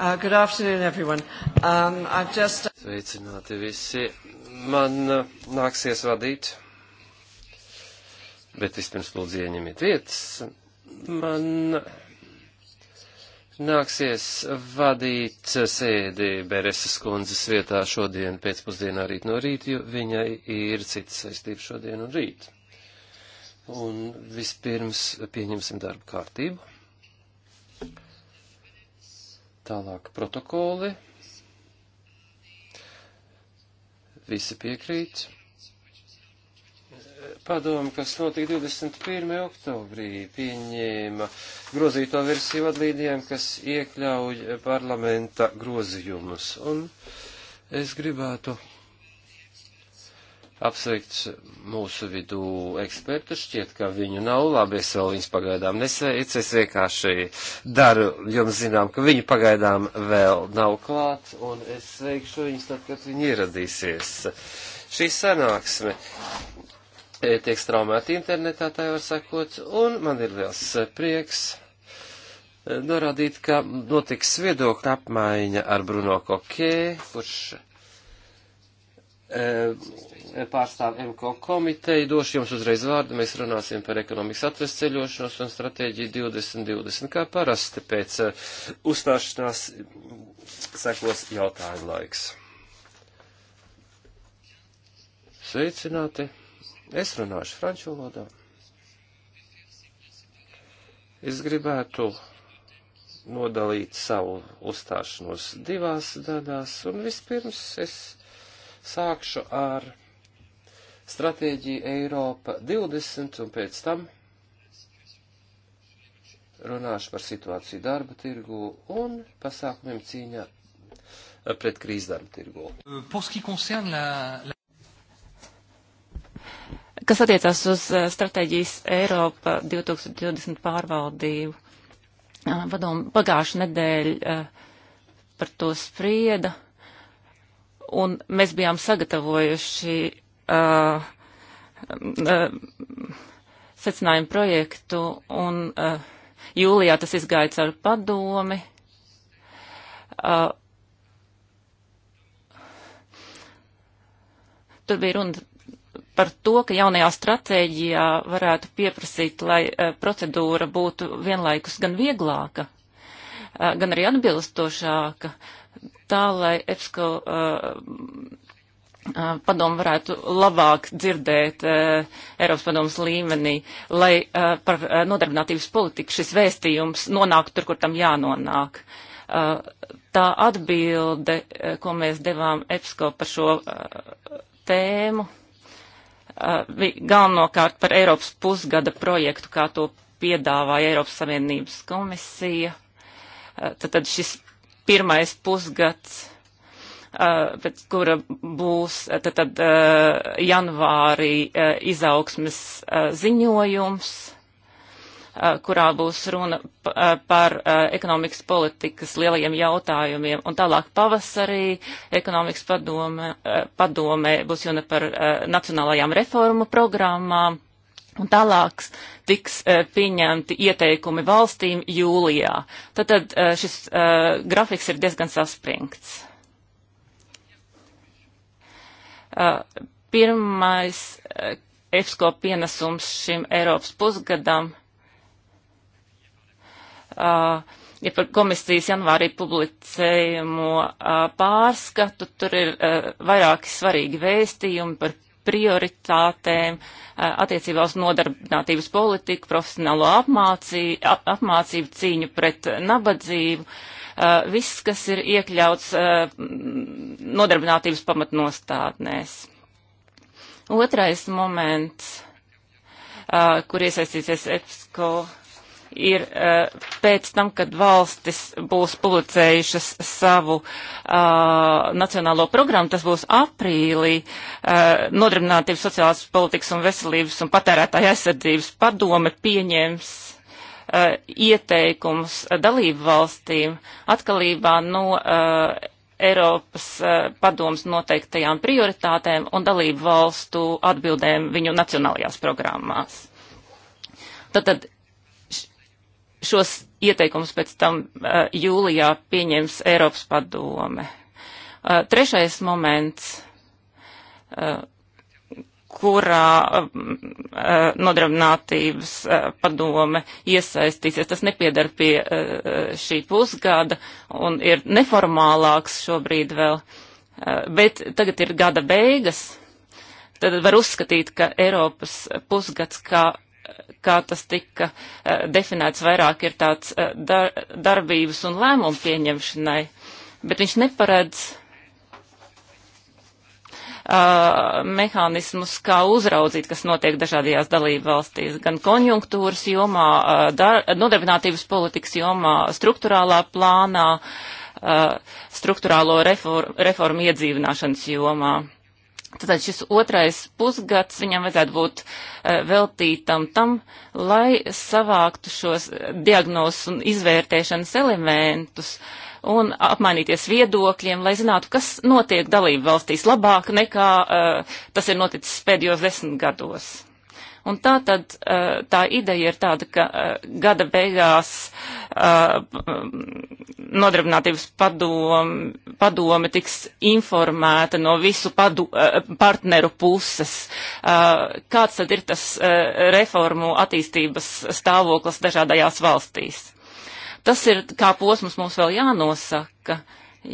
Uh, good afternoon, everyone. Um, I've just... Uh, Sveicināti visi. Man uh, nāksies vadīt, bet vispirms lūdzu ieņemiet vietas. Man nāksies vadīt sēdi Bereses kundzes vietā šodien pēcpusdienā rīt no rīta, jo viņai ir citas saistības šodien un rīt. Un vispirms pieņemsim darbu kārtību. Tālāk protokoli. Visi piekrīt. Padomu, kas notika 21. oktobrī, pieņēma grozīto versiju vadlīnijām, kas iekļauj parlamenta grozījumus. Un es gribētu apsveikt mūsu vidū ekspertu. Šķiet, ka viņu nav labi. Es vēl viņus pagaidām nesveicu. Es vienkārši daru jums zinām, ka viņu pagaidām vēl nav klāt. Un es sveikšu viņus tad, kad viņi ieradīsies. Šī sanāksme e, tiek straumēta internetā, tā jau var sakot. Un man ir liels e, prieks e, norādīt, ka notiks viedokļa apmaiņa ar Bruno Kokē, kurš pārstāv MKO komiteju. Došu jums uzreiz vārdu. Mēs runāsim par ekonomikas atvesceļošanos un stratēģiju 2020. Kā parasti pēc eh, uzstāšanās sekos jautājumu laiks. Sveicināti! Es runāšu franču valodā. Es gribētu nodalīt savu uzstāšanos divās daļās, un vispirms es sākšu ar stratēģija Eiropa 20 un pēc tam runāšu par situāciju darba tirgu un pasākumiem cīņā pret krīzdarba tirgu. Euh, Kas attiecās uz eh, stratēģijas Eiropa 2020 pārvaldību, vadomu pagājušu nedēļu eh, par to sprieda, un mēs bijām sagatavojuši uh, uh, secinājumu projektu, un uh, jūlijā tas izgāja caur padomi. Uh, tur bija runa par to, ka jaunajā stratēģijā varētu pieprasīt, lai uh, procedūra būtu vienlaikus gan vieglāka, uh, gan arī atbilstošāka, tā lai EPSCO uh, padomu varētu labāk dzirdēt uh, Eiropas padomus līmenī, lai uh, par uh, nodarbinātības politiku šis vēstījums nonāktu tur, kur tam jānonāk. Uh, tā atbilde, uh, ko mēs devām EPSCO par šo uh, tēmu, uh, bija galvenokārt par Eiropas pusgada projektu, kā to piedāvāja Eiropas Savienības komisija. Uh, tad, tad šis pirmais pusgads Eh, pēc kura būs eh, tad, tad eh, janvārī izaugsmes ziņojums, kurā būs runa par ekonomikas politikas lielajiem jautājumiem. Un tālāk pavasarī ekonomikas padome, padomē būs runa par nacionālajām reformu programmām. Un tālāk tiks uh, pieņemti ieteikumi valstīm jūlijā. Tad, tad uh, šis uh, grafiks ir diezgan saspringts. Pirmais EFSCO pienesums šim Eiropas pusgadam ja par komisijas janvārī publicējumu pārskatu, tur ir vairāki svarīgi vēstījumi par prioritātēm attiecībā uz nodarbinātības politiku, profesionālo apmācību, apmācību cīņu pret nabadzību, Eh, viss, kas ir iekļauts eh, nodarbinātības pamatnostādnēs. Otrais moments, eh, kur iesaistīsies EPSCO, ir pēc tam, kad valstis būs publicējušas savu nacionālo programmu, tas būs aprīlī, nodarbinātības sociālās politikas un veselības un patērētāja aizsardzības padome pieņems uh, ieteikumus dalību valstīm atkalībā no uh, Eiropas uh, padomas noteiktajām prioritātēm un dalību valstu atbildēm viņu nacionālajās programmās. Tātad šos ieteikumus pēc tam uh, jūlijā pieņems Eiropas padome. Uh, trešais moments. Uh, kurā uh, nodarbinātības uh, padome iesaistīsies. Tas nepiedara pie uh, šī pusgada un ir neformālāks šobrīd vēl, bet tagad ir gada beigas. Tad var uzskatīt, ka Eiropas pusgads, kā, kā tas tika definēts vairāk, ir tāds dar, darbības un lēmumu pieņemšanai, bet viņš neparedz uh, mehānismus, kā uzraudzīt, kas notiek dažādajās dalību valstīs, gan konjunktūras jomā, uh, dar, nodarbinātības politikas jomā, struktūrālā plānā, uh, struktūrālo reform, reformu iedzīvināšanas jomā. Tātad šis otrais pusgads viņam vajadzētu būt uh, veltītam tam, lai savāktu šos diagnozus un izvērtēšanas elementus, uh, un apmainīties viedokļiem, lai zinātu, kas notiek dalību valstīs labāk nekā uh, tas ir noticis pēdējos desmit gados. Un tā tad uh, tā ideja ir tāda, ka uh, gada beigās uh, nodarbinātības padome, padome tiks informēta no visu padu, partneru puses. Kāds tad ir tas reformu attīstības stāvoklis dažādajās valstīs? Tas ir kā posms mums vēl jānosaka,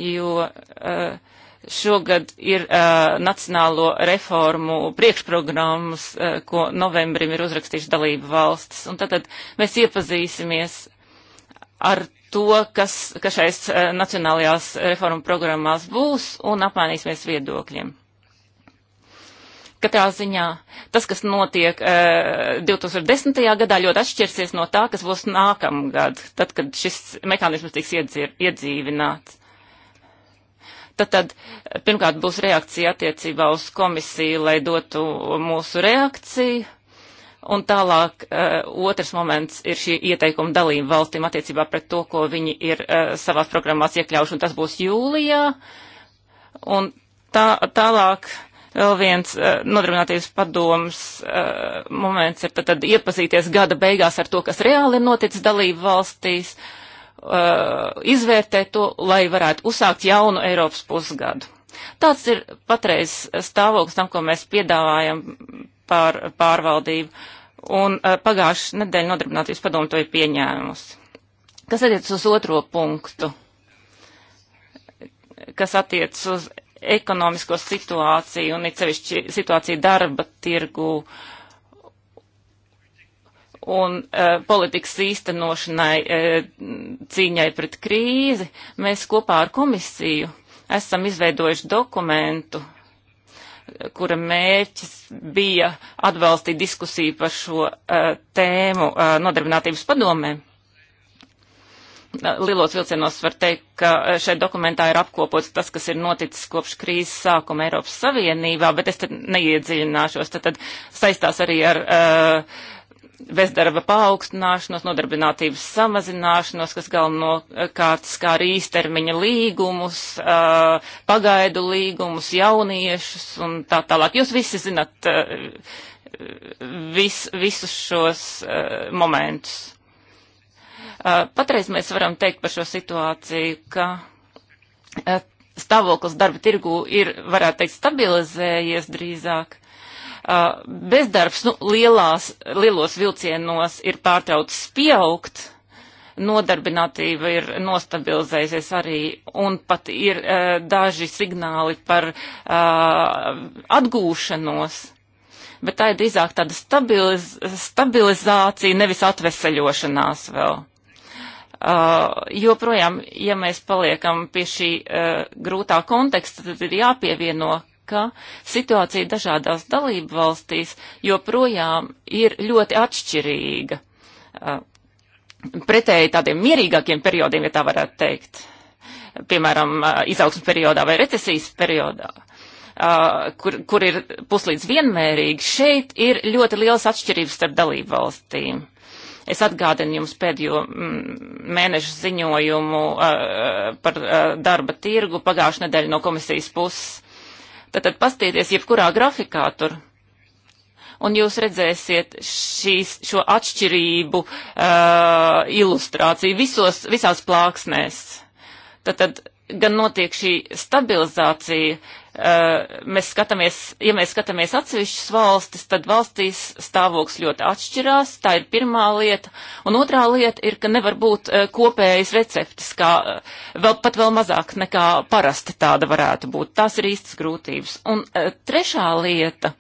jo eh, šogad ir eh, nacionālo reformu priekšprogrammas, eh, ko novembrim ir uzrakstījuši dalību valstis. Un tad mēs iepazīsimies ar to, kas, kas šais nacionālajās reformu programmās būs un apmainīsimies viedokļiem. Katrā ziņā tas, kas notiek uh, eh, 2010. gadā, ļoti atšķirsies no tā, kas būs nākamgad, tad, kad šis mehānisms tiks iedzir, iedzīvināts. Tad, tad pirmkārt būs reakcija attiecībā uz komisiju, lai dotu mūsu reakciju. Un tālāk uh, otrs moments ir šī ieteikuma dalība valstīm attiecībā pret to, ko viņi ir uh, savās programmās iekļauši, un tas būs jūlijā. Un tā, tālāk uh, Vēl viens uh, nodarbinātības padoms uh, moments ir tad, tad iepazīties gada beigās ar to, kas reāli ir noticis dalību valstīs, uh, izvērtēt to, lai varētu uzsākt jaunu Eiropas pusgadu. Tāds ir patreiz stāvoklis tam, ko mēs piedāvājam par pārvaldību, un uh, pagājušā nedēļa nodarbinātības padomu to ir pieņēmusi. Kas attiec uz otro punktu? kas attiecas uz ekonomisko situāciju un it sevišķi situāciju darba tirgu un uh, politikas īstenošanai uh, cīņai pret krīzi, mēs kopā ar komisiju esam izveidojuši dokumentu, kura mērķis bija atbalstīt diskusiju par šo uh, tēmu uh, nodarbinātības padomēm lielos vilcienos var teikt, ka eh, šeit dokumentā ir apkopots tas, kas ir noticis kopš krīzes sākuma Eiropas Savienībā, bet es tad neiedziļināšos. Tad, tad saistās arī ar uh, bezdarba paaugstināšanos, nodarbinātības samazināšanos, kas galvenokārt skār īstermiņa līgumus, uh, pagaidu līgumus, jauniešus un tā tālāk. Jūs visi zinat uh, vis, visus šos uh, momentus. Patreiz mēs varam teikt par šo situāciju, ka stāvoklis darba tirgū ir, varētu teikt, stabilizējies drīzāk. Bezdarbs nu, lielās, lielos vilcienos ir pārtraucis pieaugt, nodarbinātība ir nostabilizējusies arī, un pat ir daži signāli par atgūšanos bet tā ir drīzāk tāda stabiliz, stabilizācija, nevis atveseļošanās vēl. Uh, joprojām, ja mēs paliekam pie šī uh, grūtā konteksta, tad ir jāpievieno, ka situācija dažādās dalību valstīs joprojām ir ļoti atšķirīga. Uh, pretēji tādiem mierīgākiem periodiem, ja tā varētu teikt, piemēram, uh, izaugsmas periodā vai recesijas periodā. Uh, kur, kur ir puslīdz vienmērīgi, šeit ir ļoti liels atšķirības starp dalību valstīm. Es atgādinu jums pēdējo mm, mēnešu ziņojumu uh, uh, par uh, darba tirgu pagājušā nedēļa no komisijas puses. Tātad pastieties jebkurā grafikā tur. Un jūs redzēsiet šīs, šo atšķirību uh, ilustrāciju visos, visās plāksnēs. Tātad gan notiek šī stabilizācija, Eh, mēs skatāmies, ja mēs skatāmies atsevišķas valstis, tad valstīs stāvoklis ļoti atšķirās. Tā ir pirmā lieta. Un otrā lieta ir, ka nevar būt eh, kopējas receptes, kā eh, vēl pat vēl mazāk nekā parasti tāda varētu būt. Tās ir īstas grūtības. Un trešā lieta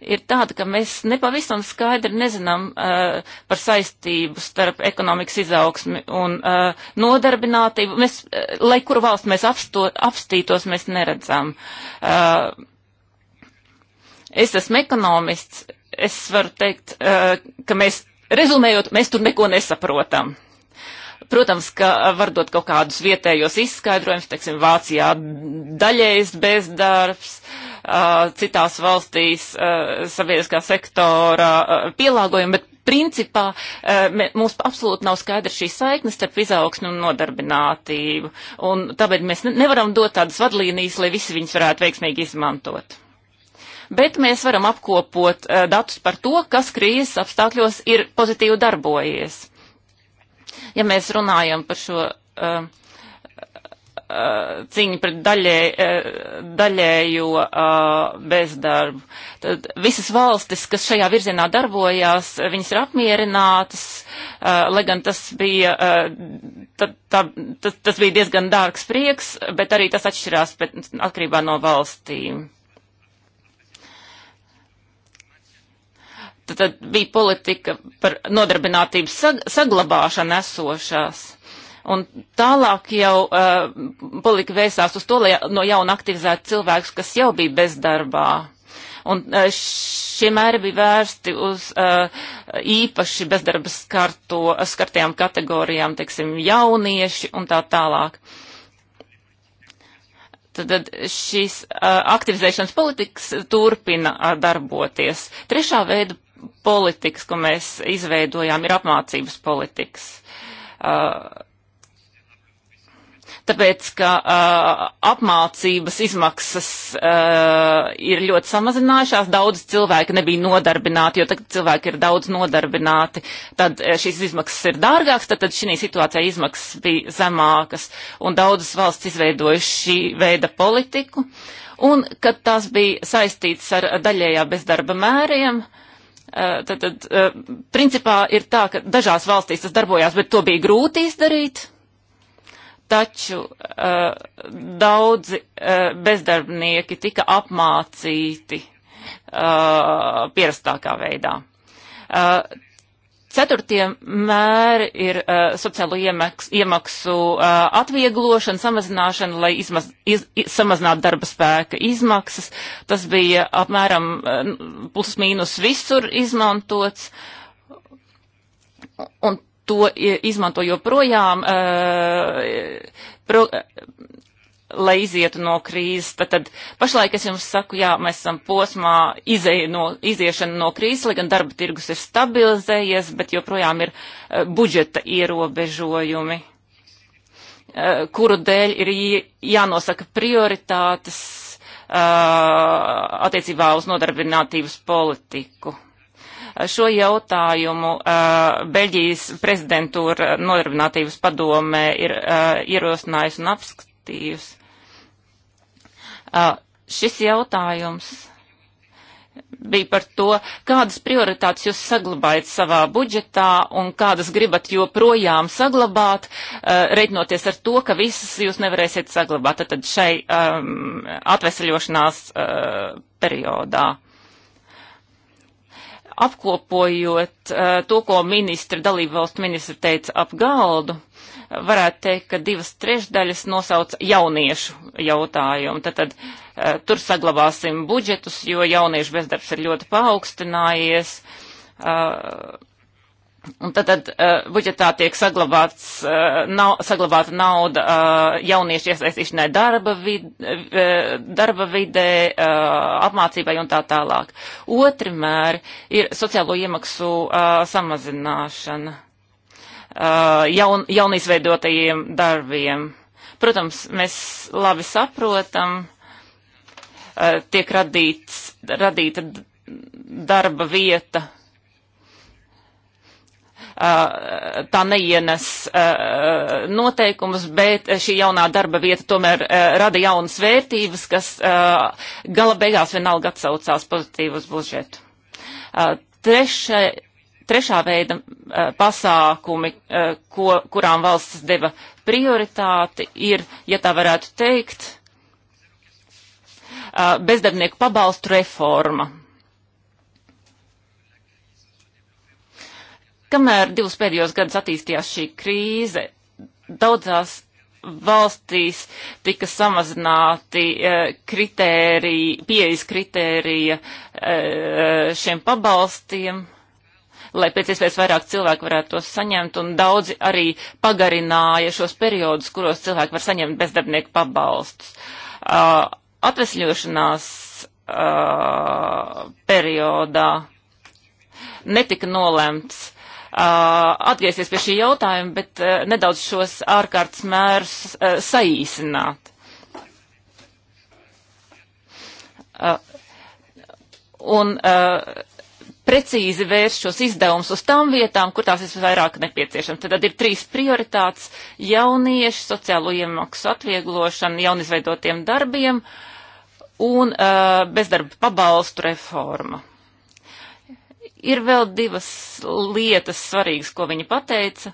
ir tāda, ka mēs nepavisam skaidri nezinām uh, par saistību starp ekonomikas izaugsmi un uh, nodarbinātību. Mēs, uh, lai kuru valstu mēs apsto, apstītos, mēs neredzam. Uh, es esmu ekonomists, es varu teikt, uh, ka mēs, rezumējot, mēs tur neko nesaprotam. Protams, ka var dot kaut kādus vietējos izskaidrojumus, teiksim, Vācijā daļējs bezdarbs, citās valstīs sabiedriskā sektora pielāgojumi, bet principā mums absolūti nav skaidra šī saikne starp izaugsmi un nodarbinātību. Un tāpēc mēs nevaram dot tādas vadlīnijas, lai visi viņas varētu veiksmīgi izmantot. Bet mēs varam apkopot datus par to, kas krīzes apstākļos ir pozitīvi darbojies. Ja mēs runājam par šo uh, Eh, cīņa pret daļē, eh, daļējo eh, bezdarbu. Tad visas valstis, kas šajā virzienā darbojās, viņas ir apmierinātas, lai gan tas bija, tā, tā, tas, tas bija diezgan dārgs prieks, bet arī tas atšķirās pēc, atkarībā no valstīm. Tad, tad bija politika par nodarbinātības saglabāšanu esošās Un tālāk jau uh, eh, politika vērsās uz to, lai no jauna aktivizētu cilvēkus, kas jau bija bezdarbā. Un uh, šie mēri bija vērsti uz uh, īpaši bezdarba skarto, skartajām kategorijām, teiksim, jaunieši un tā tālāk. Tad, tad šīs uh, aktivizēšanas politikas turpina uh, darboties. Trešā veida politikas, ko mēs izveidojām, ir apmācības politikas. Uh, tāpēc, ka uh, apmācības izmaksas uh, ir ļoti samazinājušās, daudz cilvēki nebija nodarbināti, jo tagad cilvēki ir daudz nodarbināti, tad šīs izmaksas ir dārgākas, tad, tad šī situācijā izmaksas bija zemākas, un daudzas valsts izveidojuši šī veida politiku, un kad tās bija saistītas ar daļējā bezdarba mēriem, uh, tad, tad principā ir tā, ka dažās valstīs tas darbojās, bet to bija grūti izdarīt taču uh, daudzi uh, bezdarbnieki tika apmācīti uh, pierastākā veidā. Uh, Ceturtie mēri ir uh, sociālo iemaks, iemaksu uh, atvieglošana, samazināšana, lai izmaz, iz, iz, samazinātu darba spēka izmaksas. Tas bija apmēram uh, plus mīnus visur izmantots. Un to izmanto joprojām, e, pro, e, lai izietu no krīzes. Tad, tad pašlaik es jums saku, jā, mēs esam posmā no, iziešana no krīzes, lai gan darba tirgus ir stabilizējies, bet joprojām ir uh, budžeta ierobežojumi, uh, kuru dēļ ir jānosaka prioritātes uh, attiecībā uz nodarbinātības politiku. Šo jautājumu uh, Beļģijas prezidentūra nodarbinātības padomē ir uh, ierosinājusi un apskatījusi. Uh, šis jautājums bija par to, kādas prioritātes jūs saglabājat savā budžetā un kādas gribat joprojām saglabāt, uh, reiķinoties ar to, ka visas jūs nevarēsiet saglabāt tad šai um, atvesaļošanās uh, periodā apkopojot eh, to, ko ministra, dalību valstu ministra teica ap galdu, varētu teikt, ka divas trešdaļas nosauc jauniešu jautājumu. Tad, tad eh, tur saglabāsim budžetus, jo jauniešu bezdarbs ir ļoti paaugstinājies. Uh, Un tad, tad uh, budžetā tiek saglabāts, uh, eh, nav, saglabāta nauda uh, jauniešu iesaistīšanai darba, vid, uh, darba vidē, uh, apmācībai un tā tālāk. Otrimēr ir sociālo iemaksu uh, samazināšana uh, jaun, jaunizveidotajiem darbiem. Protams, mēs labi saprotam, uh, tiek radīts, radīta darba vieta Eh, tā neienes eh, noteikumus, bet šī jaunā darba vieta tomēr eh, rada jaunas vērtības, kas gala beigās vienalga atsaucās pozitīvu uz budžetu. Trešai, trešā veida pasākumi, ko, kurām valsts deva prioritāti, ir, ja tā varētu teikt, bezdarbnieku pabalstu reforma Kamēr divus pēdējos gadus attīstījās šī krīze, daudzās valstīs tika samazināti uh, e, kritērija, pieejas kritērija uh, šiem pabalstiem, lai pēc iespējas vairāk cilvēku varētu tos saņemt, un daudzi arī pagarināja šos periodus, kuros cilvēki var saņemt bezdarbnieku pabalstus. Uh, atvesļošanās periodā netika nolēmts Uh, atgriezties pie šī jautājuma, bet uh, nedaudz šos ārkārtas mērus uh, saīsināt. Uh, un uh, precīzi vērst šos izdevumus uz tām vietām, kur tās ir vairāk nepieciešams. Tad, tad ir trīs prioritātes - jaunieši, sociālo iemaksu atvieglošana, jaunizveidotiem darbiem un uh, bezdarba pabalstu reforma. Ir vēl divas lietas svarīgas, ko viņa pateica.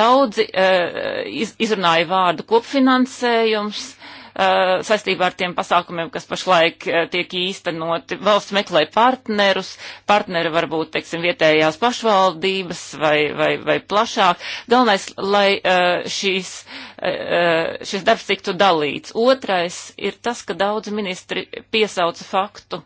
Daudzi uh, iz, izrunāja vārdu kopfinansējums uh, saistībā ar tiem pasākumiem, kas pašlaik uh, tiek īstenoti. Valsts meklē partnerus, partneri var būt, teiksim, vietējās pašvaldības vai, vai, vai plašāk. Galvenais, lai uh, šīs, uh, šis darbs tiktu dalīts. Otrais ir tas, ka daudzi ministri piesauca faktu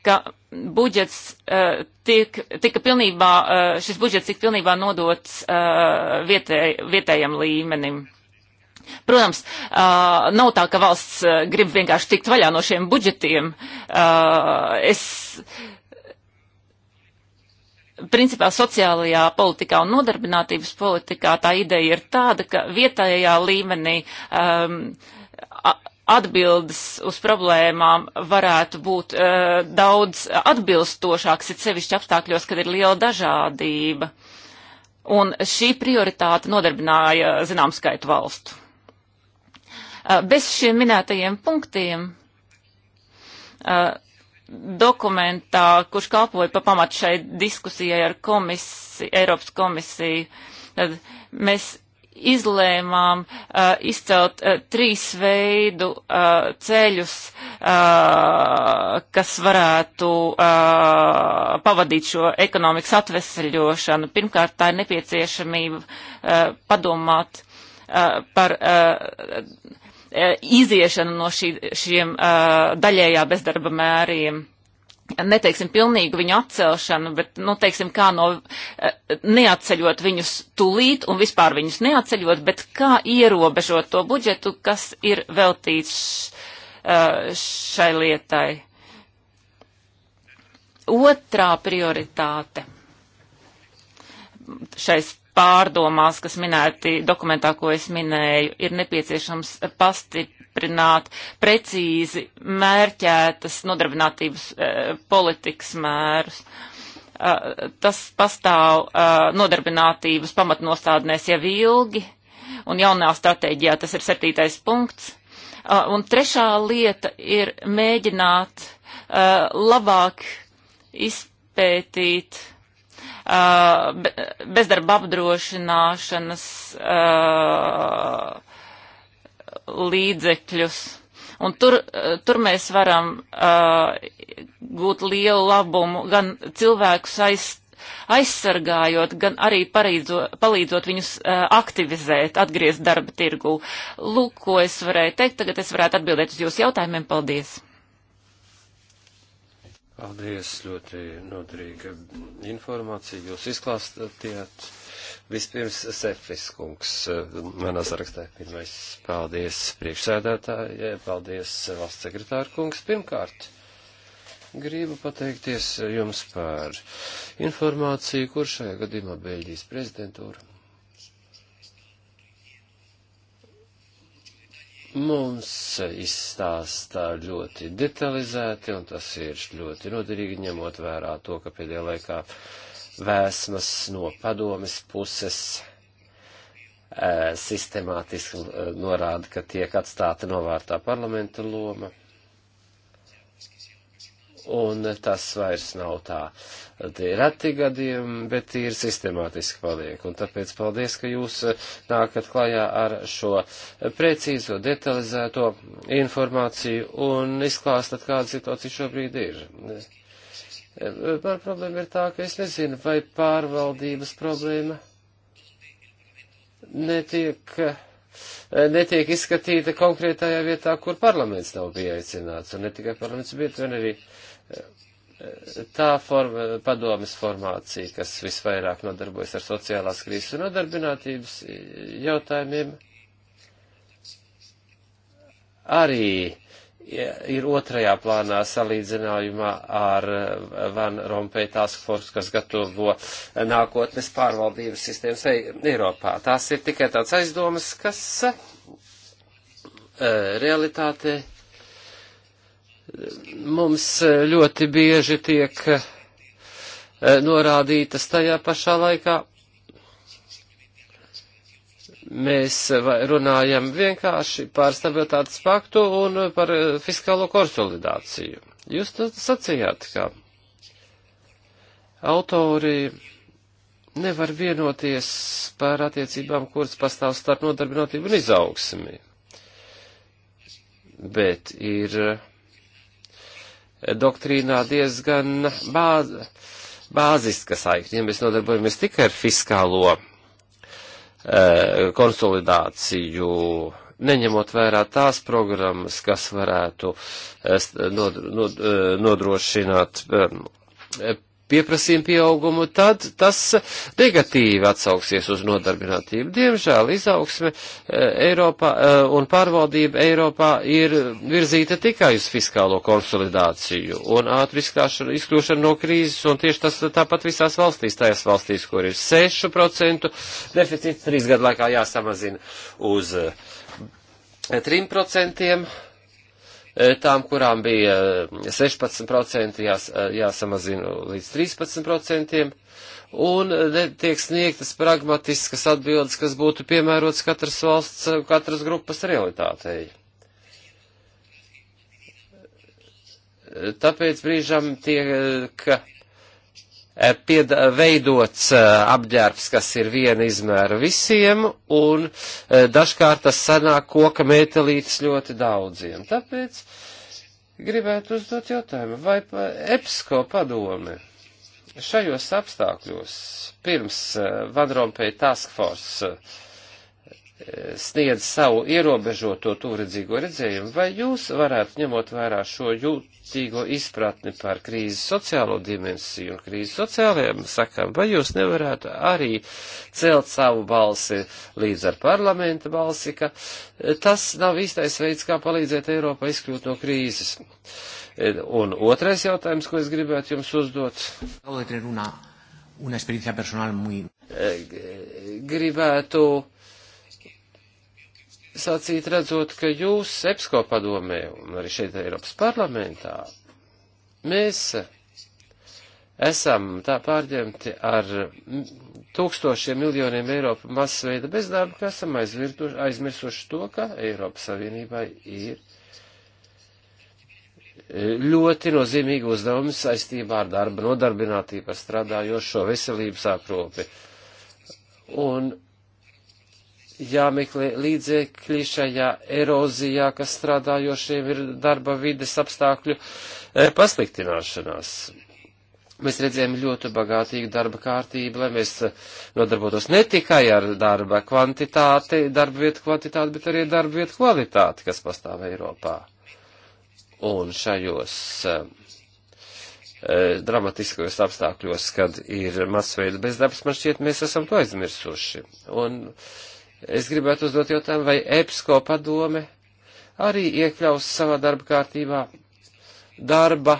ka budžets uh, tiek, tika pilnībā, uh, šis budžets tika pilnībā nodots uh, eh, vietēj, vietējam līmenim. Protams, uh, nav tā, ka valsts uh, grib vienkārši tikt vaļā no šiem budžetiem. Uh, es, principā sociālajā politikā un nodarbinātības politikā tā ideja ir tāda, ka vietējā līmenī um, atbildes uz problēmām varētu būt uh, daudz atbilstošāks, it sevišķi apstākļos, kad ir liela dažādība. Un šī prioritāte nodarbināja zinām skaitu valstu. Uh, bez šiem minētajiem punktiem uh, dokumentā, kurš kalpoja pa pamatu šai diskusijai ar komisi, Eiropas komisiju, tad mēs izlēmām uh, izcelt uh, trīs veidu uh, ceļus, uh, kas varētu uh, pavadīt šo ekonomikas atvesaļošanu. Pirmkārt, tā ir nepieciešamība uh, padomāt uh, par. Uh, uh iziešanu no šī, šiem uh, daļējā bezdarba mēriem. Uh, neteiksim pilnīgu viņu atcelšanu, bet, nu, teiksim, kā no eh, neatceļot viņus tulīt un vispār viņus neatceļot, bet kā ierobežot to budžetu, kas ir veltīts eh, šai lietai. Otrā prioritāte šais pārdomās, kas minēti dokumentā, ko es minēju, ir nepieciešams pastiprināt precīzi mērķētas nodarbinātības e, politikas mērus. E, tas pastāv e, nodarbinātības pamatnostādnēs jau ilgi, un jaunā stratēģijā tas ir septītais punkts. Un trešā lieta ir mēģināt labāk izpētīt uh, Uh, bezdarba apdrošināšanas uh, līdzekļus. Un tur, uh, tur mēs varam gūt lielu labumu gan cilvēkus aiz, aizsargājot, gan arī parīdzo, palīdzot viņus aktivizēt, atgriezt darba tirgū. Lūk, ko es varēju teikt. Tagad es varētu atbildēt uz jūsu jautājumiem. Paldies! Paldies, ļoti nodrīga informācija. Jūs izklāstījāt vispirms Sefis kungs eh, manā sarakstā. Pirmais, paldies priekšsēdētājai, paldies valsts sekretāra kungs. Pirmkārt, gribu pateikties jums par informāciju, kur šajā gadījumā Beļģijas prezidentūra mums izstāstā ļoti detalizēti, un tas ir ļoti noderīgi ņemot vērā to, ka pēdējā laikā vēsmas no padomes puses e, sistemātiski eh, norāda, ka tiek atstāta novārtā parlamenta loma un tas vairs nav tā. Tie ir reti gadījumi, bet ir sistemātiski paliek, un tāpēc paldies, ka jūs eh, nākat klajā ar šo precīzo, detalizēto informāciju un izklāstat, kāda situācija šobrīd ir. Man problēma ir tā, ka es nezinu, vai pārvaldības problēma netiek, eh, netiek izskatīta konkrētajā vietā, kur parlaments nav bija aicināts, un ne tikai parlaments, bet arī uh, tā forma, padomis formācija, kas visvairāk nodarbojas ar sociālās krīzes un nodarbinātības jautājumiem, arī ir otrajā plānā salīdzinājumā ar Van Rompēj Task Force, kas gatavo nākotnes pārvaldības sistēmas Eiropā. Tās ir tikai tāds aizdomas, kas eh, realitāte. Uh, mums eh, ļoti bieži tiek eh, norādītas tajā pašā laikā. Mēs eh, runājam vienkārši par stabilitātes paktu un par fiskālo konsolidāciju. Jūs sacījāt, ka autori nevar vienoties par attiecībām, kuras pastāv starp nodarbinotību un izaugsmi. Bet ir doktrīnā diezgan bāz, bāziska saikne. Ja mēs nodarbojamies tikai ar fiskālo e, konsolidāciju, neņemot vērā tās programmas, kas varētu e, nodrošināt e, pieprasījumu pieaugumu, tad tas negatīvi atsauksies uz nodarbinātību. Diemžēl izaugsme e, Eiropā e, un pārvaldība Eiropā ir virzīta tikai uz fiskālo konsolidāciju un ātru izkļūšanu no krīzes, un tieši tas tāpat visās valstīs, tajās valstīs, kur ir 6% deficīts, trīs gadu laikā jāsamazina uz 3%. E, E, tām, kurām bija 16%, e, jās, e, jāsamazina līdz 13%, un tiek sniegtas pragmatiskas atbildes, kas būtu piemērotas katras valsts, katras grupas realitātei. Tāpēc brīžam tiek Eh, eh, veidots eh, apģērbs, kas ir viena izmēra visiem, un dažkārt tas sanāk koka mētelītes ļoti daudziem. Tāpēc gribētu uzdot jautājumu, vai EPSCO padome šajos apstākļos pirms Van Rompēja taskforce sniedz savu ierobežoto tūredzīgo redzējumu, vai jūs varētu ņemot vērā šo jūtīgo izpratni par krīzes sociālo dimensiju un krīzes sociālajiem sakām, vai jūs nevarētu arī celt savu balsi līdz ar parlamenta balsi, ka eh, tas nav īstais veids, kā palīdzēt Eiropā izkļūt no krīzes. Un otrais jautājums, ko es gribētu jums uzdot. Eh, gribētu sacīt, redzot, ka jūs EPSCO padomē un arī šeit Eiropas parlamentā, mēs esam tā pārņemti ar tūkstošiem miljoniem Eiropa masveida bezdarba, ka esam aizmirsuši to, ka Eiropas Savienībai ir ļoti nozīmīgi uzdevumi saistībā ar darba nodarbinātību, ar strādājošo veselības aprūpi. Un jāmeklē līdzekļi šajā erozijā, kas strādājošiem ir darba vides apstākļu e, pasliktināšanās. Mēs redzējām ļoti bagātīgu darba kārtību, lai mēs e, nodarbotos ne tikai ar darba kvantitāti, darba vietu kvantitāti, bet arī darba vietu kvalitāti, kas pastāv Eiropā. Un šajos e, dramatiskajos apstākļos, kad ir masveida bezdarbs, man šķiet, mēs esam to aizmirsuši. Un Es gribētu uzdot jautājumu, vai EPSCO padome arī iekļaus savā darba kārtībā darba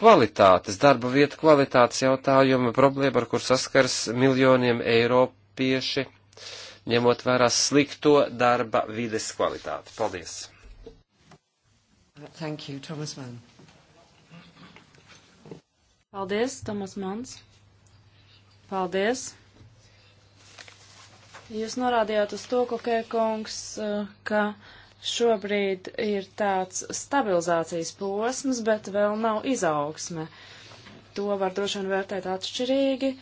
kvalitātes, darba vietu kvalitātes jautājumu problēmu, ar kur saskars miljoniem eiropieši, ņemot vērā slikto darba vides kvalitāti. Paldies! Thank you, Thomas Mann. Paldies, Tomas Mans. Paldies! Jūs norādījāt uz to, Kokē kungs, eh, ka šobrīd ir tāds stabilizācijas posms, bet vēl nav izaugsme. To var droši vien vērtēt atšķirīgi.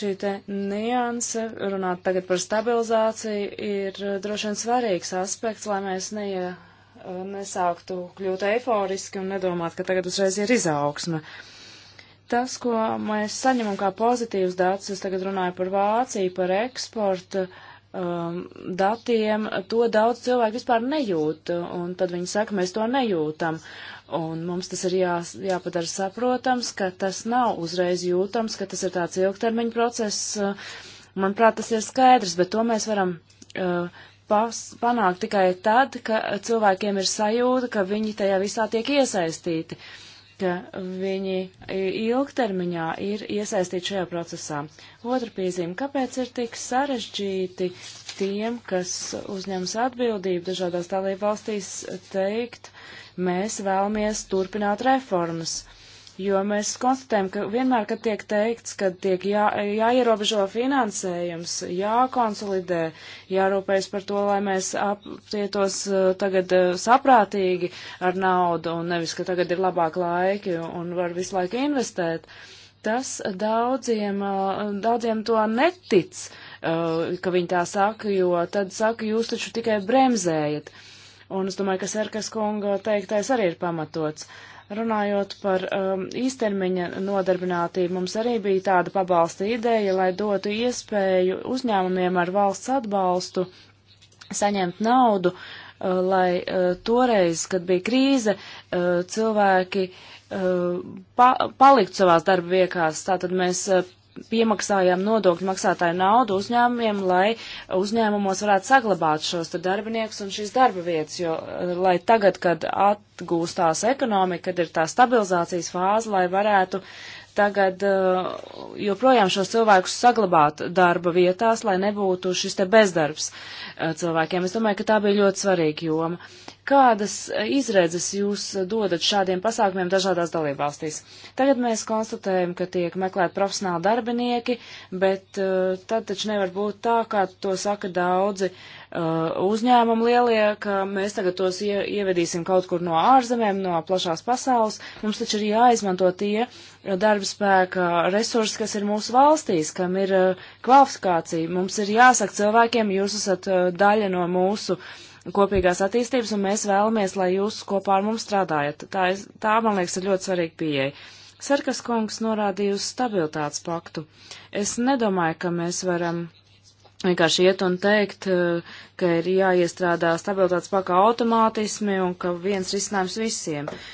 Šī te nianse, runāt tagad par stabilizāciju, ir eh, droši vien svarīgs aspekts, lai mēs neie, eh, nesāktu kļūt eiforiski un nedomāt, ka tagad uzreiz ir izaugsme. Uh, Tas, ko mēs saņemam kā pozitīvs dats, es tagad runāju par Vāciju, par eksportu, um, datiem, to daudz cilvēku vispār nejūt, un tad viņi saka, mēs to nejūtam. Un mums tas ir jā, jāpadara saprotams, ka tas nav uzreiz jūtams, ka tas ir tāds ilgtermiņa process. Manuprāt, tas ir skaidrs, bet to mēs varam uh, pas, panākt tikai tad, ka cilvēkiem ir sajūta, ka viņi tajā visā tiek iesaistīti. Uh, ka viņi ilgtermiņā ir iesaistīti šajā procesā. Otra piezīme, kāpēc ir tik sarežģīti tiem, kas uzņems atbildību dažādās dalībvalstīs, teikt, mēs vēlamies turpināt reformas. Uh, Jo mēs konstatējam, ka vienmēr, kad tiek teikts, ka tiek jā, jāierobežo finansējums, jākonsolidē, jārūpējas par to, lai mēs aptietos eh, tagad eh, saprātīgi ar naudu un nevis, ka tagad ir labāk laiki un var visu laiku investēt, tas daudziem, eh, daudziem to netic, ka viņi tā saka, jo tad saka, jūs taču tikai bremzējat. Un es domāju, ka Serkas kunga teiktais arī ir pamatots. Uh, Runājot par um, īstermiņa nodarbinātību, mums arī bija tāda pabalsta ideja, lai dotu iespēju uzņēmumiem ar valsts atbalstu saņemt naudu, uh, lai uh, toreiz, kad bija krīze, uh, cilvēki uh, pa paliktu savās darba viekās. Tātad mēs uh, piemaksājām nodokļu maksātāju naudu uzņēmumiem, lai uzņēmumos varētu saglabāt šos darbiniekus un šīs darba vietas, jo eh, lai tagad, kad atgūstās ekonomika, kad ir tā stabilizācijas fāze, lai varētu tagad eh, joprojām šos cilvēkus saglabāt darba vietās, lai nebūtu šis te bezdarbs eh, cilvēkiem. Es domāju, ka tā bija ļoti svarīga joma. Kādas eh, izredzes jūs eh, dodat šādiem pasākumiem dažādās dalībvalstīs? Tagad mēs konstatējam, ka tiek meklēt profesionāli darbinieki, bet uh, tad taču nevar būt tā, kā to saka daudzi uh, uzņēmumi lielie, ka mēs tagad tos ie, ievedīsim kaut kur no ārzemēm, no plašās pasaules. Mums taču ir jāizmanto tie darba spēka resursi, kas ir mūsu valstīs, kam ir uh, kvalifikācija. Mums ir jāsaka cilvēkiem, jūs esat uh, daļa no mūsu uh, kopīgās attīstības, un mēs vēlamies, lai jūs kopā ar mums strādājat. Tā, es, tā man liekas, ir ļoti svarīga pieeja. Serkas kungs norādīja uz stabilitātes paktu. Es nedomāju, ka mēs varam vienkārši iet un teikt, eh, ka ir jāiestrādā stabilitātes pakā automātismi un ka viens risinājums visiem. Uh,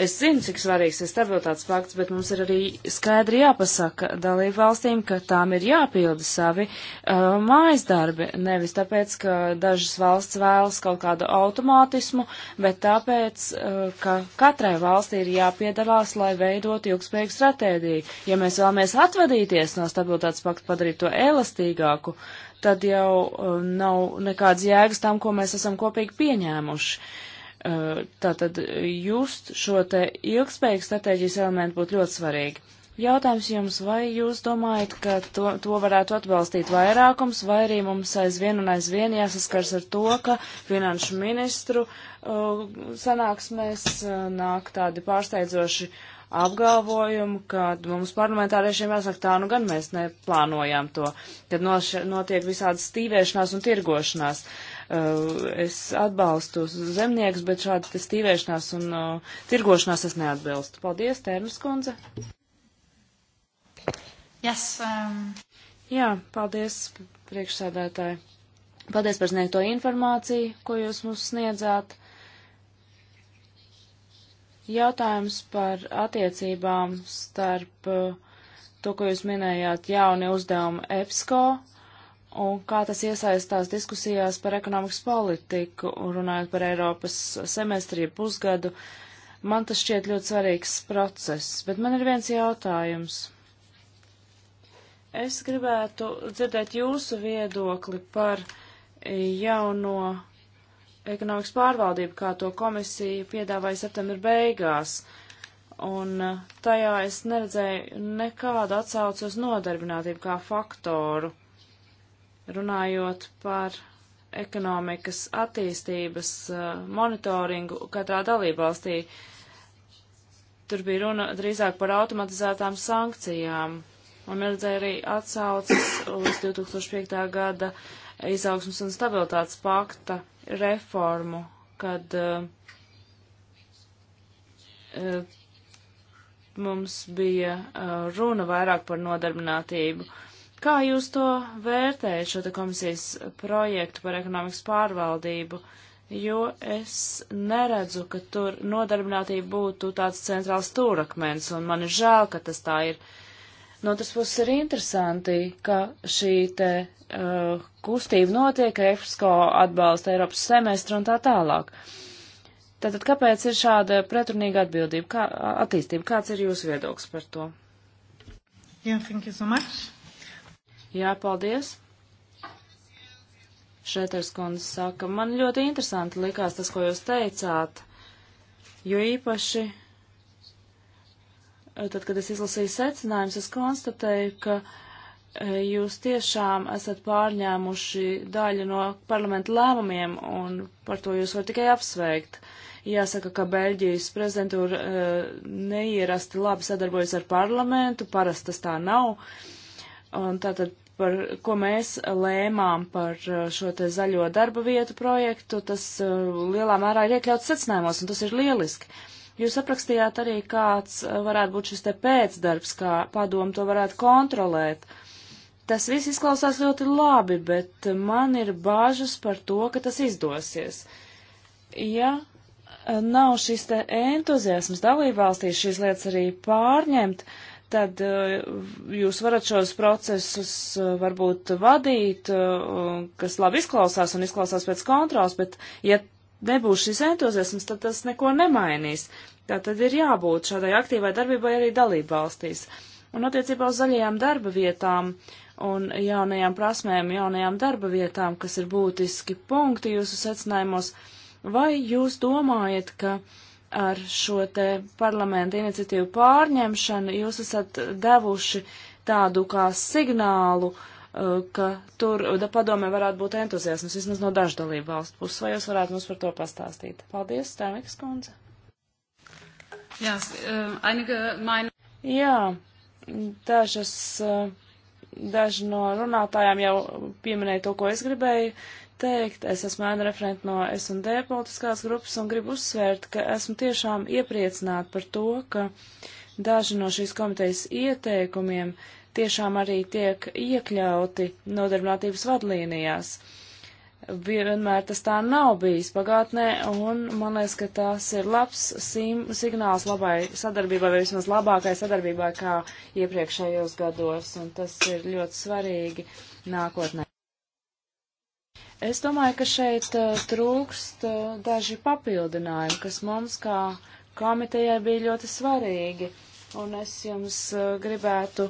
Es zinu, cik svarīgs ir stabilitātes pakts, bet mums ir arī skaidri jāpasaka dalību valstīm, ka tām ir jāpilda savi uh, mājas darbi. Nevis tāpēc, ka dažas valsts vēlas kaut kādu automātismu, bet tāpēc, uh, ka katrai valstī ir jāpiedalās, lai veidot ilgspējīgu stratēģiju. Ja mēs vēlamies atvadīties no stabilitātes pakta, padarīt to elastīgāku, tad jau uh, nav nekādas jēgas tam, ko mēs esam kopīgi pieņēmuši. Uh, Tātad just šo te ilgspējīgu stratēģijas elementu būtu ļoti svarīgi. Jautājums jums, vai jūs domājat, ka to, to varētu atbalstīt vairākums, vai arī mums aizvien un aizvien jāsaskars ar to, ka finanšu ministru uh, sanāksmēs uh, nāk tādi pārsteidzoši apgalvojumi, ka mums parlamentāriešiem jāsaka tā, nu gan mēs neplānojām to, tad notiek visādas stīvēšanās un tirgošanās. Uh, Eh, es atbalstu zemniekus, bet šāda stīvēšanās un uh, tirgošanās es neatbilstu. Paldies, Tērnas kundze. Yes, um... Jā, paldies, priekšsēdētāji. Paldies par sniegto informāciju, ko jūs mums sniedzāt. Jautājums par attiecībām starp uh, to, ko jūs minējāt, jauni uzdevumi EPSCO un kā tas iesaistās diskusijās par ekonomikas politiku, runājot par Eiropas semestri pusgadu. Man tas šķiet ļoti svarīgs process, bet man ir viens jautājums. Es gribētu dzirdēt jūsu viedokli par jauno ekonomikas pārvaldību, kā to komisija piedāvāja septembra beigās. Un tajā es neredzēju nekādu atsauci uz nodarbinātību kā faktoru runājot par ekonomikas attīstības eh, monitoringu katrā dalībvalstī. Tur bija runa drīzāk par automatizētām sankcijām, un redzēja arī atsaucas uz 2005. gada izaugsmas un stabilitātes pakta reformu, kad uh, mums bija uh, runa vairāk par nodarbinātību. Uh, Kā jūs to vērtējat, šo te komisijas projektu par ekonomikas pārvaldību? Jo es neredzu, ka tur nodarbinātība būtu tāds centrāls stūrakmens, un man ir žēl, ka tas tā ir. No tas puses ir interesanti, ka šī te uh, kustība notiek, ka EFSCO atbalsta Eiropas semestru un tā tālāk. Tātad kāpēc ir šāda pretrunīga atbildība, kā, attīstība? Kāds ir jūsu viedoklis par to? Yeah, thank you so much. Jā, paldies. Šeters kundze saka, man ļoti interesanti likās tas, ko jūs teicāt, jo īpaši, eh, tad, kad es izlasīju secinājumus, es konstatēju, ka eh, jūs tiešām esat pārņēmuši daļu no parlamenta lēmumiem, un par to jūs varat tikai apsveikt. Jāsaka, ka Beļģijas prezidentūra e, neierasti labi sadarbojas ar parlamentu, parasti tas tā nav. Un tātad par ko mēs lēmām par uh, šo te zaļo darba vietu projektu, tas uh, lielā mērā ir iekļauts secinājumos, un tas ir lieliski. Jūs aprakstījāt arī, kāds uh, varētu būt šis te pēcdarbs, kā padomu to varētu kontrolēt. Tas viss izklausās ļoti labi, bet man ir bāžas par to, ka tas izdosies. Ja nav šis te entuziasms dalībvalstīs šīs lietas arī pārņemt, uh, tad eh, jūs varat šos procesus eh, varbūt vadīt, eh, kas labi izklausās un izklausās pēc kontrols, bet ja nebūs šis entuziasms, tad tas neko nemainīs. Tā tad ir jābūt šādai aktīvai darbībai arī dalību valstīs. Un attiecībā uz zaļajām darba vietām un jaunajām prasmēm, jaunajām darba vietām, kas ir būtiski punkti jūsu secinājumos, vai jūs domājat, ka uh, ar šo te parlamentu iniciatīvu pārņemšanu jūs esat devuši tādu kā signālu, uh, ka tur padomē varētu būt entuziasms, vismaz no dažu dalību valstu puses. Vai jūs varētu mums par to pastāstīt? Paldies, Stēmiks kundze. Jā, uh, Jā, dažas, uh, daži no runātājām jau pieminēja to, ko es gribēju teikt. Es esmu ēna referenta no S&D politiskās grupas un gribu uzsvērt, ka esmu tiešām iepriecināta par to, ka daži no šīs komitejas ieteikumiem tiešām arī tiek iekļauti nodarbinātības vadlīnijās. Vienmēr tas tā nav bijis pagātnē, un man liekas, ka tas ir labs signāls labai sadarbībai, vai vismaz labākai sadarbībai kā iepriekšējos gados, un tas ir ļoti svarīgi nākotnē. Es domāju, ka šeit uh, trūkst uh, daži papildinājumi, kas mums kā komitejai bija ļoti svarīgi. Un es jums uh, gribētu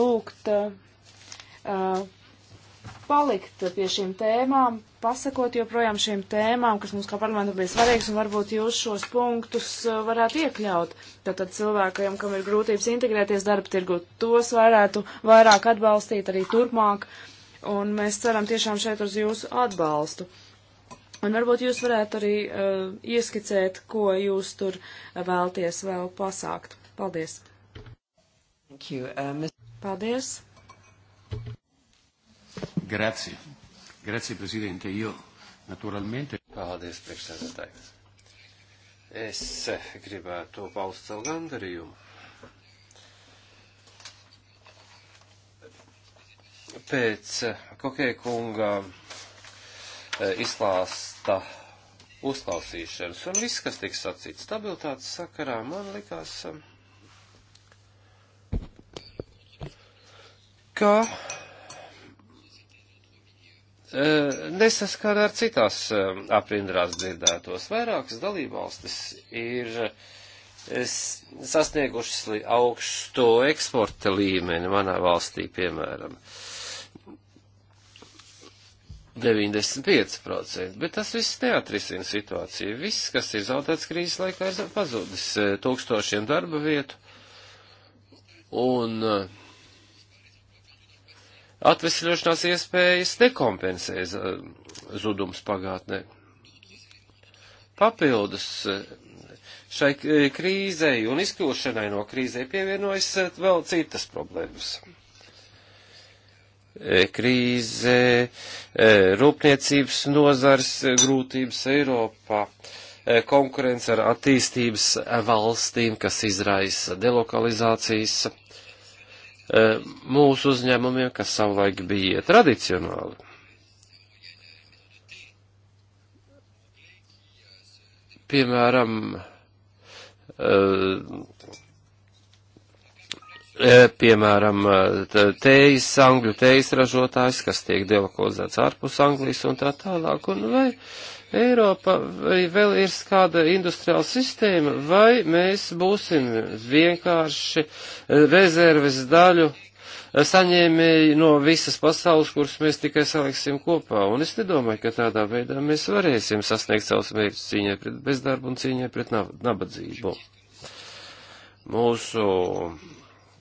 lūgt uh, palikt pie šīm tēmām, pasakot joprojām šīm tēmām, kas mums kā parlamentam bija svarīgas, un varbūt jūs šos punktus varētu iekļaut. Tātad cilvēkiem, kam ir grūtības integrēties darba tirgu, tos varētu vairāk atbalstīt arī turpmāk. Uh, un mēs ceram tiešām šeit uz jūsu atbalstu. Un varbūt jūs varētu arī uh, ieskicēt, ko jūs tur vēlties vēl pasākt. Paldies! Thank you. Um, Paldies! Grazie. Grazie, Presidente. Io, naturalmente. Paldies, priekšsēdētāji. Es eh, gribētu paust savu gandarījumu pēc eh, Kokēja kunga eh, izklāsta uzklausīšanas un viss, kas tika sacīts stabilitātes sakarā, man likās, eh, ka nesaskara ar citās aprindrās dzirdētos. Vairākas dalībvalstis ir sasniegušas augstu eksporta līmeni manā valstī, piemēram. Uh, 95%, bet tas viss neatrisina situāciju. Viss, kas ir zaudēts krīzes laikā, ir pazudis eh, tūkstošiem darba vietu. Un eh, atvesļošanās iespējas nekompensē eh, zudums pagātnē. Papildus šai krīzei un izkļūšanai no krīzē pievienojas vēl citas problēmas. E, krīze, e, rūpniecības nozars e, grūtības Eiropā, konkurence ar attīstības valstīm, kas izraisa delokalizācijas mūsu uzņēmumiem, kas savulaik bija tradicionāli. Piemēram, E, piemēram, tējas, angļu tējas ražotājs, kas tiek delokalizēts ārpus Anglijas un tā tālāk, un vai Eiropa vai vēl ir kāda industriāla sistēma, vai mēs būsim vienkārši e, rezerves daļu e, saņēmēji no visas pasaules, kuras mēs tikai saliksim kopā, un es nedomāju, ka tādā veidā mēs varēsim sasniegt savus mērķus cīņai pret bezdarbu un cīņai pret nabadzību. Mūsu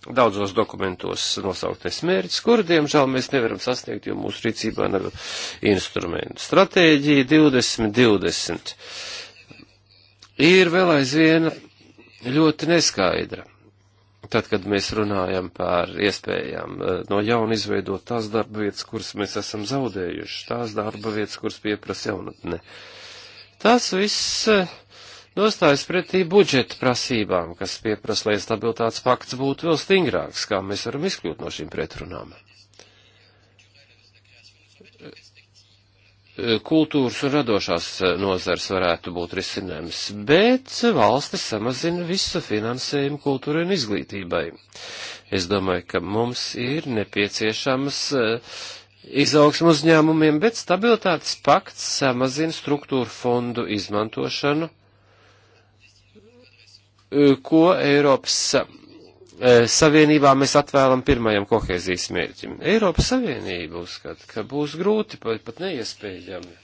daudzos dokumentos nosauktais mērķis, kuru, diemžēl, mēs nevaram sasniegt, jo mūsu rīcībā nav instrumentu. Stratēģija 2020 ir vēl aizvien ļoti neskaidra. Tad, kad mēs runājam par iespējām eh, no jauna izveidot tās darba vietas, kuras mēs esam zaudējuši, tās darba vietas, kuras pieprasa jaunatne. Tas viss eh, nostājas pretī budžeta prasībām, kas pieprasa, lai stabilitātes pakts būtu vēl stingrāks, kā mēs varam izkļūt no šīm pretrunām. Kultūras un radošās nozars varētu būt risinājums, bet valstis samazina visu finansējumu kultūrai un izglītībai. Es domāju, ka mums ir nepieciešamas uh, eh, izaugsmu uzņēmumiem, bet stabilitātes pakts samazina struktūru fondu izmantošanu ko Eiropas eh, Savienībā mēs atvēlam pirmajam kohēzijas mērķim. Eiropas Savienība uzskata, ka būs grūti, pat neiespējami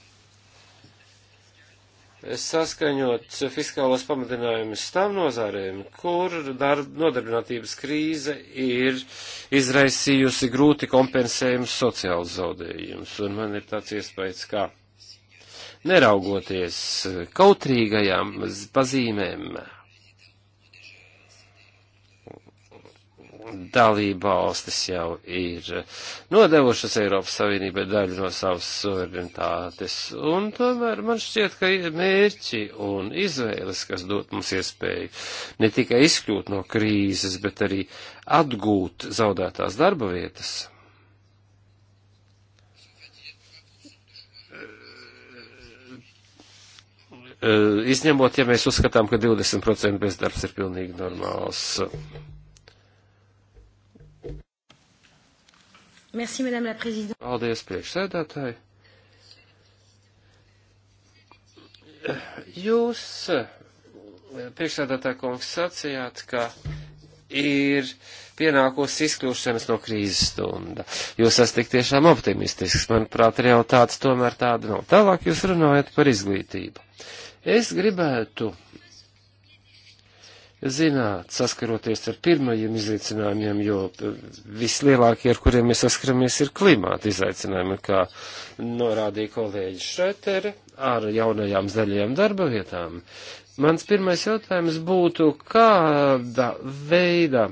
saskaņot fiskālos pamudinājumus tām nozārēm, kur darb, nodarbinātības krīze ir izraisījusi grūti kompensējumus sociālus zaudējumus. Un man ir tāds iespējas, kā neraugoties kautrīgajām pazīmēm dalība valstis jau ir nodevušas Eiropas Savienībai daļu no savas suverenitātes, un tomēr man šķiet, ka mērķi un izvēles, kas dot mums iespēju ne tikai izkļūt no krīzes, bet arī atgūt zaudētās darba vietas. Izņemot, ja mēs uzskatām, ka 20% bezdarbs ir pilnīgi normāls. Merci, Madame la Présidente. Paldies, priekšsēdētāji. Jūs, priekšsēdētāji kungs, sacījāt, ka ir pienākusi izkļūšanas no krīzes stunda. Jūs esat tik tiešām optimistisks, manuprāt, realitātes tomēr tāda nav. Tālāk jūs runājat par izglītību. Es gribētu zināt, saskaroties ar pirmajiem izaicinājumiem, jo e, vislielākie, ar kuriem mēs saskaramies, ir klimāta izaicinājumi, kā norādīja kolēģis Šretere ar jaunajām zaļajām darba vietām. Mans pirmais jautājums būtu, kāda veida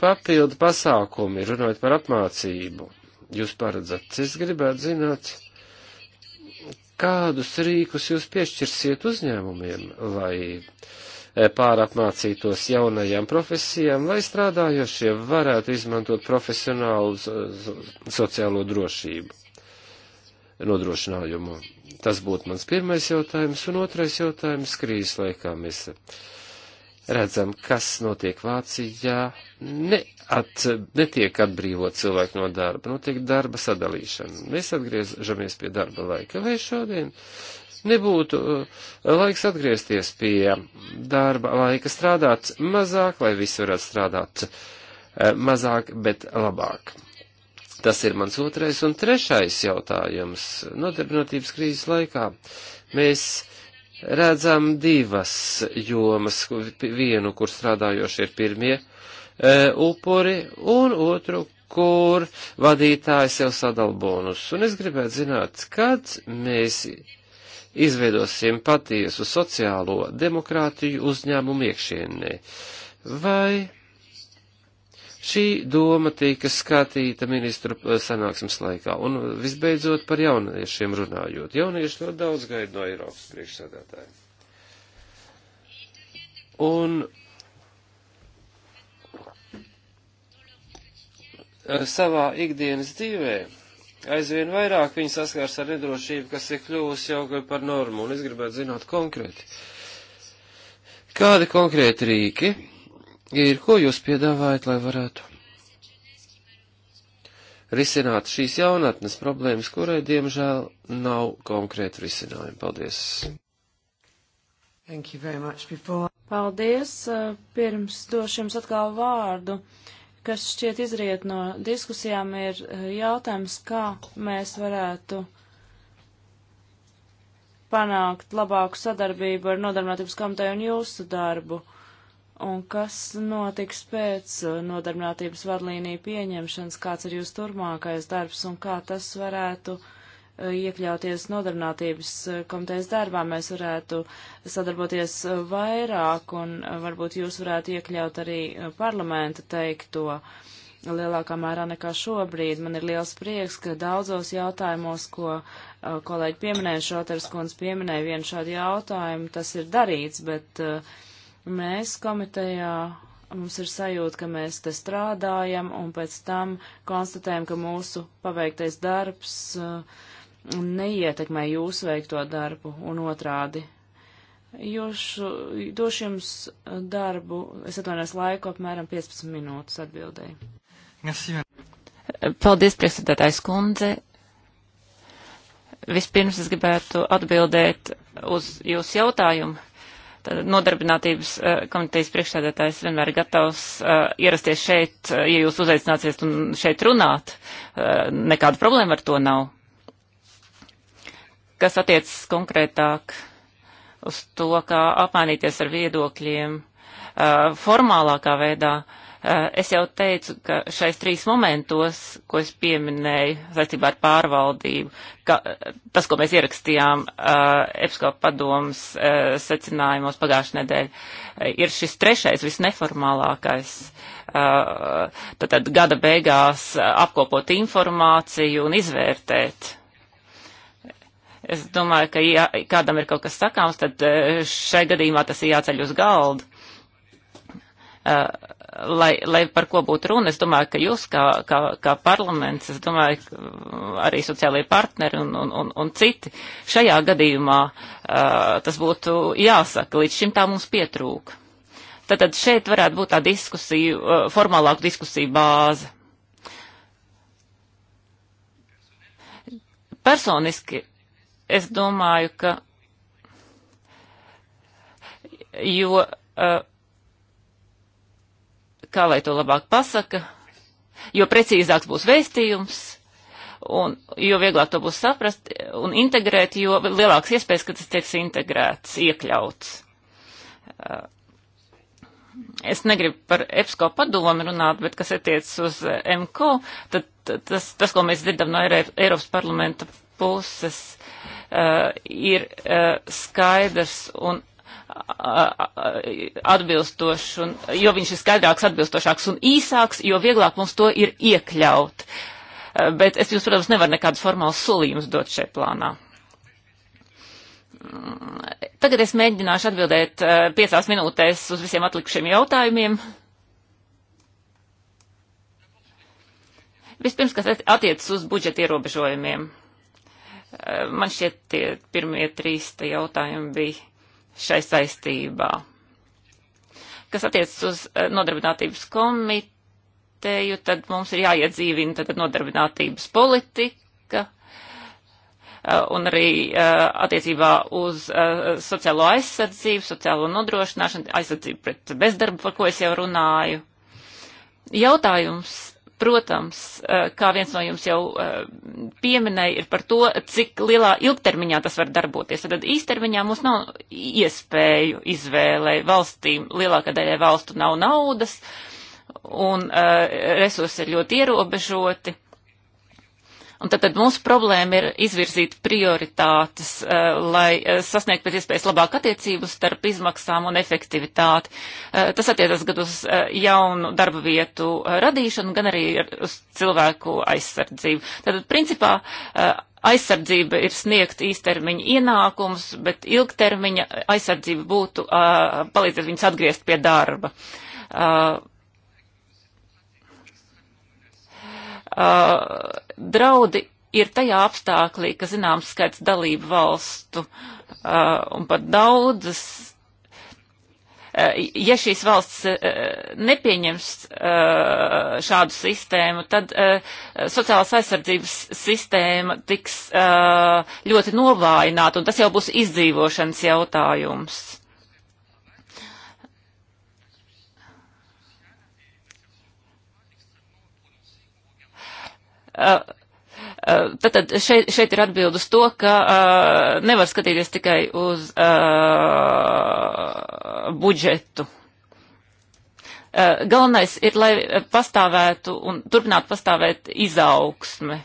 papildu pasākumi, runājot par apmācību, jūs paredzat? Es gribētu zināt, kādus rīkus jūs piešķirsiet uzņēmumiem, lai uh, pārapmācītos jaunajām profesijām, lai strādājošie varētu izmantot profesionālu sociālo drošību nodrošinājumu. Tas būtu mans pirmais jautājums, un otrais jautājums krīzes laikā mēs redzam, kas notiek Vācijā, neat, netiek atbrīvot cilvēku no darba, notiek darba sadalīšana. Mēs atgriežamies pie darba laika, vai šodien nebūtu eh, laiks atgriezties pie darba laika strādāt mazāk, lai visi varētu strādāt eh, mazāk, bet labāk. Tas ir mans otrais un trešais jautājums. Nodarbinotības krīzes laikā mēs redzam divas jomas, vienu, kur strādājoši ir pirmie e, upuri, un otru, kur vadītāji sev sadal bonus. Un es gribētu zināt, kad mēs izveidosim patiesu sociālo demokrātiju uzņēmumu iekšienē. Vai šī doma tika skatīta ministru eh, sanāksmes laikā? Un visbeidzot par jauniešiem runājot. Jaunieši ļoti daudz gaida no Eiropas priekšsēdētājiem. Un savā ikdienas dzīvē aizvien vairāk viņi saskars ar nedrošību, kas ir kļuvusi jau par normu, un es gribētu zināt konkrēti. Kādi konkrēti rīki ir, ko jūs piedāvājat, lai varētu risināt šīs jaunatnes problēmas, kurai, diemžēl, nav konkrēti risinājumi? Paldies! Thank you very much before. Paldies! Pirms došu jums atkal vārdu. Uh, kas šķiet izriet no diskusijām, ir eh, jautājums, kā mēs varētu panākt labāku sadarbību ar nodarbinātības komiteju un jūsu darbu, un kas notiks pēc eh, nodarbinātības vadlīniju pieņemšanas, kāds ir jūsu turmākais darbs un kā tas varētu uh, iekļauties nodarbinātības eh, komitejas darbā, mēs varētu sadarboties eh, vairāk un eh, varbūt jūs varētu iekļaut arī parlamenta teikto lielākā mērā nekā šobrīd. Man ir liels prieks, ka daudzos jautājumos, ko kolēģi pieminēja, Šoters kundz pieminēja vienu šādu jautājumu, tas ir darīts, bet mēs komitejā mums ir sajūta, ka mēs te strādājam un pēc tam konstatējam, ka mūsu paveiktais darbs uh, neietekmē jūsu veikto darbu un otrādi. Jo šo, došu jums darbu, es atvainojos laiku, apmēram 15 minūtes atbildēju. Merci. Paldies, priekšsēdētājs kundze. Vispirms es gribētu atbildēt uz jūsu jautājumu. Tad nodarbinātības eh, komitejas priekšsēdētājs vienmēr ir gatavs uh, ierasties šeit, eh, ja jūs uzaicināsiet un šeit runāt. Uh, nekāda problēma ar to nav kas attiecas konkrētāk uz to, kā apmainīties ar viedokļiem uh, formālākā veidā, uh, es jau teicu, ka šais trīs momentos, ko es pieminēju saistībā ar pārvaldību, ka uh, tas, ko mēs ierakstījām EPSCO padomas secinājumos pagājušajā nedēļā, ir šis trešais, visneformālākais. Tad, tad gada beigās apkopot informāciju un izvērtēt Es domāju, ka ja kādam ir kaut kas sakāms, tad e, šai gadījumā tas ir jāceļ uz galdu. Uh, e, lai, lai par ko būtu runa, es domāju, ka jūs kā, kā, kā parlaments, es domāju, mm, arī sociālajie partneri un, un, un, un citi šajā gadījumā uh, tas būtu jāsaka, līdz šim tā mums pietrūka. Tad, tad šeit varētu būt tā diskusija, uh, formālāka diskusija bāze. Personiski es domāju, ka jo, kā lai to labāk pasaka, jo precīzāks būs vēstījums, un jo vieglāk to būs saprast un integrēt, jo lielāks iespējas, ka tas tiks integrēts, iekļauts. Es negribu par EPSCO padomi runāt, bet kas attiec uz MKO, tad tas, tas, ko mēs dzirdam no Eiropas parlamenta puses, Uh, ir uh, skaidrs un uh, atbilstošs, un, jo viņš ir skaidrāks, atbilstošāks un īsāks, jo vieglāk mums to ir iekļaut. Bet es jums, protams, nevaru nekādus formālus solījumus dot šajā plānā. Mm, tagad es mēģināšu atbildēt piecās minūtēs uz visiem atlikušiem jautājumiem. Vispirms, kas attiecas uz budžeta ierobežojumiem. Man šķiet, tie pirmie trīs jautājumi bija šai saistībā. Kas attiecas uz eh, nodarbinātības komiteju, tad mums ir jāiedzīvina tad nodarbinātības politika eh, un arī eh, attiecībā uz sociālo aizsardzību, sociālo nodrošināšanu, aizsardzību pret bezdarbu, par ko es jau runāju. Jautājums protams, eh, kā viens no jums jau eh, pieminēja, ir par to, cik lielā ilgtermiņā tas var darboties. Tad īstermiņā mums nav iespēju izvēlei valstīm, lielākā daļa valstu nav naudas, un eh, resursi ir ļoti ierobežoti. Un tad, tad mūsu problēma ir izvirzīt prioritātes, eh, lai eh, sasniegt pēc iespējas labāk attiecības starp izmaksām un efektivitāti. Eh, tas attiecas gan uz jaunu darba vietu radīšanu, gan arī uz cilvēku aizsardzību. Tātad, principā, aizsardzība ir sniegt īstermiņa ienākums, bet ilgtermiņa aizsardzība būtu palīdzēt viņus atgriezt pie darba. Uh, uh, draudi ir tajā apstāklī, ka zināms skaits dalību valstu uh, un pat daudzas, uh, ja šīs valsts uh, nepieņems uh, šādu sistēmu, tad uh, sociālās aizsardzības sistēma tiks uh, ļoti novājināta, un tas jau būs izdzīvošanas jautājums. Tātad šeit, šeit ir atbild uz to, ka uh, nevar skatīties tikai uz uh, budžetu. Uh, galvenais ir, lai pastāvētu un turpinātu pastāvēt izaugsme. Uh,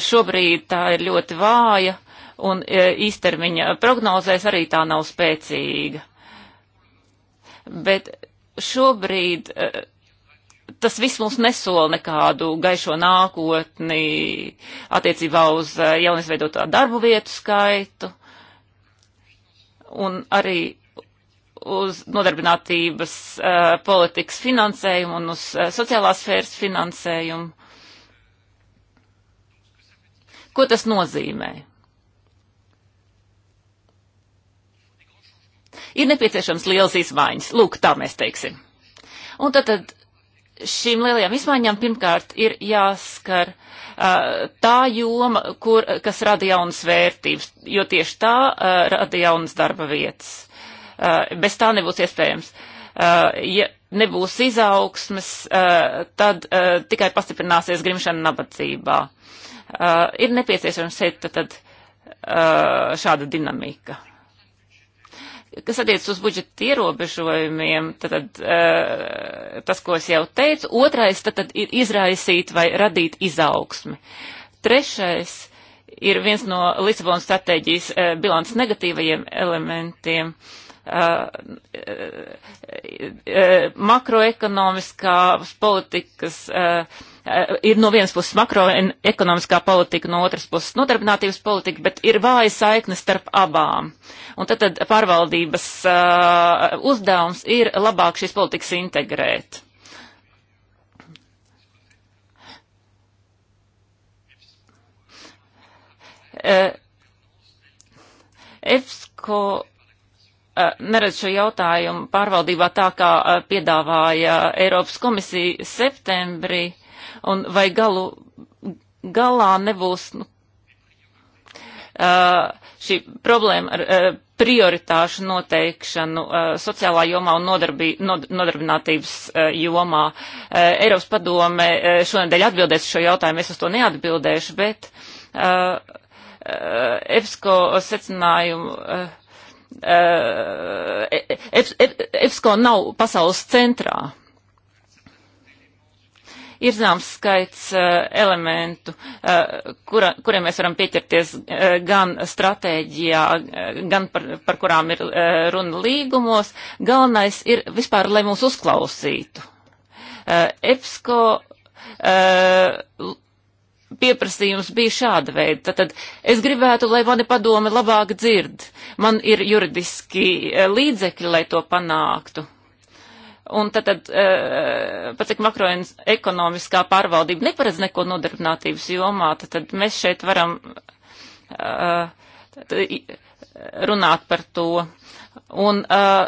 šobrīd tā ir ļoti vāja un uh, īstermiņa prognozēs arī tā nav spēcīga. Bet šobrīd. Uh, tas viss mums nesola nekādu gaišo nākotni attiecībā uz eh, jaunisveidotā darbu vietu skaitu un arī uz nodarbinātības uh, politikas finansējumu un uz uh, sociālās sfēras finansējumu. Ko tas nozīmē? Ir nepieciešams liels izmaiņas. Lūk, tā mēs teiksim. Un tad, tad šīm lielajām izmaiņām pirmkārt ir jāskar uh, tā joma, kur, kas rada jaunas vērtības, jo tieši tā uh, rada jaunas darba vietas. Uh, bez tā nebūs iespējams. Ja nebūs izaugsmes, tad tikai pastiprināsies grimšana nabadzībā. Ir nepieciešams šeit tad šāda dinamika. Kas attiecas uz budžeta ierobežojumiem, tad, tad eh, tas, ko es jau teicu, otrais tad, tad ir izraisīt vai radīt izaugsmi. Trešais ir viens no Lisabonas stratēģijas eh, bilants negatīvajiem elementiem. Uh, uh, uh, makroekonomiskās politikas uh, Eh, ir no vienas puses makroekonomiskā politika, no otras puses nodarbinātības politika, bet ir vāja saikne starp abām. Un tad, tad pārvaldības uh, uzdevums ir labāk šīs politikas integrēt. Uh, eh, EFSCO neredz šo jautājumu pārvaldībā tā, kā piedāvāja Eiropas komisija septembrī un vai galu, galā nebūs nu, šī problēma ar prioritāšu noteikšanu sociālā jomā un nodarbī, nodarbinātības jomā. Eiropas padome šonadēļ atbildēs šo jautājumu, es uz to neatbildēšu, bet EFSCO secinājumu. EFSCO nav pasaules centrā. Ir zināms skaits eh, elementu, eh, kura, kuriem mēs varam pieķerties eh, gan stratēģijā, gan par, par kurām ir runa līgumos. Galvenais ir vispār, lai mūs uzklausītu. EPSCO pieprasījums bija šāda veida. Tad es gribētu, lai mani padome labāk dzird. Man ir juridiski līdzekļi, lai to panāktu. Un tad, tad eh, pat cik makroekonomiskā pārvaldība neparedz neko nodarbinātības jomā, tad, tad mēs šeit varam eh, tad, runāt par to. Un eh,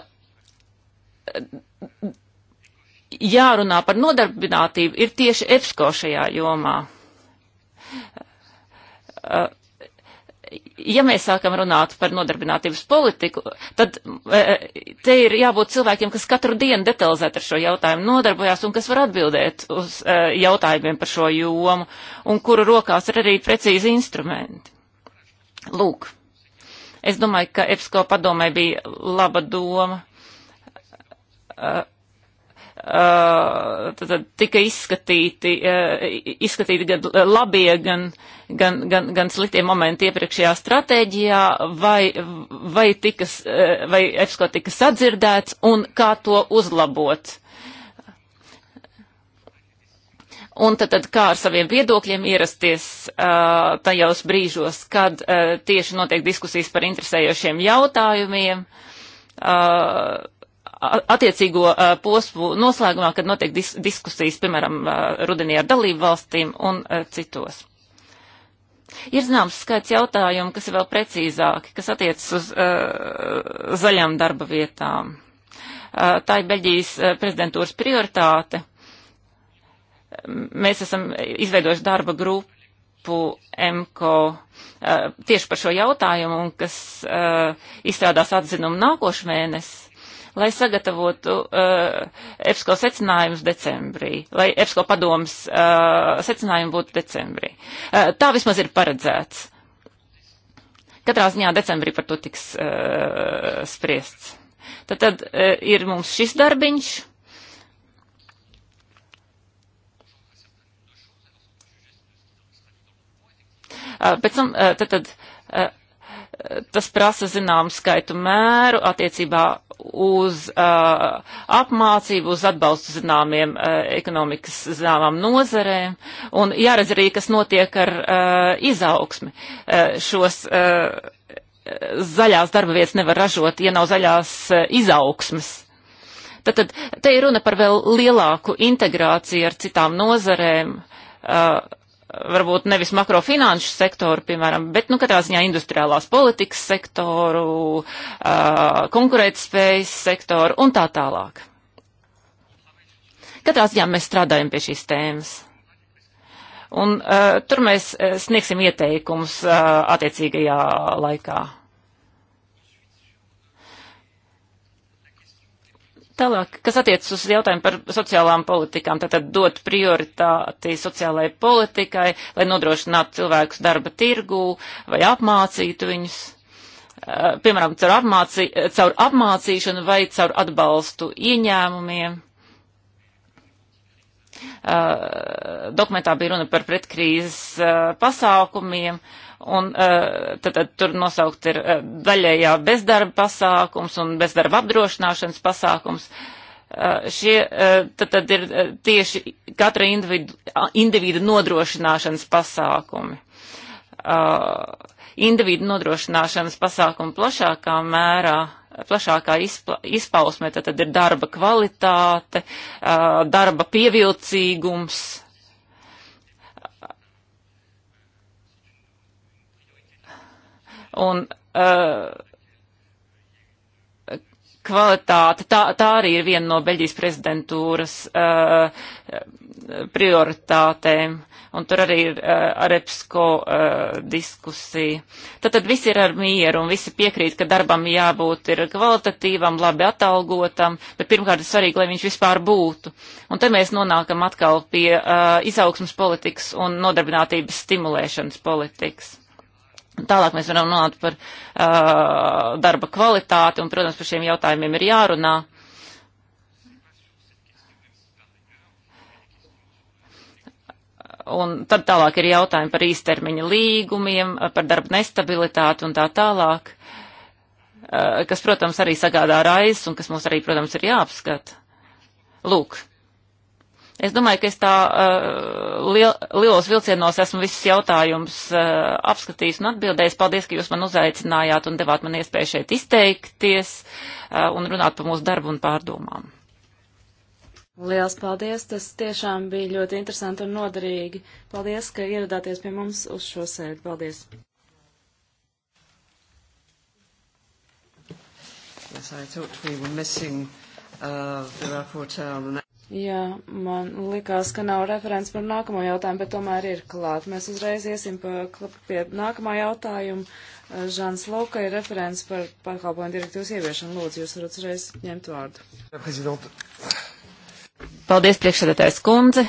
jārunā par nodarbinātību ir tieši EFSCO šajā jomā ja mēs sākam runāt par nodarbinātības politiku, tad e, e, te ir jābūt cilvēkiem, kas katru dienu detalizēt ar šo jautājumu nodarbojās un kas var atbildēt uz e, jautājumiem par šo jomu un kuru rokās ir arī precīzi instrumenti. Lūk, es domāju, ka EPSCO padomē bija laba doma Uh, tad, tad tika izskatīti, uh, izskatīti gan uh, labie, gan, gan, gan, gan sliktie momenti iepriekšējā stratēģijā, vai, vai, tika, vai EFSCO tika sadzirdēts un kā to uzlabot. Un tad, tad kā ar saviem viedokļiem ierasties uh, tajos brīžos, kad uh, tieši notiek diskusijas par interesējošiem jautājumiem. Uh, attiecīgo posmu noslēgumā, kad notiek dis diskusijas, piemēram, rudenī ar dalību valstīm un citos. Ir zināms skaits jautājumu, kas ir vēl precīzāki, kas attiecas uz uh, zaļām darba vietām. Uh, tā ir Beļģijas prezidentūras prioritāte. Mēs esam izveidojuši darba grupu MKO uh, tieši par šo jautājumu, un kas uh, izstrādās atzinumu nākošmēnes lai sagatavotu uh, EFSCO secinājumus decembrī, lai EFSCO padomas uh, secinājumi būtu decembrī. Uh, tā vismaz ir paredzēts. Katrā ziņā decembrī par to tiks uh, spriests. Tad, tad uh, ir mums šis darbiņš. Uh, pēc tam, uh, tad, tad uh, tas prasa zināmu skaitu mēru attiecībā uz uh, apmācību, uz atbalstu zināmiem uh, ekonomikas zināmām nozarēm un jāredz arī, kas notiek ar uh, izaugsmi. Uh, šos uh, zaļās darba vietas nevar ražot, ja nav zaļās uh, izaugsmes. Tātad te ir runa par vēl lielāku integrāciju ar citām nozarēm. Uh, varbūt nevis makrofinanšu sektoru, piemēram, bet, nu, katrā ziņā industriālās politikas sektoru, konkurētspējas sektoru un tā tālāk. Katrā ziņā mēs strādājam pie šīs tēmas. Un uh, tur mēs sniegsim ieteikumus uh, attiecīgajā laikā. Tālāk, kas attiecas uz jautājumu par sociālām politikām, tātad dot prioritāti sociālajai politikai, lai nodrošinātu cilvēkus darba tirgū vai apmācītu viņus, eh, piemēram, caur, apmācī, caur apmācīšanu vai caur atbalstu ieņēmumiem. Eh, dokumentā bija runa par pretkrīzes eh, pasākumiem. Uh, Un eh, tad, tad tur nosaukt ir eh, daļējā bezdarba pasākums un bezdarba apdrošināšanas pasākums. Eh, šie tad, tad ir tieši katra individu, individu nodrošināšanas pasākumi. Individu nodrošināšanas pasākumu plašākā mērā plašākā izpla, izpausmē, tad, tad ir darba kvalitāte, darba pievilcīgums, un uh, kvalitāte, tā, tā arī ir viena no Beļģijas prezidentūras uh, prioritātēm. Un tur arī ir uh, arepsko uh, diskusija. Tad, tad visi ir ar mieru un visi piekrīt, ka darbam jābūt ir kvalitatīvam, labi atalgotam, bet pirmkārt ir svarīgi, lai viņš vispār būtu. Un te mēs nonākam atkal pie uh, izaugsmas politikas un nodarbinātības stimulēšanas politikas. Tālāk mēs varam runāt par uh, darba kvalitāti, un, protams, par šiem jautājumiem ir jārunā. Un tad tālāk ir jautājumi par īstermiņa līgumiem, par darba nestabilitāti un tā tālāk, kas, protams, arī sagādā raizes un kas mums arī, protams, ir jāapskata. Lūk, Es domāju, ka es tā uh, liel, lielos vilcienos esmu visus jautājumus uh, apskatījis un atbildējis. Paldies, ka jūs man uzaicinājāt un devāt man iespēju šeit izteikties uh, un runāt par mūsu darbu un pārdomām. Liels paldies, tas tiešām bija ļoti interesanti un noderīgi. Paldies, ka ieradāties pie mums uz šo sēdi. Paldies! Yes, I thought we were missing uh, the rapporteur on the Jā, man likās, ka nav referents par nākamo jautājumu, bet tomēr ir klāt. Mēs uzreiz iesim pa, pie nākamā jautājuma. Eh, Žāns Lauka ir referents par pakalpojumu direktīvas ieviešanu. Lūdzu, jūs varat uzreiz ņemt vārdu. Paldies, priekšsēdētājs kundze.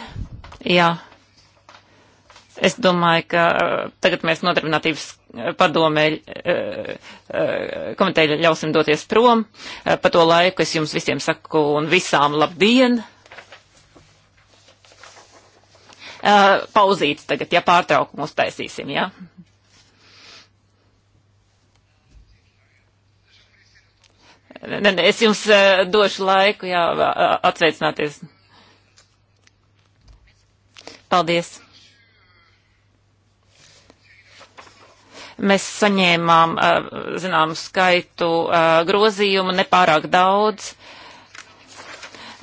Jā. Es domāju, ka eh, tagad mēs nodarbinātības padomē eh, komiteja ļausim doties prom. Pa to laiku es jums visiem saku un visām labdien! uh, eh, pauzītes tagad, ja pārtraukumu uztaisīsim, jā. Ja? Nē, nē, es jums uh, došu laiku, jā, atveicināties. Paldies. mēs saņēmām, eh, zinām, skaitu grozījumu nepārāk daudz,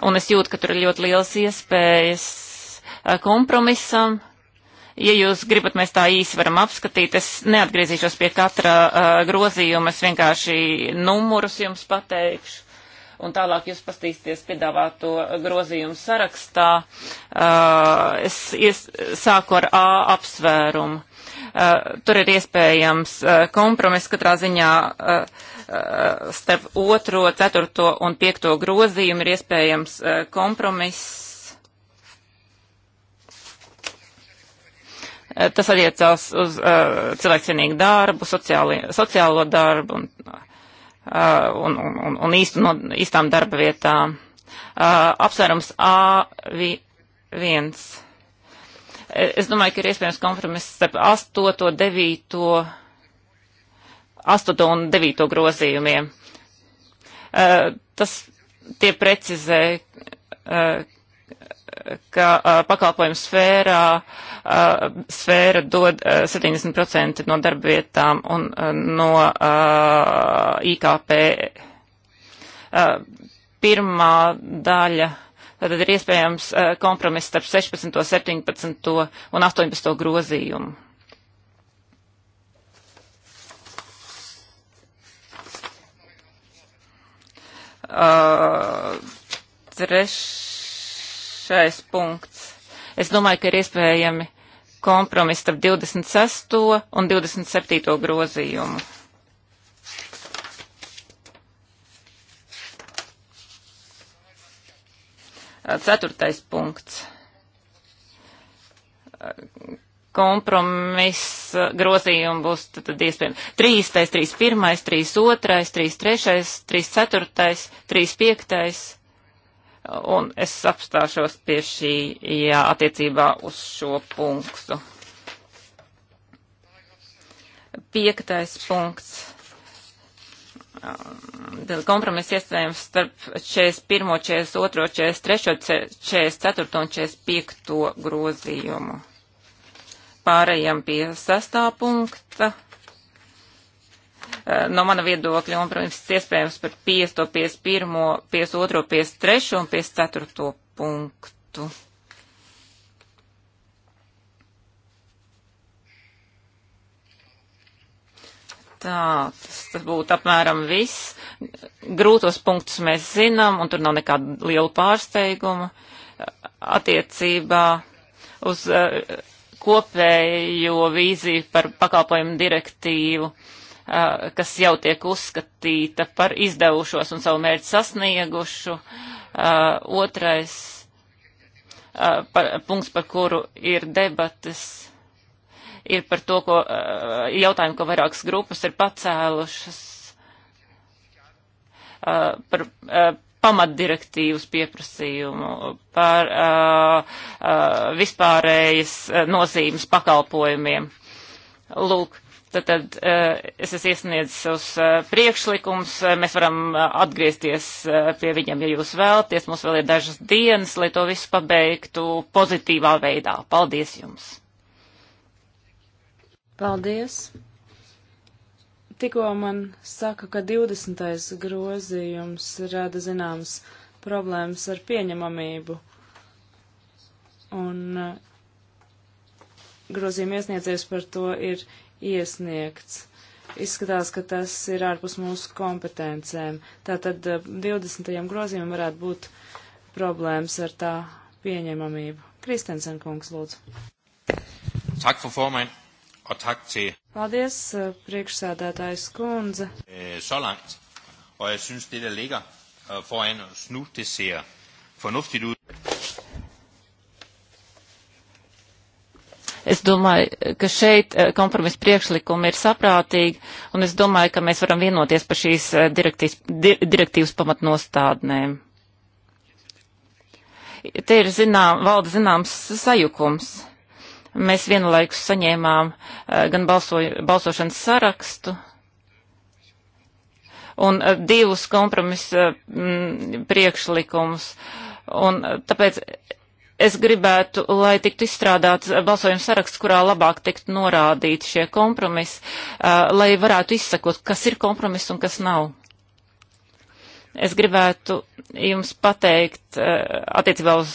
un es jūtu, ka tur ir ļoti liels iespējas Eh, kompromisam. Ja jūs gribat, mēs tā īsi varam apskatīt. Es neatgriezīšos pie katra uh, grozījuma, es vienkārši numurus jums pateikšu. Un tālāk jūs pastīsties piedāvāto eh, grozījumu sarakstā. Uh, es, es sāku ar A apsvērumu. Uh, tur ir iespējams uh, kompromiss katrā ziņā. Uh, starp otro, ceturto un piekto grozījumu ir iespējams kompromiss Eh, tas attiecās uz uh, cilvēkcienīgu darbu, sociāli, sociālo darbu un, uh, un, un, un īstu no, īstām darba vietām. Uh, apsvērums A1. Vi, es domāju, ka ir iespējams kompromiss starp 8, 9, 8 un 9 grozījumiem. Uh, tas tie precizē, uh, ka uh, pakalpojumu sfērā uh, sfēra dod uh, 70% no darba vietām un uh, no uh, IKP. Uh, pirmā daļa. Tad ir iespējams uh, kompromiss starp 16., 17. un 18. grozījumu. Uh, treš, Trešais punkts. Es domāju, ka ir iespējami kompromiss starp 26. un 27. grozījumu. Ceturtais punkts. Kompromiss grozījumi būs tad, tad iespējams 3, 3, 1, 3, 2, 3, 3, 3, 4, 3, 5 un es apstāšos pie šī jā, attiecībā uz šo punktu. Piektais punkts. Kompromiss iespējams starp 41., 42., 43., 44. un 45. grozījumu. Pārējām pie sastā punkta Eh, no mana viedokļa, un, protams, iespējams par 5, 51, 52, 53 un 54 punktu. Tā, tas, tas būtu apmēram viss. Grūtos punktus mēs zinām, un tur nav nekāda liela pārsteiguma attiecībā uz uh, kopējo vīziju par pakalpojumu direktīvu. Uh, kas jau tiek uzskatīta par izdevušos un savu mērķu sasniegušu. Otrais par, punkts, par kuru ir debatas, ir par to, ko jautājumu, ko vairākas grupas ir pacēlušas par pamatdirektīvas pieprasījumu, par vispārējas nozīmes pakalpojumiem. Lūk, Tad, tad eh, es esmu iesniedzis savus eh, priekšlikumus, eh, mēs varam atgriezties pie viņiem, ja jūs vēlaties. Mums vēl ir dažas dienas, lai to visu pabeigtu pozitīvā veidā. Paldies jums! Paldies! Tikko man saka, ka 20. grozījums rada zināmas problēmas ar pieņemamību. Un grozījuma iesniedzies par to ir iesniegts. Izskatās, ka tas ir ārpus mūsu kompetencēm. Tātad 20. Eh, grozījumam varētu būt problēmas ar tā pieņemamību. Kristensen kungs, lūdzu. Tak for formand, og tak til... Paldies, eh, priekšsēdētājs kundze. Øh, så langt, og jeg synes, det der ligger øh, foran os nu, det ser fornuftigt ud. domāju, ka šeit eh, kompromisa priekšlikumi ir saprātīgi, un es domāju, ka mēs varam vienoties par šīs eh, direktīvas, di direktīvas pamatnostādnēm. Te ir zinām, valda zināms sajukums. Mēs vienlaikus saņēmām eh, gan balso, balsošanas sarakstu, un divus kompromisu mm, priekšlikumus. Un tāpēc Es gribētu, lai tiktu izstrādāts balsojums saraksts, kurā labāk tiktu norādīti šie kompromisi, uh, lai varētu izsakot, kas ir kompromiss un kas nav. Es gribētu jums pateikt uh, attiecībā uz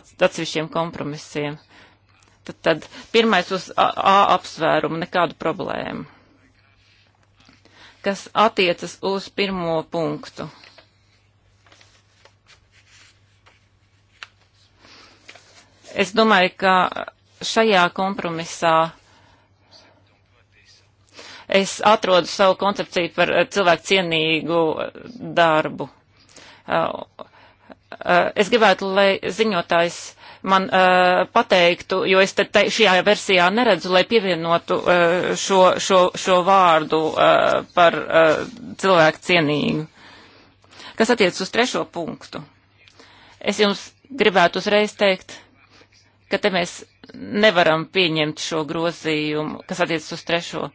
atsevišķiem kompromisiem. Tad, tad pirmais uz A, A apsvērumu nekādu problēmu, kas attiecas uz pirmo punktu. Es domāju, ka šajā kompromisā es atrodu savu koncepciju par eh, cilvēku cienīgu eh, darbu. Eh, es gribētu, lai ziņotājs man pateiktu, jo es te, te šajā versijā neredzu, lai pievienotu šo, šo, šo vārdu par cilvēku cienīgu. Kas attiec uz trešo punktu? Es jums gribētu uzreiz teikt, ka te mēs nevaram pieņemt šo grozījumu, kas attiecas uz trešo.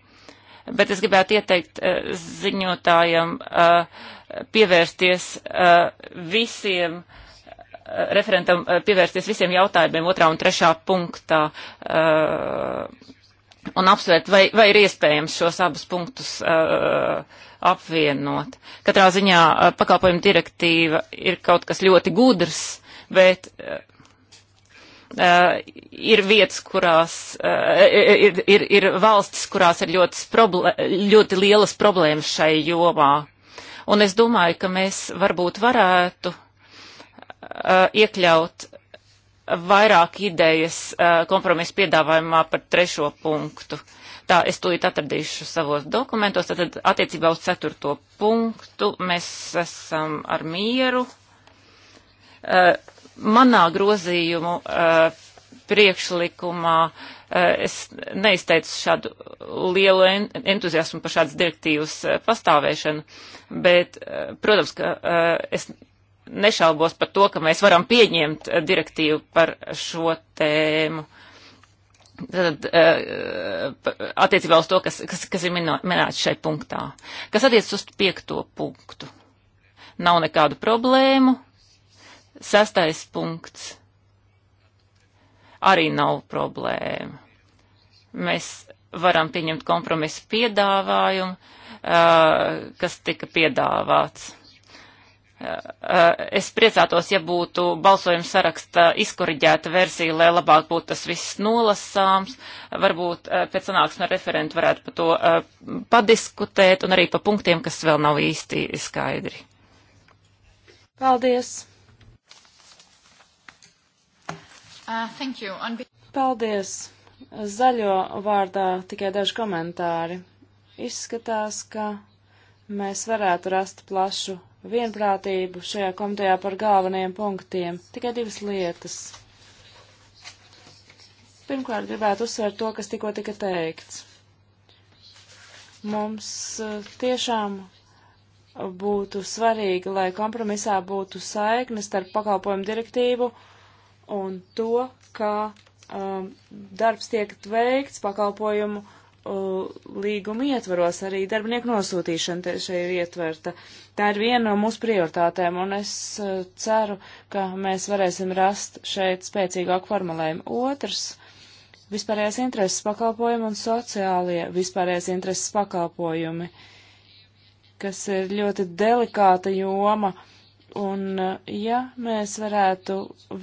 Bet es gribētu ieteikt uh, eh, ziņotājam uh, eh, pievērsties uh, visiem, uh, referentam uh, pievērsties visiem jautājumiem otrā un trešā punktā uh, un apsvērt, vai, vai ir iespējams šos abus punktus uh, apvienot. Katrā ziņā uh, pakalpojuma direktīva ir kaut kas ļoti gudrs, bet uh, Uh, ir vietas, kurās uh, ir, ir, ir valstis, kurās ir ļoti, problē, ļoti lielas problēmas šai jomā. Un es domāju, ka mēs varbūt varētu uh, iekļaut vairāk idejas uh, kompromisu piedāvājumā par trešo punktu. Tā, es tūlīt atradīšu savos dokumentos. Tad attiecībā uz ceturto punktu mēs esam ar mieru. Uh, manā grozījumu uh, priekšlikumā uh, es neizteicu šādu lielu en entuziasmu par šādas direktīvas uh, pastāvēšanu, bet, uh, protams, ka uh, es nešaubos par to, ka mēs varam pieņemt direktīvu par šo tēmu. Tad, uh, attiecībā uz to, kas, kas, kas ir minēts šai punktā. Kas attiec uz piekto punktu? Nav nekādu problēmu Sastais punkts. Arī nav problēma. Mēs varam pieņemt kompromisu piedāvājumu, uh, kas tika piedāvāts. Uh, es priecātos, ja būtu balsojuma saraksta izkoriģēta versija, lai labāk būtu tas viss nolasāms. Varbūt uh, pēc sanāksmes ar referentu varētu par to uh, padiskutēt un arī par punktiem, kas vēl nav īsti skaidri. Paldies! Uh, Paldies! Zaļo vārdā tikai daži komentāri. Izskatās, ka mēs varētu rast plašu vienprātību šajā komitejā par galvenajiem punktiem. Tikai divas lietas. Pirmkārt, gribētu uzsvērt to, kas tikko tika teikts. Mums uh, tiešām būtu svarīgi, lai kompromisā būtu saiknes starp pakalpojumu direktīvu un to, kā um, darbs tiek veikts pakalpojumu uh, līguma ietvaros, arī darbinieku nosūtīšana šeit ir ietverta. Tā ir viena no mūsu prioritātēm, un es uh, ceru, ka mēs varēsim rast šeit spēcīgāku formulējumu. Otrs - vispārējais intereses pakalpojumi un sociālie vispārējais intereses pakalpojumi, kas ir ļoti delikāta joma. Uh, Un eh, ja mēs varētu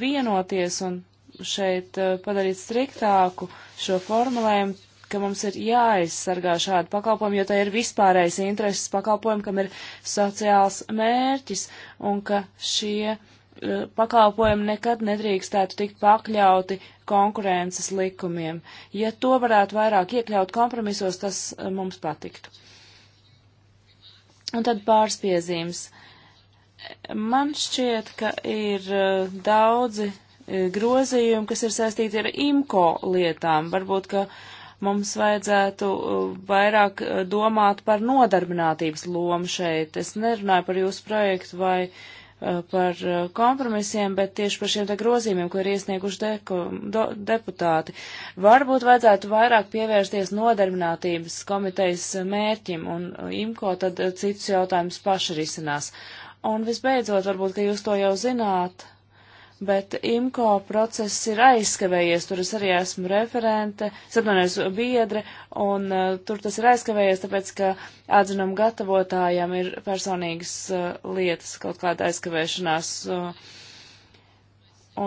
vienoties un šeit eh, padarīt striktāku šo formulējumu, ka mums ir jāaizsargā šādi pakalpojumi, jo tā ir vispārējais intereses pakalpojumi, kam ir sociāls mērķis, un ka šie uh, pakalpojumi nekad nedrīkstētu tikt pakļauti konkurences likumiem. Ja to varētu vairāk iekļaut kompromisos, tas uh, mums patiktu. Un tad pārspiezīmes. Uh, Man šķiet, ka ir e, daudzi e, grozījumi, kas ir saistīti ar IMCO lietām. Varbūt, ka mums vajadzētu e, vairāk domāt par nodarbinātības lomu šeit. Es nerunāju par jūsu projektu vai par kompromisiem, bet tieši par šiem te grozījumiem, ko ir iesnieguši deko, do, deputāti. Varbūt vajadzētu vairāk pievērsties nodarbinātības komitejas mērķim, un IMCO tad citus jautājumus paši risinās. Uh, Un visbeidzot, varbūt, ka jūs to jau zināt, bet IMCO process ir aizskavējies, tur es arī esmu referente, sapnēs biedre, un uh, tur tas ir aizskavējies, tāpēc, ka atzinam gatavotājiem ir personīgas uh, lietas, kaut kāda aizkavēšanās. Uh,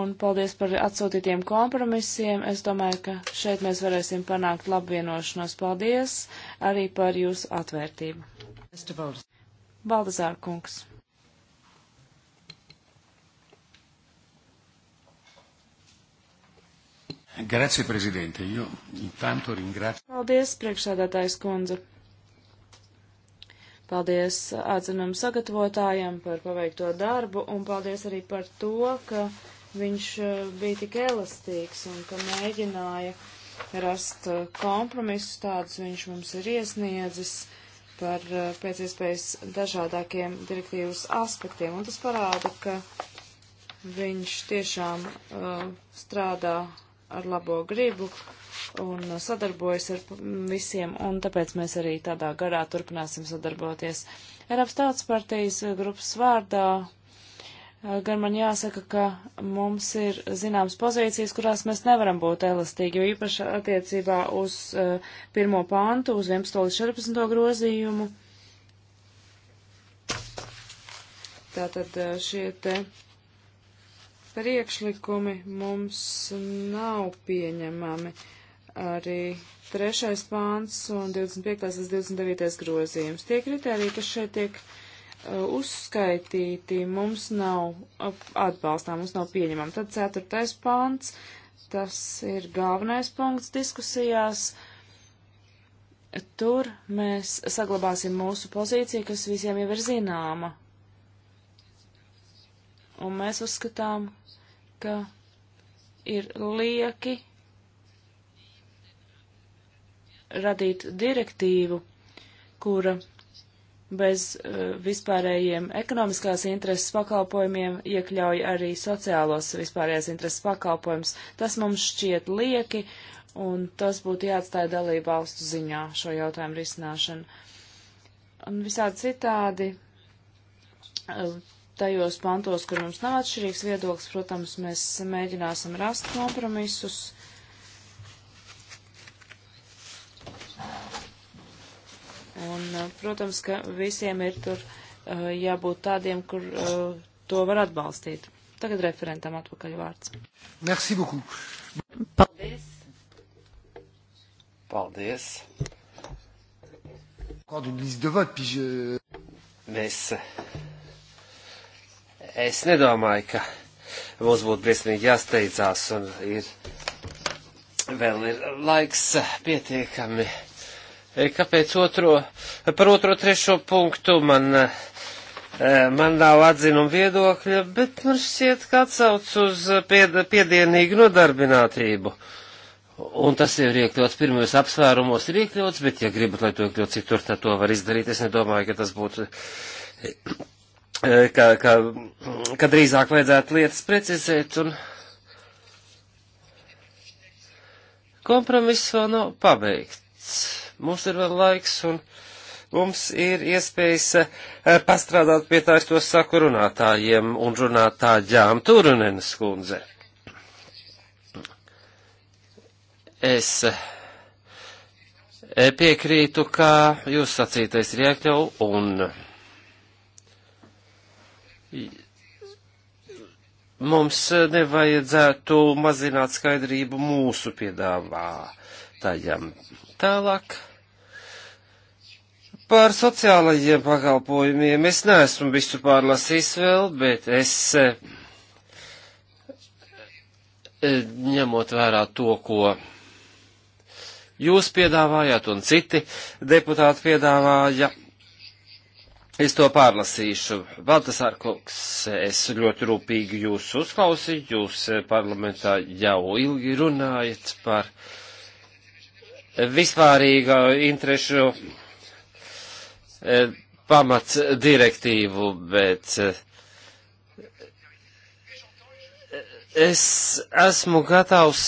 un paldies par atsūtītiem kompromisiem. Es domāju, ka šeit mēs varēsim panākt labu vienošanos. Paldies arī par jūsu atvērtību. Baldazār kungs. Grazie, prezidente. Jo intanto ringrazio. Paldies, priekšsēdētājs kundze. Paldies atzinumu sagatavotājiem par paveikto darbu un paldies arī par to, ka viņš eh, bija tik elastīgs un ka mēģināja rast eh, kompromisus tādus viņš mums ir iesniedzis par eh, pēc iespējas dažādākiem direktīvas aspektiem. Un tas parāda, ka viņš tiešām uh, strādā ar labo gribu un sadarbojas ar visiem, un tāpēc mēs arī tādā garā turpināsim sadarboties. Eiropas Tautas partijas grupas vārdā eh, gan man jāsaka, ka mums ir zināmas pozīcijas, kurās mēs nevaram būt elastīgi, jo īpaši attiecībā uz uh, pirmo pāntu, uz 11. līdz 14. grozījumu. Tātad eh, šie te. Uh, priekšlikumi mums nav pieņemami. Arī 3. pāns un 25. līdz 29. grozījums. Tie kriteriji, kas šeit tiek uh, uzskaitīti, mums nav atbalstām, mums nav pieņemami. Tad 4. pāns, tas ir galvenais punkts diskusijās. Tur mēs saglabāsim mūsu pozīciju, kas visiem jau ir zināma. Un mēs uzskatām, ka ir lieki radīt direktīvu, kura bez eh, vispārējiem ekonomiskās intereses pakalpojumiem iekļauj arī sociālos vispārējās intereses pakalpojumus. Tas mums šķiet lieki, un tas būtu jāatstāja dalību valstu ziņā šo jautājumu risināšanu. Un visādi citādi eh, tajos pantos, kur mums nav atšķirīgs viedoklis, protams, mēs mēģināsim rast kompromisus. Un, eh, protams, ka visiem ir tur eh, jābūt tādiem, kur eh, to var atbalstīt. Tagad referentam atpakaļ vārds. Merci beaucoup. Paldies. Paldies. Mēs es nedomāju, ka mums būtu briesmīgi jāsteidzās un ir vēl ir laiks pietiekami. E, kāpēc otro, par otro trešo punktu man, e, man nav atzinuma viedokļa, bet man šķiet, ka atsauc uz pied, piedienīgu nodarbinātību. Un tas jau ir iekļauts pirmajos apsvērumos, ir iekļauts, bet ja gribat, lai to iekļauts citur, tad to var izdarīt. Es nedomāju, ka tas būtu Eh, ka, ka, ka drīzāk vajadzētu lietas precizēt un kompromiss vēl nav pabeigts. Mums ir vēl laiks un mums ir iespējas eh, pastrādāt pie tā, es to saku runātājiem un runātāģām Turunenes kundze. Es eh, piekrītu, kā jūs sacītais ir jākļau un mums eh, nevajadzētu mazināt skaidrību mūsu piedāvātajam. Tālāk par sociālajiem pakalpojumiem. Es neesmu visu pārlasījis vēl, bet es eh, ņemot vērā to, ko jūs piedāvājāt un citi deputāti piedāvāja, Es to pārlasīšu. Baltasār Kungs, es ļoti rūpīgi jūs uzklausīju, jūs eh, parlamentā jau ilgi runājat par vispārīga interešu eh, pamats direktīvu, bet eh, es esmu gatavs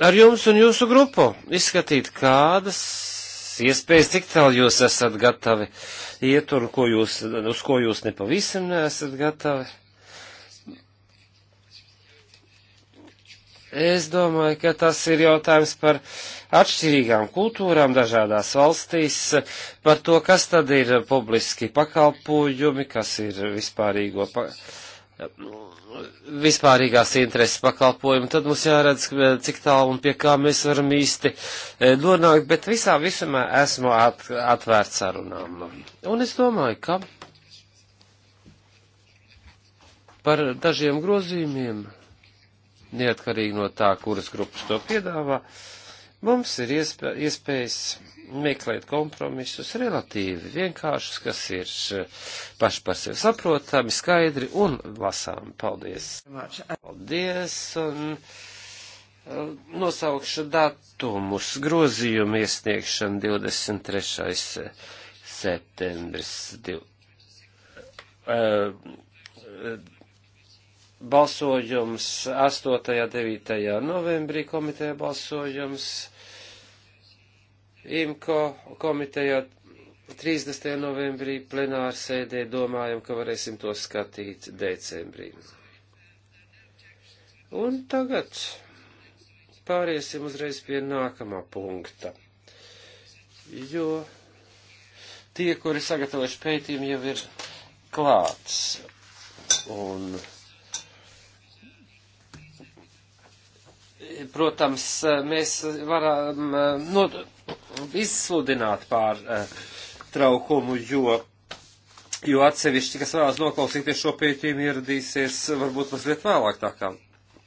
ar jums un jūsu grupu izskatīt kādas iespējas, cik tālu jūs esat gatavi uh, ietvaru, ko jūs, uz ko jūs nepavisam neesat gatavi. Es domāju, ka tas ir jautājums par atšķirīgām kultūrām dažādās valstīs, par to, kas tad ir publiski pakalpojumi, kas ir vispārīgo pakalpojumi vispārīgās intereses pakalpojumu, tad mums jāredz, eh, cik tālu un pie kā mēs varam īsti eh, nonākt, bet visā visumā esmu at, atvērts sarunām. Un es domāju, ka par dažiem grozījumiem, neatkarīgi no tā, kuras grupas to piedāvā, mums ir iespē, iespējas meklēt kompromisus relatīvi vienkāršus, kas ir eh, paši par sevi saprotami, skaidri un lasām. Paldies! Paldies! Un eh, nosaukšu datumus. Grozījumu iesniegšana 23. septembris. Div, uh, balsojums 8. 9. novembrī komiteja balsojums IMCO komitejā 30. novembrī plenāra sēdē domājam, ka varēsim to skatīt decembrī. Un tagad pāriesim uzreiz pie nākamā punkta, jo tie, kuri sagatavojuši pētījumu, jau ir klāts. Un, protams, mēs varam. Eh, no, izsludināt pār eh, traukumu, jo, jo atsevišķi, kas vēlas noklausīties šo pētījumu, ieradīsies varbūt mazliet vēlāk tā kā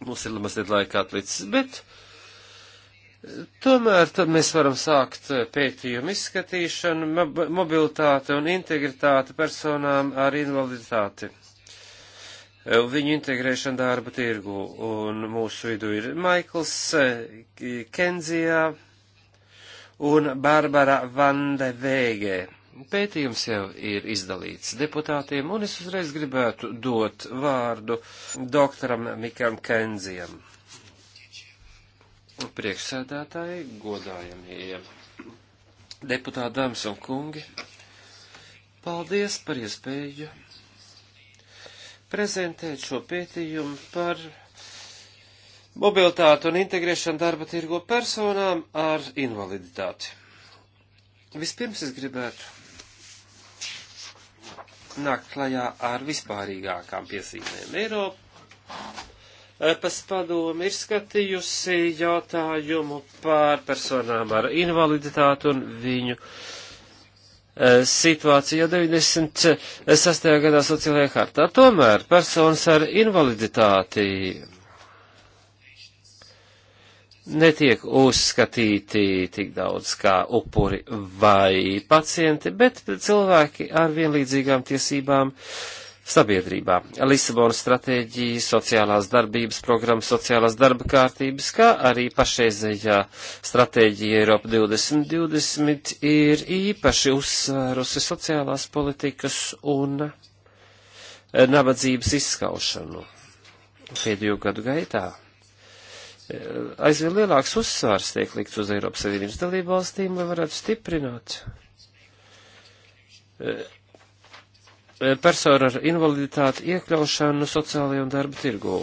mums ir mazliet laika atlicis, bet eh, tomēr tad mēs varam sākt eh, pētījumu izskatīšanu, mobilitāte un integritāte personām ar invaliditāti. Viņu integrēšana darba tirgu un mūsu vidu ir Maikls Kenzijā un Barbara Vande Vēgē. Pētījums jau ir izdalīts deputātiem, un es uzreiz gribētu dot vārdu doktoram Mikam Kenzijam. Priekšsēdētāji, godājamie deputāti, dāmas un kungi, paldies par iespēju prezentēt šo pētījumu par mobilitāti un integrēšanu darba tirgo personām ar invaliditāti. Vispirms es gribētu nākt klajā ar vispārīgākām piezīmēm. Eiropas padomi ir skatījusi jautājumu par personām ar invaliditāti un viņu e, situācija 96. gadā sociālajā hartā. Tomēr personas ar invaliditāti netiek uzskatīti tik daudz kā upuri vai pacienti, bet cilvēki ar vienlīdzīgām tiesībām sabiedrībā. Lisabonas stratēģija, sociālās darbības programma, sociālās darba kārtības, kā arī pašreizējā stratēģija Eiropa 2020 ir īpaši uzsvērusi sociālās politikas un nabadzības izskaušanu pēdējo gadu gaitā aizvien lielāks uzsvars tiek likt uz Eiropas Savienības dalību valstīm, lai varētu stiprināt e, e, personu ar invaliditāti iekļaušanu sociālajā un darba tirgū.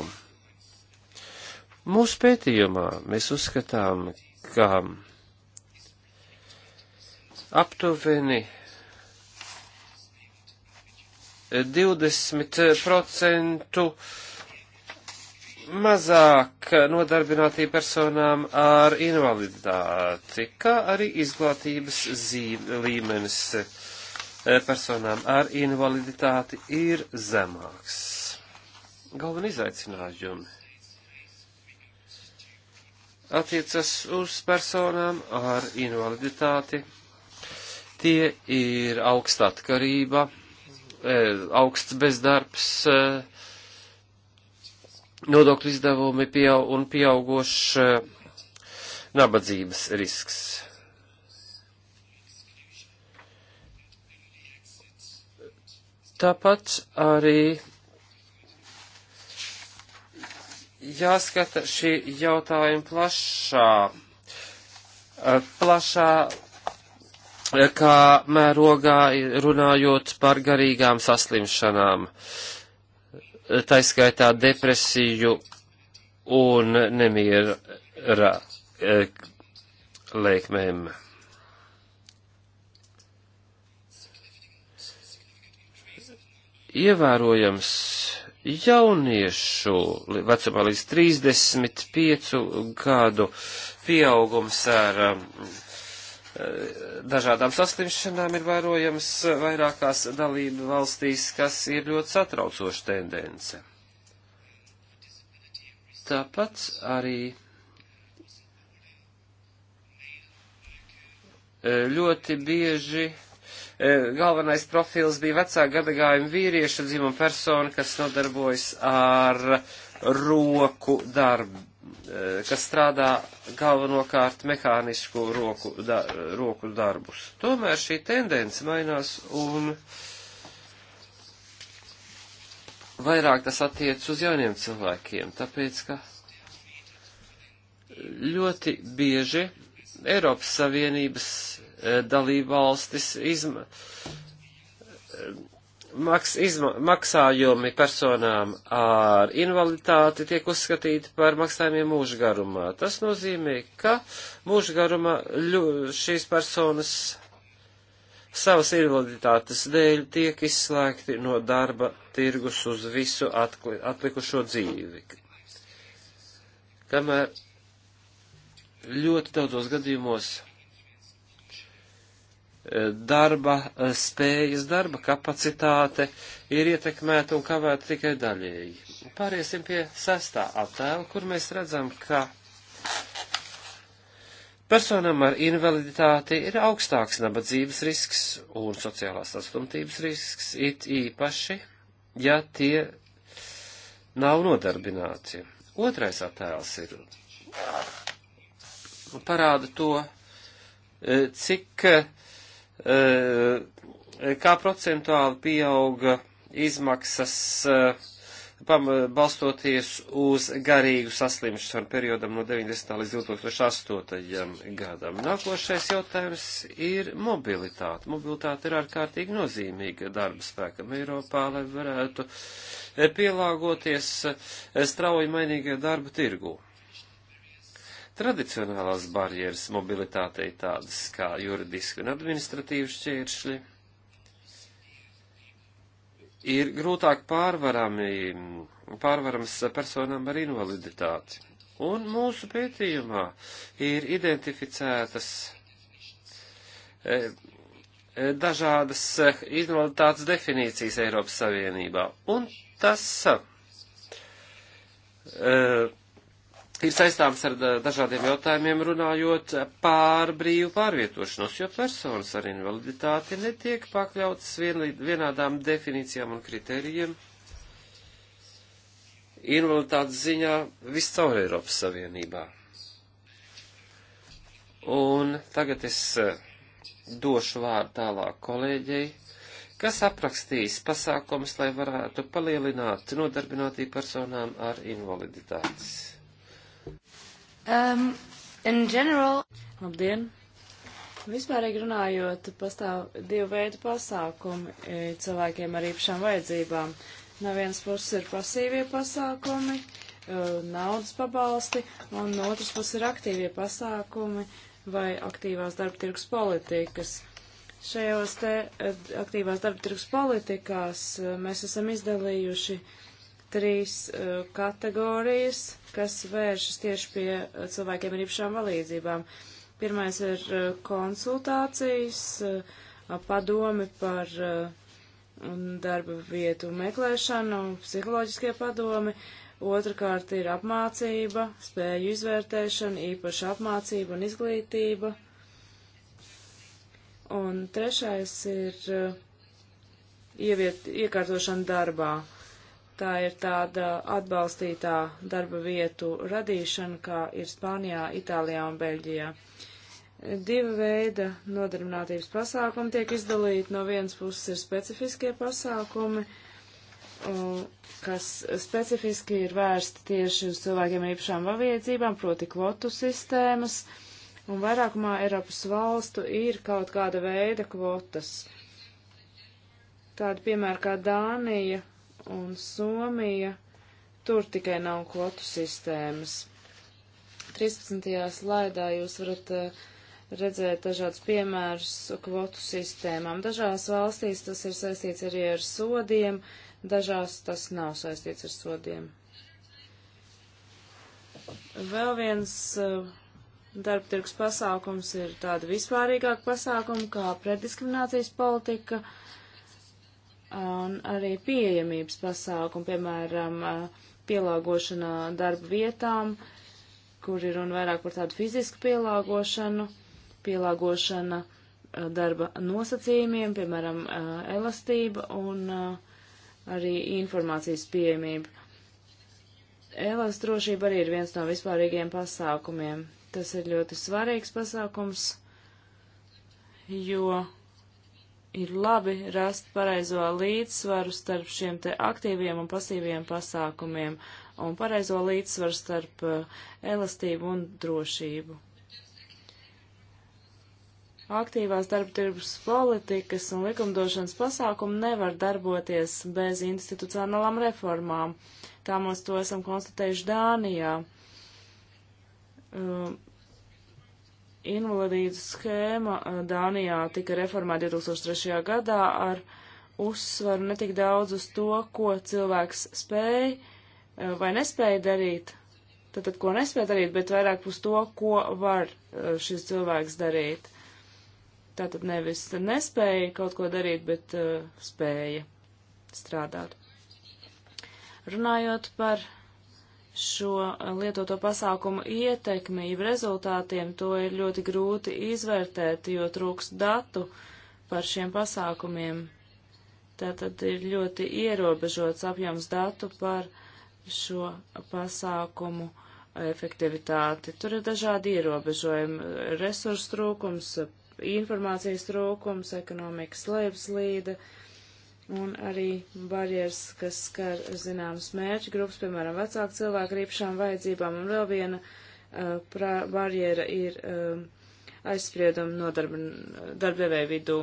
Mūsu pētījumā mēs uzskatām, ka aptuveni 20% mazāk nodarbinātību personām ar invaliditāti, kā arī izglītības līmenis e, personām ar invaliditāti ir zemāks. Galveni izaicinājumi attiecas uz personām ar invaliditāti. Tie ir augsta atkarība, e, augsts bezdarbs, e, nodokļu izdevumi pieaug un pieaugošs eh, nabadzības risks. Tāpat arī jāskata šī jautājuma plašā, eh, plašā eh, kā mērogā runājot par garīgām saslimšanām. Uh, taiskaitā depresiju un nemiera eh, lēkmēm. Ievērojams jauniešu vecumā līdz 35 gadu pieaugums ar dažādām saslimšanām ir vērojams vairākās dalību valstīs, kas ir ļoti satraucoša tendence. Tāpat arī e, ļoti bieži e, galvenais profils bija vecā gadagājuma vīrieša dzimuma persona, kas nodarbojas ar roku darbu Eh, kas strādā galvenokārt mehānisku roku, da, roku darbus. Tomēr šī tendence mainās un vairāk tas attiec uz jauniem cilvēkiem, tāpēc, ka ļoti bieži Eiropas Savienības eh, dalībvalstis izma, maks, izma, maksājumi personām ar invaliditāti tiek uzskatīti par maksājumiem mūžgarumā. Tas nozīmē, ka mūžgarumā ļu, šīs personas savas invaliditātes dēļ tiek izslēgti no darba tirgus uz visu atkli, atlikušo dzīvi. Kamēr ļoti daudzos gadījumos darba eh, spējas, darba kapacitāte ir ietekmēta un kavēta tikai daļēji. Pāriesim pie sestā attēla, kur mēs redzam, ka personam ar invaliditāti ir augstāks nabadzības risks un sociālās atstumtības risks, it īpaši, ja tie nav nodarbināti. Otrais attēls ir parāda to, eh, cik eh, Eh, kā procentuāli pieauga izmaksas eh, balstoties uz garīgu saslimšanu periodam no 90. līdz 2008. gadam. Nākošais jautājums ir mobilitāte. Mobilitāte ir ārkārtīgi nozīmīga darba spēkam Eiropā, lai varētu eh, pielāgoties strauji mainīgajā darba tirgū. Tradicionālās barjeras mobilitātei tādas kā juridiski un administratīvi šķēršļi ir grūtāk pārvarami, pārvarams personām ar invaliditāti. Un mūsu pētījumā ir identificētas e, e dažādas e, invaliditātes definīcijas Eiropas Savienībā. Un tas e, ir saistāms ar dažādiem jautājumiem runājot pār brīvu pārvietošanos, jo personas ar invaliditāti netiek pakļautas vienādām definīcijām un kritērijiem invaliditātes ziņā viscaur Eiropas Savienībā. Un tagad es došu vārdu tālāk kolēģei, kas aprakstīs pasākumus, lai varētu palielināt nodarbinātību personām ar invaliditātes. Um, in general. Labdien! Vispārīgi runājot, pastāv divu veidu pasākumi e, cilvēkiem ar īpašām vajadzībām. No vienas puses ir pasīvie pasākumi, e, naudas pabalsti, un no otras puses ir aktīvie pasākumi vai aktīvās darba tirgus politikas. Šajos te e, aktīvās darba tirgus politikās mēs esam izdalījuši trīs kategorijas kas vēršas tieši pie eh, cilvēkiem ar īpašām valīdzībām. Pirmais ir eh, konsultācijas, eh, padomi par darba vietu meklēšanu, psiholoģiskie padomi, otrkārt ir apmācība, spēju izvērtēšana, īpaša apmācība un izglītība. Un trešais ir ieviet, iekārtošana darbā. Uh, Tā ir tāda atbalstītā darba vietu radīšana, kā ir Spānijā, Itālijā un Beļģijā. Diva veida nodarbinātības pasākumi tiek izdalīti. No vienas puses ir specifiskie pasākumi, kas specifiski ir vērsti tieši uz cilvēkiem ar īpašām vajadzībām, proti kvotu sistēmas, un vairākumā Eiropas valstu ir kaut kāda veida kvotas. Tāda piemēra kā Dānija un Somija, tur tikai nav kvotu sistēmas. 13. slaidā jūs varat uh, redzēt dažādus piemērus kvotu sistēmām. Dažās valstīs tas ir saistīts arī ar sodiem, dažās tas nav saistīts ar sodiem. Vēl viens uh, eh, darba tirgus pasākums ir tāda vispārīgāka pasākuma kā preddiskriminācijas politika. Uh, un arī pieejamības pasākumu, piemēram, pielāgošanā darba vietām, kur ir un vairāk par tādu fizisku pielāgošanu, pielāgošana darba nosacījumiem, piemēram, elastība un arī informācijas pieejamība. Elas drošība arī ir viens no vispārīgiem pasākumiem. Tas ir ļoti svarīgs pasākums, jo ir labi rast pareizo līdzsvaru starp šiem te aktīviem un pasīviem pasākumiem un pareizo līdzsvaru starp eh, elastību un drošību. Aktīvās darba tirgus politikas un likumdošanas pasākumi nevar darboties bez institucionālām reformām. Tā mēs to esam konstatējuši Dānijā. Eh, Invalidītas schēma Dānijā tika reformēta 2003. gadā ar uzsvaru netik daudz uz to, ko cilvēks spēja vai nespēja darīt, tātad ko nespēja darīt, bet vairāk uz to, ko var šis cilvēks darīt. Tātad nevis nespēja kaut ko darīt, bet uh, spēja strādāt. Runājot par šo eh, lietoto pasākumu ietekmi, jeb rezultātiem, to ir ļoti grūti izvērtēt, jo trūks datu par šiem pasākumiem. Tātad ir ļoti ierobežots apjoms datu par šo pasākumu efektivitāti. Tur ir dažādi ierobežojumi - resursu trūkums, informācijas trūkums, ekonomikas lejupslīde. slīde un arī barjeras, kas skar zināmas mērķu grupas, piemēram, vecāku cilvēku rīpšām vajadzībām, un vēl viena uh, pra, barjera ir uh, um, aizspriedumi no darba, darbdevēja vidū.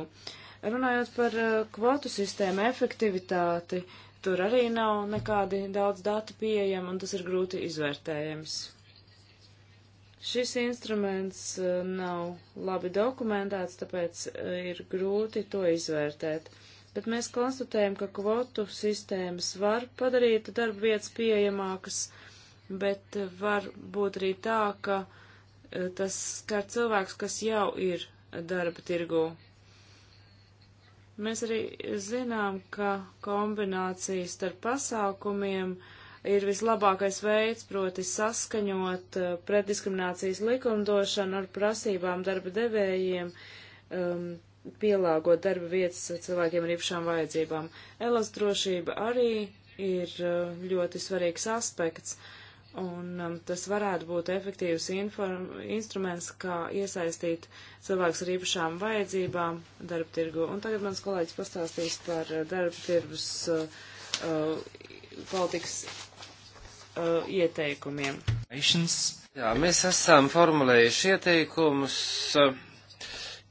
Runājot par uh, kvotu sistēmu efektivitāti, tur arī nav nekādi daudz datu pieejama, un tas ir grūti izvērtējams. Šis instruments uh, nav labi dokumentēts, tāpēc uh, ir grūti to izvērtēt. Uh, bet mēs konstatējam, ka kvotu sistēmas var padarīt darba vietas pieejamākas, bet eh, var būt arī tā, ka eh, tas skar cilvēks, kas jau ir darba tirgū. Mēs arī zinām, ka kombinācija starp pasākumiem ir vislabākais veids, proti saskaņot eh, pretdiskriminācijas likumdošanu ar prasībām darba devējiem, um, pielāgot darba vietas cilvēkiem ar īpašām vajadzībām. Elastdrošība arī ir uh, ļoti svarīgs aspekts, un um, tas varētu būt efektīvs inform, instruments, kā iesaistīt cilvēkus ar īpašām vajadzībām darba tirgu. Un tagad mans kolēģis pastāstīs par uh, darba tirgus uh, uh, politikas uh, ieteikumiem. Jā, mēs esam formulējuši ieteikumus. Uh,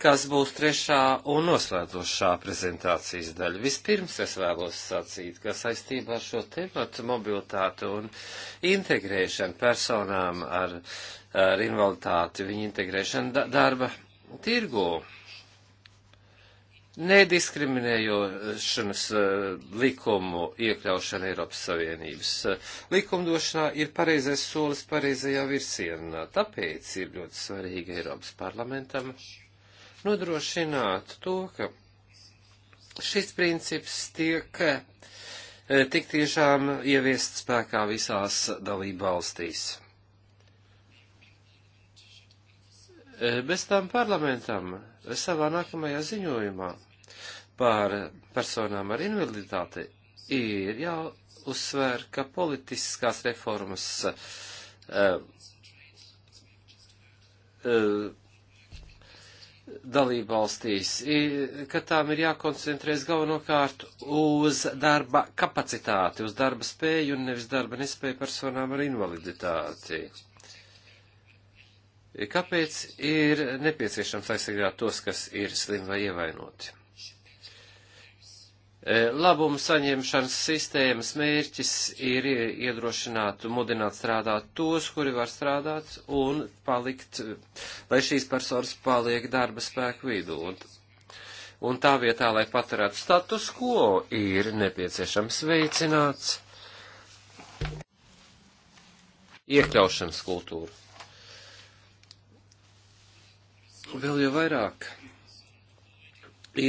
kas būs trešā un noslēdzošā prezentācijas daļa. Vispirms es vēlos sacīt, ka saistībā ar šo tematu mobilitāti un integrēšanu personām ar, ar invaliditāti, viņu integrēšanu darba tirgu, nediskriminējošanas eh, likumu iekļaušana Eiropas Savienības eh, likumdošanā ir pareizais solis pareizajā virsienā. Tāpēc ir ļoti svarīgi Eiropas parlamentam nodrošināt to, ka šis princips tiek e, tik tiešām ieviest spēkā visās dalību valstīs. E, bez tam parlamentam savā nākamajā ziņojumā par personām ar invaliditāti ir jāuzsver, ka politiskās reformas uh, uh, dalībvalstīs, ka tām ir jākoncentrēs galvenokārt uz darba kapacitāti, uz darba spēju un nevis darba nespēju personām ar invaliditāti. Kāpēc ir nepieciešams aizsargāt tos, kas ir slim vai ievainoti? E, labumu saņemšanas sistēmas mērķis ir iedrošināt un mudināt strādāt tos, kuri var strādāt un palikt, lai šīs personas paliek darba spēku vidū. Un, un tā vietā, lai paturētu status quo, ir nepieciešams veicināts iekļaušanas kultūru. Vēl jau vairāk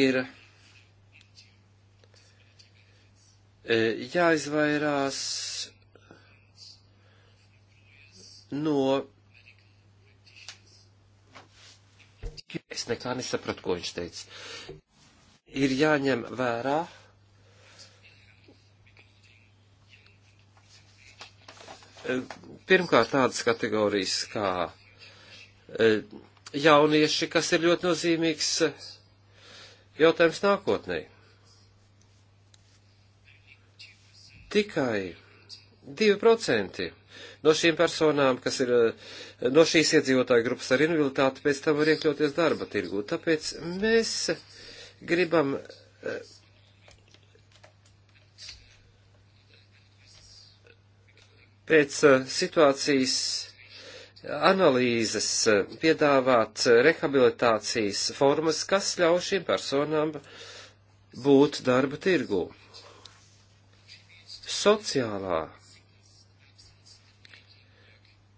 ir E, jāizvairās no. Es nekā nesapratu, ko viņš teica. Ir jāņem vērā. E, pirmkārt, tādas kategorijas kā e, jaunieši, kas ir ļoti nozīmīgs jautājums nākotnēji. Tikai 2% no šīm personām, kas ir eh, no šīs iedzīvotāju grupas ar invaliditāti, pēc tam var iekļauties darba tirgū. Tāpēc mēs gribam eh, pēc eh, situācijas analīzes piedāvāt rehabilitācijas formas, kas ļauj šīm personām būt darba tirgū sociālā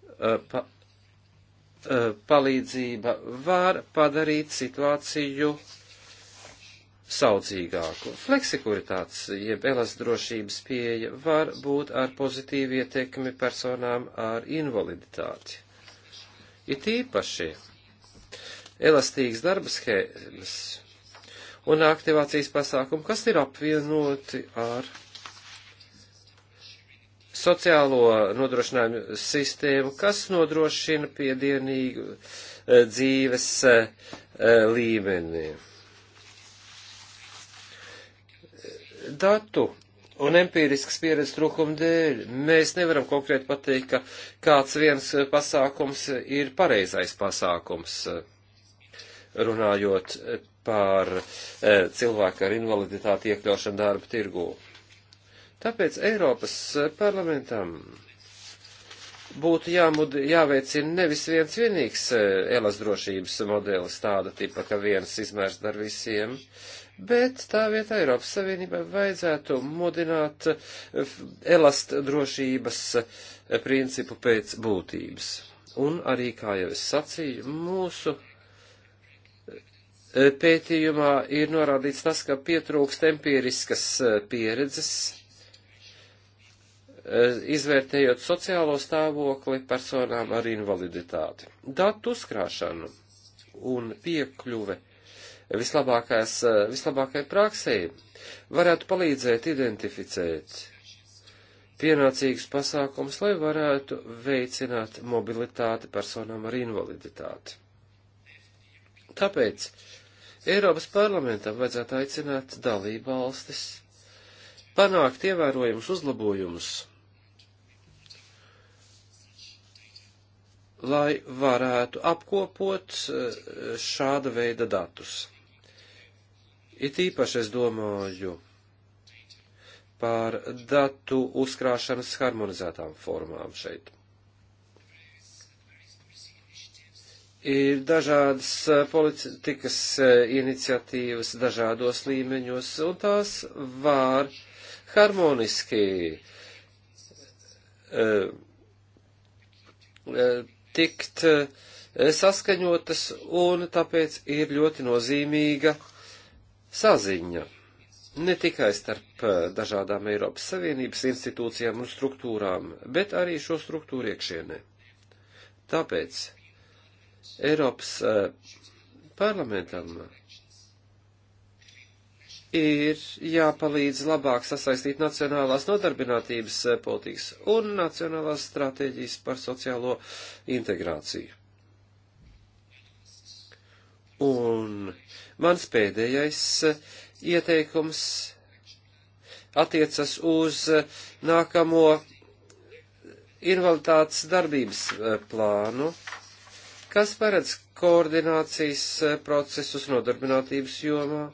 eh, pa, eh, palīdzība var padarīt situāciju saudzīgāku. Fleksikuritātes, jeb elastdrošības pieeja var būt ar pozitīvu ietekmi personām ar invaliditāti. It īpaši elastīgas darba schēmas un aktivācijas pasākumi, kas ir apvienoti ar sociālo nodrošinājumu sistēmu, kas nodrošina piedienīgu eh, dzīves eh, līmeni. Datu un empīriskas pieredzes trūkuma dēļ mēs nevaram konkrēti pateikt, ka kāds viens pasākums ir pareizais pasākums, runājot par eh, cilvēku ar invaliditāti iekļaušanu darba tirgū. Tāpēc Eiropas eh, parlamentam būtu jāmud, jāveicina nevis viens vienīgs eh, elas drošības modelis, tāda tipa, ka viens izmērs dar visiem, bet tā vietā Eiropas Savienībai vajadzētu mudināt eh, elast drošības principu pēc būtības. Un arī, kā jau es sacīju, mūsu pētījumā ir norādīts tas, ka pietrūkst empiriskas pieredzes Eh, izvērtējot sociālo stāvokli personām ar invaliditāti. Datu uzkrāšana un piekļuve eh, vislabākai praksēji varētu palīdzēt identificēt pienācīgus pasākums, lai varētu veicināt mobilitāti personām ar invaliditāti. Tāpēc Eiropas parlamentam vajadzētu aicināt dalību valstis panākt ievērojums uzlabojumus lai varētu apkopot eh, šāda veida datus. It īpaši es domāju par datu uzkrāšanas harmonizētām formām šeit. Ir dažādas eh, politikas eh, iniciatīvas dažādos līmeņos, un tās var harmoniski uh, uh, tikt eh, saskaņotas, un tāpēc ir ļoti nozīmīga saziņa. Ne tikai starp eh, dažādām Eiropas Savienības institūcijām un struktūrām, bet arī šo struktūru iekšienē. Tāpēc Eiropas eh, parlamentam ir jāpalīdz labāk sasaistīt nacionālās nodarbinātības eh, politikas un nacionālās stratēģijas par sociālo integrāciju. Un mans pēdējais eh, ieteikums attiecas uz eh, nākamo invaliditātes darbības plānu, kas paredz koordinācijas procesus nodarbinātības jomā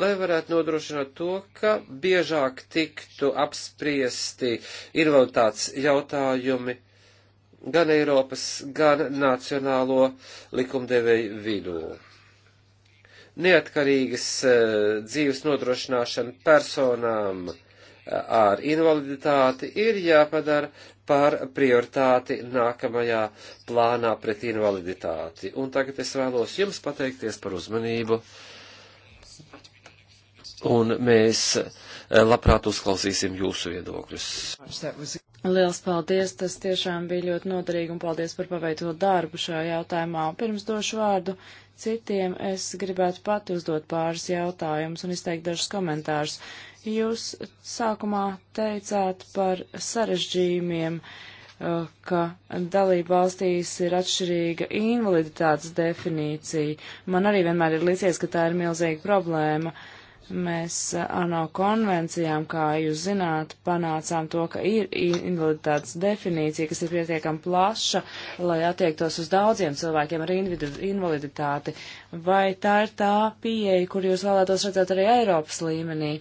lai varētu nodrošināt to, ka biežāk tiktu apspriesti invaliditātes jautājumi gan Eiropas, gan nacionālo likumdevēju vidū. Neatkarīgas eh, dzīves nodrošināšana personām eh, ar invaliditāti ir jāpadara par prioritāti nākamajā plānā pret invaliditāti. Un tagad es vēlos jums pateikties par uzmanību un mēs eh, labprāt uzklausīsim jūsu viedokļus. Liels paldies, tas tiešām bija ļoti noderīgi un paldies par paveikto darbu šajā jautājumā. Un pirms došu vārdu citiem, es gribētu pat uzdot pāris jautājumus un izteikt dažus komentārus. Jūs sākumā teicāt par sarežģījumiem, eh, ka dalība valstīs ir atšķirīga invaliditātes definīcija. Man arī vienmēr ir līdzies, ka tā ir milzīga problēma. Uh, Mēs eh, ANO konvencijām, kā jūs zināt, panācām to, ka ir invaliditātes definīcija, kas ir pietiekami plaša, lai attiektos uz daudziem cilvēkiem ar invaliditāti. Vai tā ir tā pieeja, kur jūs vēlētos redzēt arī Eiropas līmenī?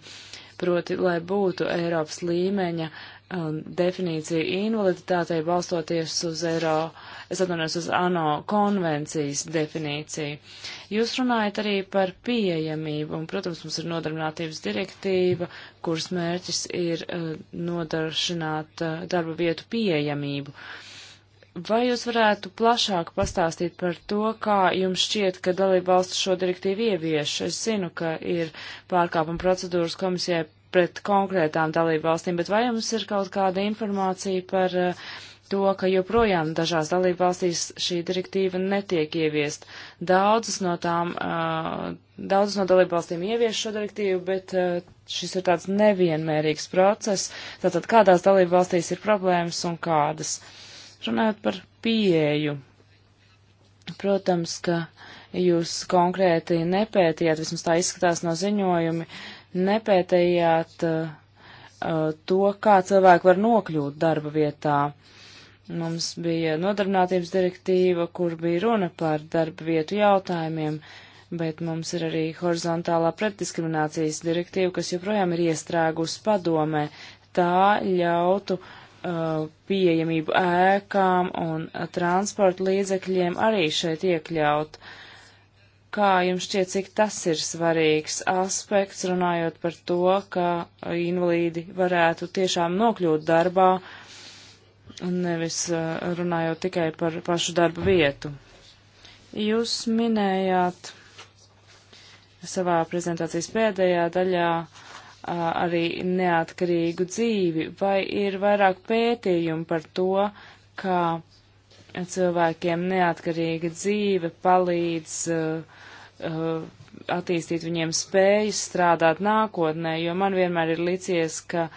Proti, lai būtu Eiropas līmeņa Um, definīciju invaliditātei balstoties uz Eiro, es atvainojos uz ANO konvencijas definīciju. Jūs runājat arī par pieejamību, un, protams, mums ir nodarbinātības direktīva, kuras mērķis ir uh, nodaršināt uh, darba vietu pieejamību. Vai jūs varētu plašāk pastāstīt par to, kā jums šķiet, ka dalība valsts šo direktīvu ievieš? Es zinu, ka ir pārkāpuma procedūras komisijai pret konkrētām dalību valstīm, bet vai jums ir kaut kāda informācija par uh, to, ka joprojām dažās dalību valstīs šī direktīva netiek ieviest? Daudzas no tām, uh, daudzas no dalību valstīm ievies šo direktīvu, bet uh, šis ir tāds nevienmērīgs process. Tātad kādās dalību valstīs ir problēmas un kādas? Runājot par pieeju. Protams, ka jūs konkrēti nepētījāt, vismaz tā izskatās no ziņojumi, nepētējāt uh, to, kā cilvēki var nokļūt darba vietā. Mums bija nodarbinātības direktīva, kur bija runa par darba vietu jautājumiem, bet mums ir arī horizontālā pretdiskriminācijas direktīva, kas joprojām ir iestrēgus padomē. Tā ļautu uh, pieejamību ēkām un transporta līdzekļiem arī šeit iekļaut. Uh, Kā jums šķiet, cik tas ir svarīgs aspekts, runājot par to, ka invalīdi varētu tiešām nokļūt darbā, nevis eh, runājot tikai par pašu darbu vietu? Jūs minējāt savā prezentācijas pēdējā daļā eh, arī neatkarīgu dzīvi, vai ir vairāk pētījumu par to, kā cilvēkiem neatkarīga dzīve palīdz uh, uh, attīstīt viņiem spējas strādāt nākotnē, jo man vienmēr ir licies, ka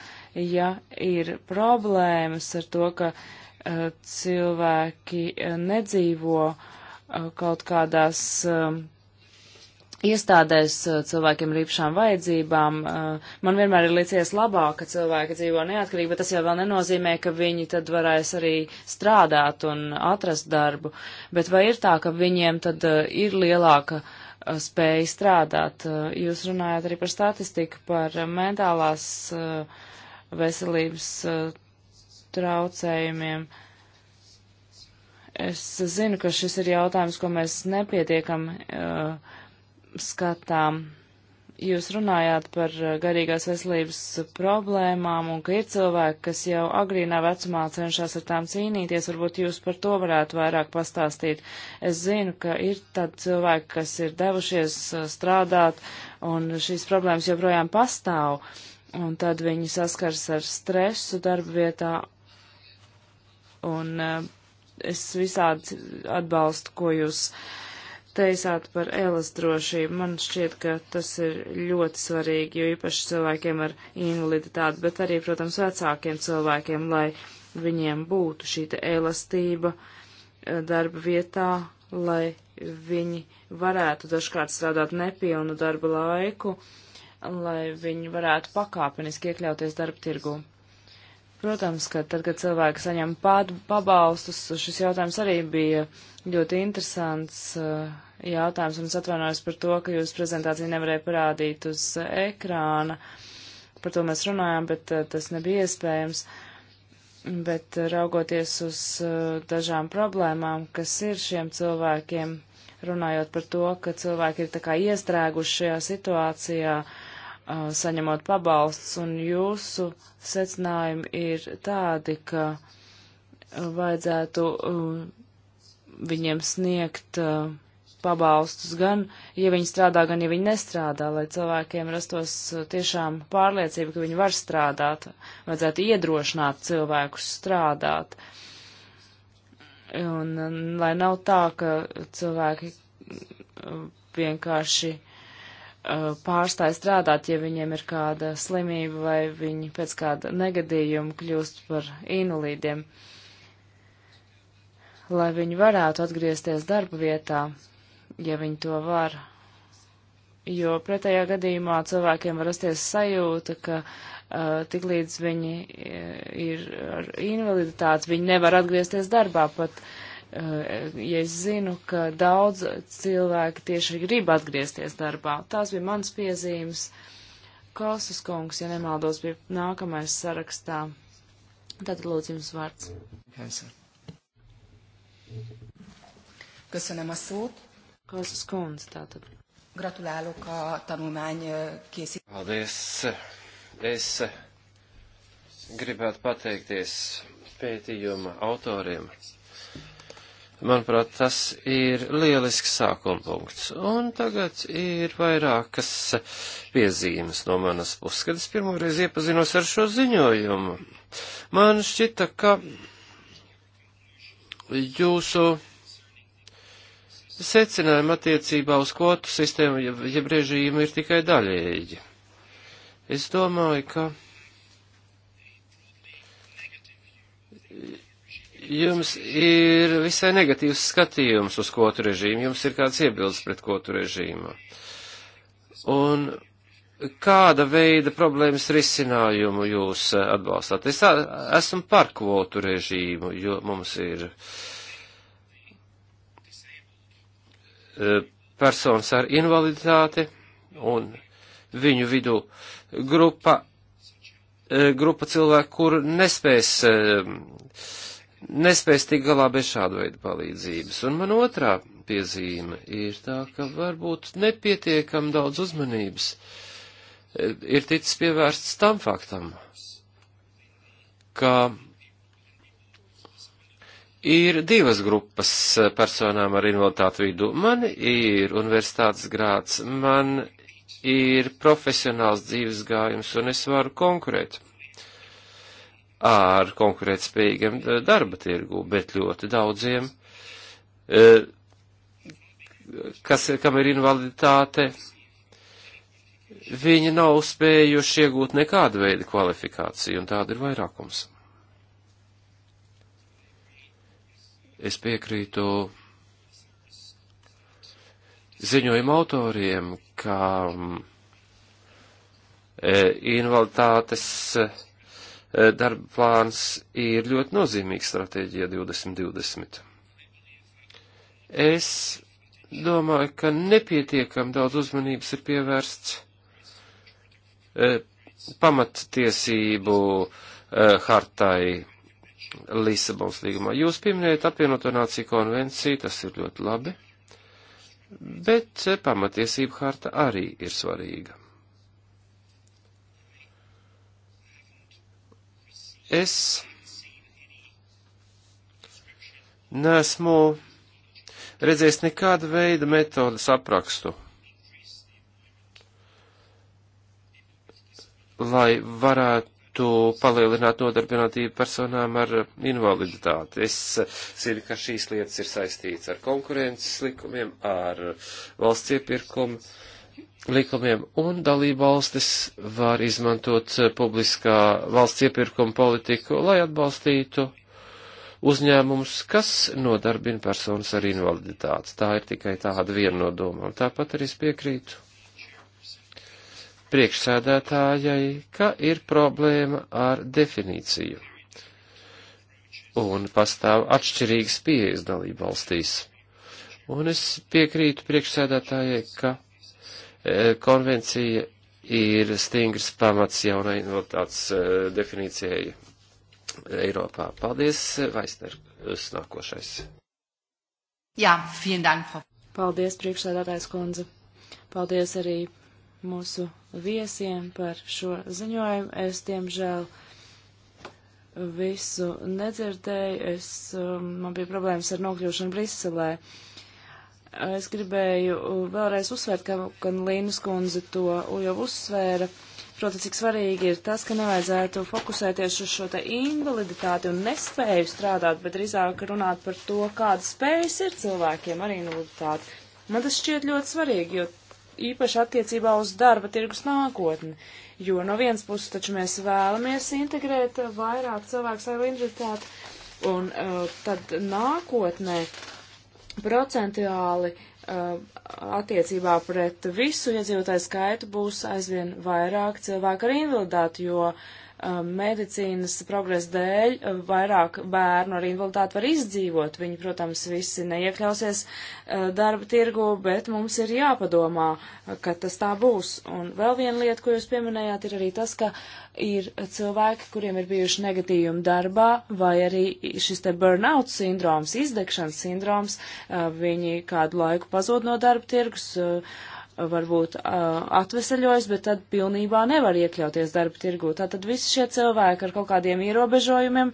ja ir problēmas ar to, ka uh, cilvēki nedzīvo kaut kādās iestādēs eh, cilvēkiem ar īpašām vajadzībām. Eh, man vienmēr ir liecies labāk, ka cilvēki dzīvo neatkarīgi, bet tas jau vēl nenozīmē, ka viņi tad varēs arī strādāt un atrast darbu. Bet vai ir tā, ka viņiem tad eh, ir lielāka spēja strādāt? Jūs runājat arī par statistiku, par mentālās veselības traucējumiem. Es zinu, ka šis ir jautājums, ko mēs nepietiekam uh, skatām. Jūs runājāt par eh, garīgās veselības problēmām un ka ir cilvēki, kas jau agrīnā vecumā cenšas ar tām cīnīties. Varbūt jūs par to varētu vairāk pastāstīt. Es zinu, ka ir tādi cilvēki, kas ir devušies eh, strādāt un šīs problēmas joprojām pastāv. Un tad viņi saskars ar stresu darba vietā. Un eh, es visādi atbalstu, ko jūs. Uh, teisāt par elas drošību. Man šķiet, ka tas ir ļoti svarīgi, jo īpaši cilvēkiem ar invaliditāti, bet arī, protams, vecākiem cilvēkiem, lai viņiem būtu šī elastība eh, darba vietā, lai viņi varētu dažkārt strādāt nepilnu darba laiku, lai viņi varētu pakāpeniski iekļauties darba tirgū. Protams, ka tad, kad cilvēki saņem pad, pabalstus, šis jautājums arī bija ļoti interesants. Uh, jautājums, un es atvainojos par to, ka jūs prezentāciju nevarēja parādīt uz ekrāna. Par to mēs runājām, bet uh, tas nebija iespējams. Bet uh, raugoties uz uh, dažām problēmām, kas ir šiem cilvēkiem, runājot par to, ka cilvēki ir tā kā iestrēguši šajā situācijā, saņemot pabalsts, un jūsu secinājumi ir tādi, ka vajadzētu viņiem sniegt uh, pabalstus, gan, ja viņi strādā, gan, ja viņi nestrādā, lai cilvēkiem rastos uh, tiešām pārliecība, ka viņi var strādāt, vajadzētu iedrošināt cilvēkus strādāt. Un, un lai nav tā, ka cilvēki uh, vienkārši uh, pārstāj strādāt, ja viņiem ir kāda slimība vai viņi pēc kāda negadījuma kļūst par invalīdiem lai viņi varētu atgriezties darba vietā ja viņi to var. Jo pretējā gadījumā cilvēkiem var rasties sajūta, ka uh, tiklīdz viņi ir ar invaliditāti, viņi nevar atgriezties darbā pat. Uh, ja es zinu, ka daudz cilvēki tieši grib atgriezties darbā. Tās bija mans piezīmes. Kostas kungs, ja nemaldos, bija nākamais sarakstā. Tad lūdzu jums vārds. Köszönöm a szót. Kozas kundze tātad. Gratulēlu, kā tanulmēņa eh, kiesi. Paldies. Es eh, gribētu pateikties pētījuma autoriem. Manuprāt, tas ir lielisks sākuma punkts. Un tagad ir vairākas eh, piezīmes no manas puses, kad es pirmoreiz iepazinos ar šo ziņojumu. Man šķita, ka jūsu Secinājumi attiecībā uz kvotu sistēmu, jeb režīmu, ir tikai daļēji. Es domāju, ka jums ir visai negatīvs skatījums uz kvotu režīmu, jums ir kāds iebildes pret kvotu režīmu. Un kāda veida problēmas risinājumu jūs atbalstāt? Es tā, esmu par kvotu režīmu, jo mums ir. Uh, E, personas ar invaliditāti un viņu vidū grupa, e, grupa cilvēku, kur nespēs, e, nespēs tik galā bez šāda veida palīdzības. Un man otrā piezīme ir tā, ka varbūt nepietiekam daudz uzmanības ir ticis pievērsts tam faktam, ka ir divas grupas personām ar invaliditāti vidū. Man ir universitātes grāds, man ir profesionāls dzīves gājums, un es varu konkurēt ar konkurētspējīgiem darba tirgu, bet ļoti daudziem, e, kas, kam ir invaliditāte, viņi nav spējuši iegūt nekādu veidu kvalifikāciju, un tāda ir vairākums. Es piekrītu ziņojumu autoriem, ka mm, e, invaliditātes e, darba plāns ir ļoti nozīmīgs stratēģija 2020. Es domāju, ka nepietiekam daudz uzmanības ir pievērsts e, pamattiesību hartai Lisabons līgumā. Jūs pieminējat apvienoto nāciju konvenciju, tas ir ļoti labi, bet pamatiesība harta arī ir svarīga. Es neesmu redzējis nekādu veidu metodas aprakstu, lai varētu varētu palielināt nodarbinātību personām ar invaliditāti. Es zinu, ka šīs lietas ir saistīts ar konkurences likumiem, ar valsts iepirkumu likumiem, un dalība valstis var izmantot publiskā valsts iepirkuma politiku, lai atbalstītu uzņēmums, kas nodarbina personas ar invaliditāti. Tā ir tikai tāda viena no domām. Tāpat arī es piekrītu priekšsēdētājai, ka ir problēma ar definīciju. Un pastāv atšķirīgas pieejas dalību valstīs. Un es piekrītu priekšsēdētājai, ka e, konvencija ir stingrs pamats jaunai no tāds e, definīcijai Eiropā. Paldies, Vaisner, nākošais. Jā, vielen dank. Paldies, priekšsēdētājs kundze. Paldies arī mūsu viesiem par šo ziņojumu. Es, diemžēl, visu nedzirdēju. Es, um, man bija problēmas ar nokļūšanu Briselē. Es gribēju vēlreiz uzsvērt, ka, ka Līnas kundze to jau uzsvēra. Protams, cik svarīgi ir tas, ka nevajadzētu fokusēties uz šo te invaliditāti un nespēju strādāt, bet drīzāk runāt par to, kādas spējas ir cilvēkiem ar invaliditāti. Man tas šķiet ļoti svarīgi, jo īpaši attiecībā uz darba tirgus nākotni, jo no vienas puses taču mēs vēlamies integrēt vairāk cilvēku savu identitāti, un uh, tad nākotnē procentuāli uh, attiecībā pret visu iedzīvotāju skaitu būs aizvien vairāk cilvēku ar invaliditāti, jo uh, Um, medicīnas progresa dēļ um, vairāk bērnu ar invaliditāti var izdzīvot. Viņi, protams, visi neiekļausies uh, darba tirgu, bet mums ir jāpadomā, uh, ka tas tā būs. Un vēl viena lieta, ko jūs pieminējāt, ir arī tas, ka ir cilvēki, kuriem ir bijuši negatīvumi darbā, vai arī šis te burnout sindroms, izdegšanas sindroms, uh, viņi kādu laiku pazūd no darba tirgus varbūt atveseļojas, bet tad pilnībā nevar iekļauties darba tirgū. Tātad visi šie cilvēki ar kaut kādiem ierobežojumiem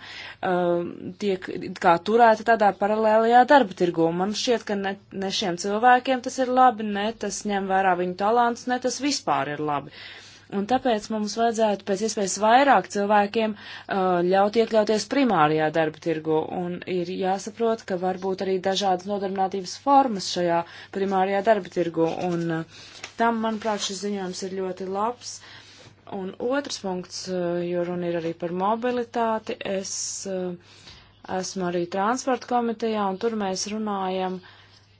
tiek kā turēti tādā paralēlajā darba tirgū. Man šķiet, ka ne, ne šiem cilvēkiem tas ir labi, ne tas ņem vērā viņu talants, ne tas vispār ir labi. Uh, Un tāpēc mums vajadzētu pēc iespējas vairāk cilvēkiem uh, ļaut iekļauties primārajā darba tirgu. Un ir jāsaprot, ka var būt arī dažādas nodarbinātības formas šajā primārajā darba tirgu. Un uh, tam, manuprāt, šis ziņojums ir ļoti labs. Un otrs punkts, uh, jo runa ir arī par mobilitāti, es uh, esmu arī transporta komitejā, un tur mēs runājam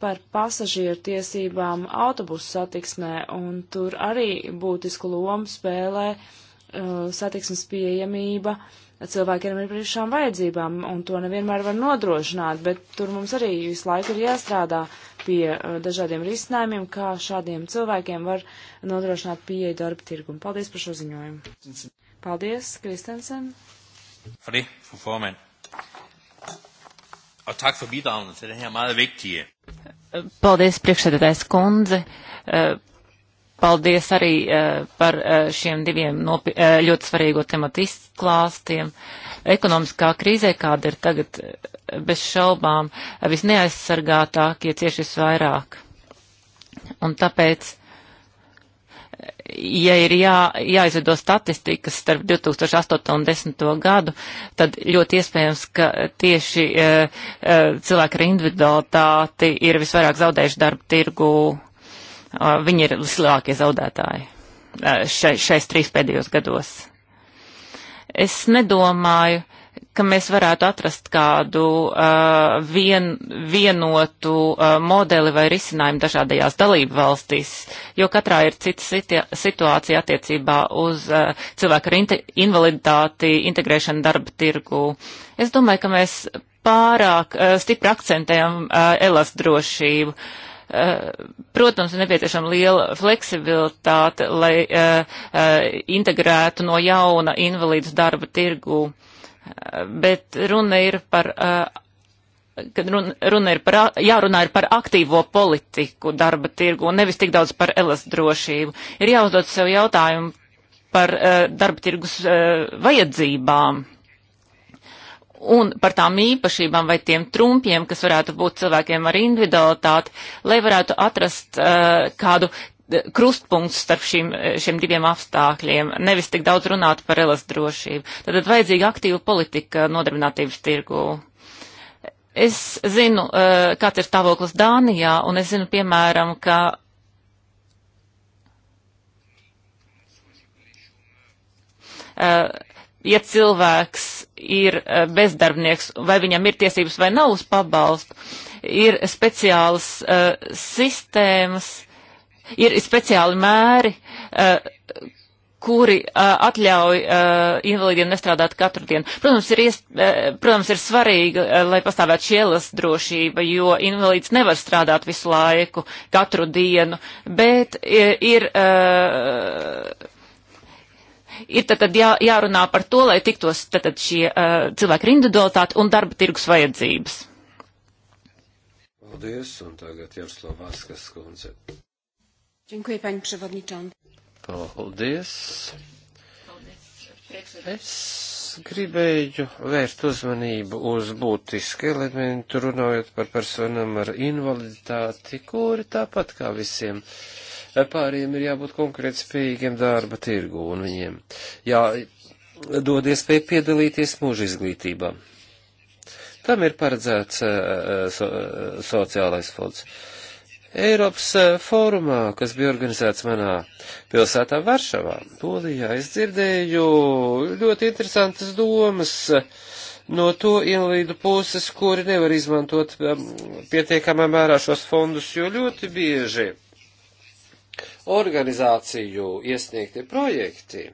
par pasažieru tiesībām autobusu satiksmē, un tur arī būtisku lomu spēlē uh, satiksmes pieejamība cilvēkiem ar priekšām vajadzībām, un to nevienmēr var nodrošināt, bet tur mums arī visu laiku ir jāstrādā pie uh, dažādiem risinājumiem, kā šādiem cilvēkiem var nodrošināt pieeju darba tirgumu. Paldies par šo ziņojumu. Paldies, Kristensen. Arī, Fomen. For Og tak for bidragene til det her meget vigtige. Paldies, priekšsēdētājs kundze. Eh, paldies arī eh, par eh, šiem diviem nopi, ļoti svarīgo tematu izklāstiem. Ekonomiskā krīzē, kāda ir tagad, bez šaubām, visneaizsargātākie cieši visvairāk. Un tāpēc ja ir jā, jāizveido statistikas starp 2008 un 2010 gadu, tad ļoti iespējams, ka tieši uh, uh, cilvēki ar individualitāti ir visvairāk zaudējuši darba tirgu, uh, viņi ir vislielākie zaudētāji e, šai, šais trīs pēdējos gados. Es nedomāju, uh, ka mēs varētu atrast kādu uh, vien, vienotu uh, modeli vai risinājumu dažādajās dalību valstīs, jo katrā ir cita situācija attiecībā uz uh, cilvēku ar inte invaliditāti, integrēšanu darba tirgu. Es domāju, ka mēs pārāk uh, stipri akcentējam uh, elas drošību. Uh, protams, ir nepieciešama liela fleksibilitāte, lai uh, uh, integrētu no jauna invalīdus darba tirgu. Uh, bet runa ir par. Eh, kad runa, runa ir par, jārunā ir par aktīvo politiku darba tirgu un nevis tik daudz par elas drošību. Ir jāuzdod sev jautājumu par uh, darba tirgus uh, vajadzībām un par tām īpašībām vai tiem trumpiem, kas varētu būt cilvēkiem ar individualitāti, lai varētu atrast uh, kādu krustpunkts starp šīm, šiem diviem apstākļiem, nevis tik daudz runāt par elas drošību. Tad vajadzīga aktīva politika nodarbinātības tirgū. Es zinu, e, kāds ir stāvoklis Dānijā, un es zinu, piemēram, ka e, ja cilvēks ir e, bezdarbnieks, vai viņam ir tiesības vai nav uz pabalstu, ir speciālas sistēmas, ir speciāli mēri, uh, kuri uh, atļauj uh, invalīdiem nestrādāt katru dienu. Protams, ir, ies, uh, protams, ir svarīgi, uh, lai pastāvētu šī elastdrošība, jo invalīds nevar strādāt visu laiku, katru dienu, bet ir. ir uh, ir tad jā, jārunā par to, lai tiktos tad šie uh, cilvēki ar individualitāti un darba tirgus vajadzības. Paldies, un tagad Jaroslav Vaskas kundze. Dziękuję, pani przewodnicząca. Paldies. Es gribēju vērst uzmanību uz būtisku elementu, runājot par personām ar invaliditāti, kuri tāpat kā visiem pāriem ir jābūt konkrēti spējīgiem darba tirgu un viņiem jādod iespēju piedalīties mūža izglītībā. Tam ir paredzēts uh, so, sociālais fonds. Uh, Eiropas eh, fórumā, kas bija organizēts manā pilsētā Varšavā, Polijā, es dzirdēju ļoti interesantas domas eh, no to invalīdu puses, kuri nevar izmantot eh, pietiekamā mērā šos fondus, jo ļoti bieži organizāciju iesniegtie projekti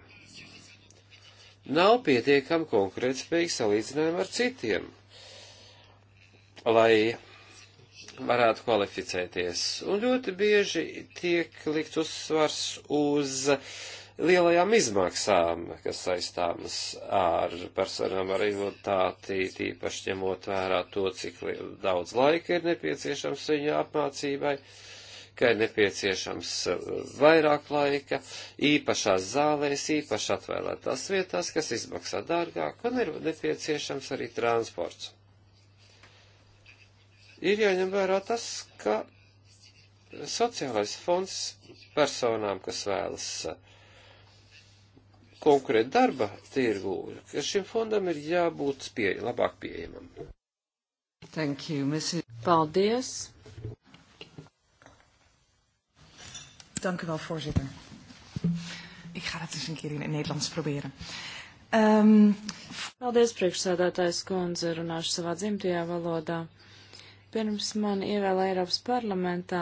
nav pietiekami konkrētspējīgi salīdzinājumi ar citiem, lai varētu kvalificēties. Un ļoti bieži tiek likt uzsvars uz lielajām izmaksām, kas saistāmas ar personām ar invaliditāti, tīpaši ņemot vērā to, cik daudz laika ir nepieciešams viņa apmācībai, ka ir nepieciešams vairāk laika, īpašās zālēs, īpaši atvēlētās vietās, kas izmaksā dārgāk, un ir nepieciešams arī transports. Ir jāņem vērā tas, ka sociālais fonds personām, kas vēlas uh, konkurēt darba tirgū, ka šim fondam ir jābūt pie, labāk pieejamam. Thank you, Mrs. Paldies. Dank u wel, voorzitter. Ik ga het eens een keer in het Nederlands proberen. Um... Paldies, priekšsēdētājs kundze, runāšu savā dzimtajā valodā. Uh, Pirms man ievēlēja Eiropas parlamentā,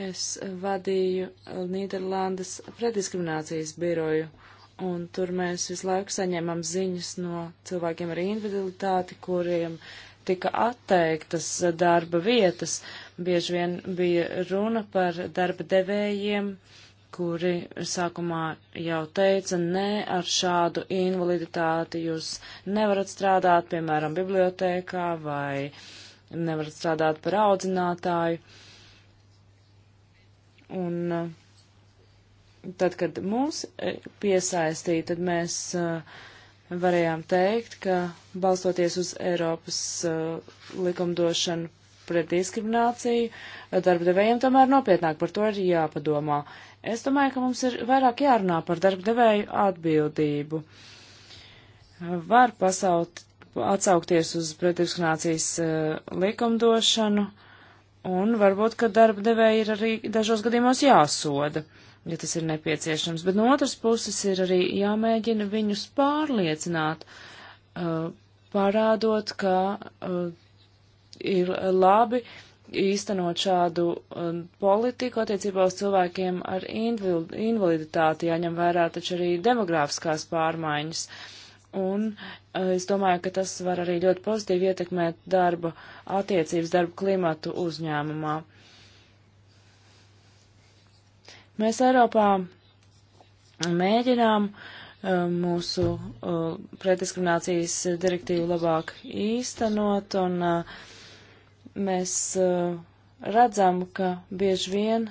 es vadīju Nīderlandes pretdiskriminācijas biroju, un tur mēs visu laiku saņēmām ziņas no cilvēkiem ar invaliditāti, kuriem tika atteiktas darba vietas. Bieži vien bija runa par darba devējiem, kuri sākumā jau teica, nē, ar šādu invaliditāti jūs nevarat strādāt, piemēram, bibliotēkā vai uh, nevar strādāt par audzinātāju. Un uh, tad, kad mūs eh, piesaistīja, tad mēs uh, varējām teikt, ka balstoties uz Eiropas uh, likumdošanu pret diskrimināciju, darba devējiem tomēr nopietnāk par to ir jāpadomā. Es domāju, ka mums ir vairāk jārunā par darba devēju atbildību. Var pasaut atsaukties uz pretdiskriminācijas eh, likumdošanu, un varbūt, ka darba devēji ir arī dažos gadījumos jāsoda, ja tas ir nepieciešams, bet no otras puses ir arī jāmēģina viņus pārliecināt, eh, parādot, ka eh, ir labi īstenot šādu um, politiku attiecībā uz cilvēkiem ar invaliditāti, jāņem vērā taču arī demogrāfiskās pārmaiņas. Uh, Un eh, es domāju, ka tas var arī ļoti pozitīvi ietekmēt darba attiecības, darba klimatu uzņēmumā. Mēs Eiropā mēģinām eh, mūsu eh, pretdiskriminācijas direktīvu labāk īstenot, un mēs redzam, ka bieži vien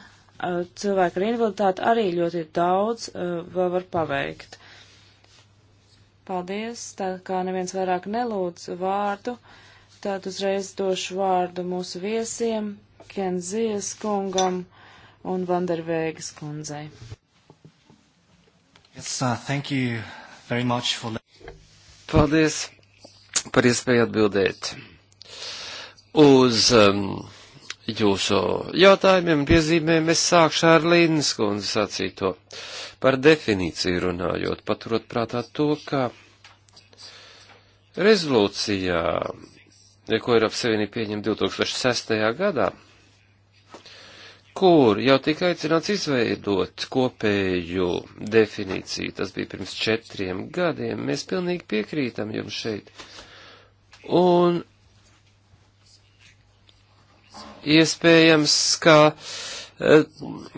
cilvēki ar invaliditāti arī ļoti daudz vēl var paveikt. Paldies, tā kā neviens vairāk nelūdz vārdu, tad uzreiz došu vārdu mūsu viesiem, Kenzijas kungam un Vandervēgas kundzei. Yes, uh, thank you very much for... Paldies par iespēju atbildēt uz um, jūsu jautājumiem un piezīmēm. Es sākšu ar Līnas kundzes sacīto. Uh, Par definīciju runājot, paturot prātā to, ka rezolūcijā, ko Eiropas Savienība pieņem 2006. gadā, kur jau tika aicināts izveidot kopēju definīciju, tas bija pirms četriem gadiem, mēs pilnīgi piekrītam jums šeit. Un iespējams, ka Eh,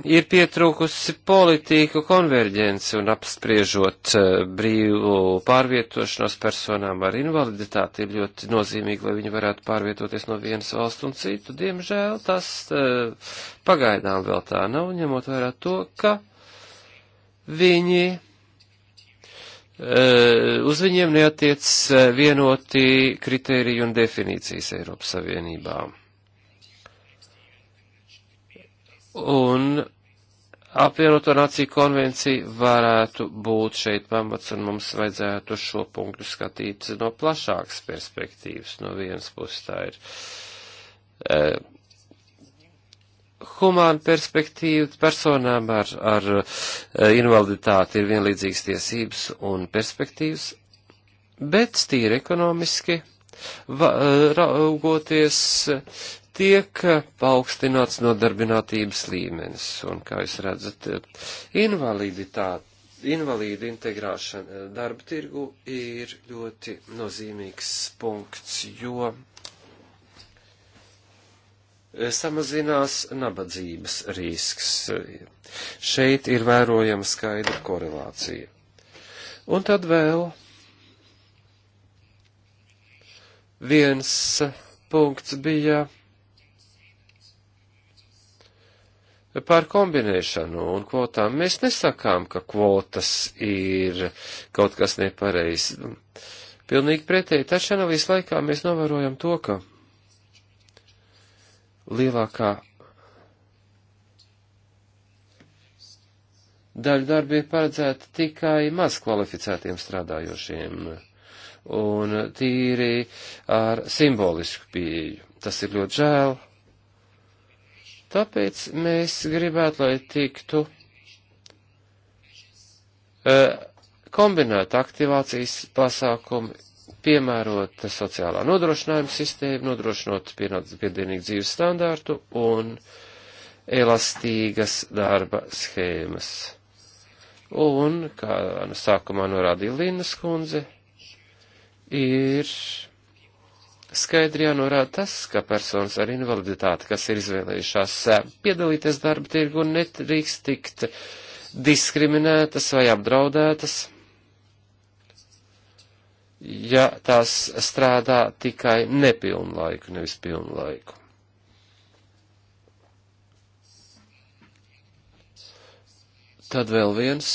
ir pietrūkusi politiku konverģence un apspriežot eh, brīvu pārvietošanos personām ar invaliditāti ir ļoti nozīmīgi, lai viņi varētu pārvietoties no vienas valsts un citu. Diemžēl tas eh, pagaidām vēl tā nav, ņemot vērā to, ka viņi uz viņiem neatiec vienoti kriteriju un definīcijas Eiropas Savienībām. Un apvienoto nāciju konvencija varētu būt šeit pamats, un mums vajadzētu šo punktu skatīt no plašākas perspektīvas. No vienas puses tā ir eh, humāna perspektīva personām ar, ar eh, invaliditāti ir vienlīdzīgas tiesības un perspektīvas, bet tīri ekonomiski e, raugoties, tiek paaugstināts nodarbinātības līmenis, un, kā jūs redzat, invaliditāte invalīdu integrāšana eh, darba tirgu ir ļoti nozīmīgs punkts, jo eh, samazinās nabadzības risks. Šeit ir vērojama skaidra korelācija. Un tad vēl viens eh, punkts bija Par kombinēšanu un kvotām mēs nesakām, ka kvotas ir kaut kas nepareizs. Pilnīgi pretēji, taču analīzes laikā mēs novērojam to, ka lielākā daļa darba ir paredzēta tikai maz kvalificētiem strādājošiem un tīri ar simbolisku pieeju. Tas ir ļoti žēl, Tāpēc mēs gribētu, lai tiktu e, kombinēt aktivācijas pasākumu, piemērot sociālā nodrošinājuma sistēmu, nodrošinot piedienīgu dzīves standārtu un elastīgas darba schēmas. Un, kā nu sākumā norādīja Līnas kundze, ir skaidri jānorāda tas, ka personas ar invaliditāti, kas ir izvēlējušās eh, piedalīties darba tirgu, netrīkst tikt diskriminētas vai apdraudētas, ja tās strādā tikai nepilnu laiku, nevis pilnu laiku. Tad vēl viens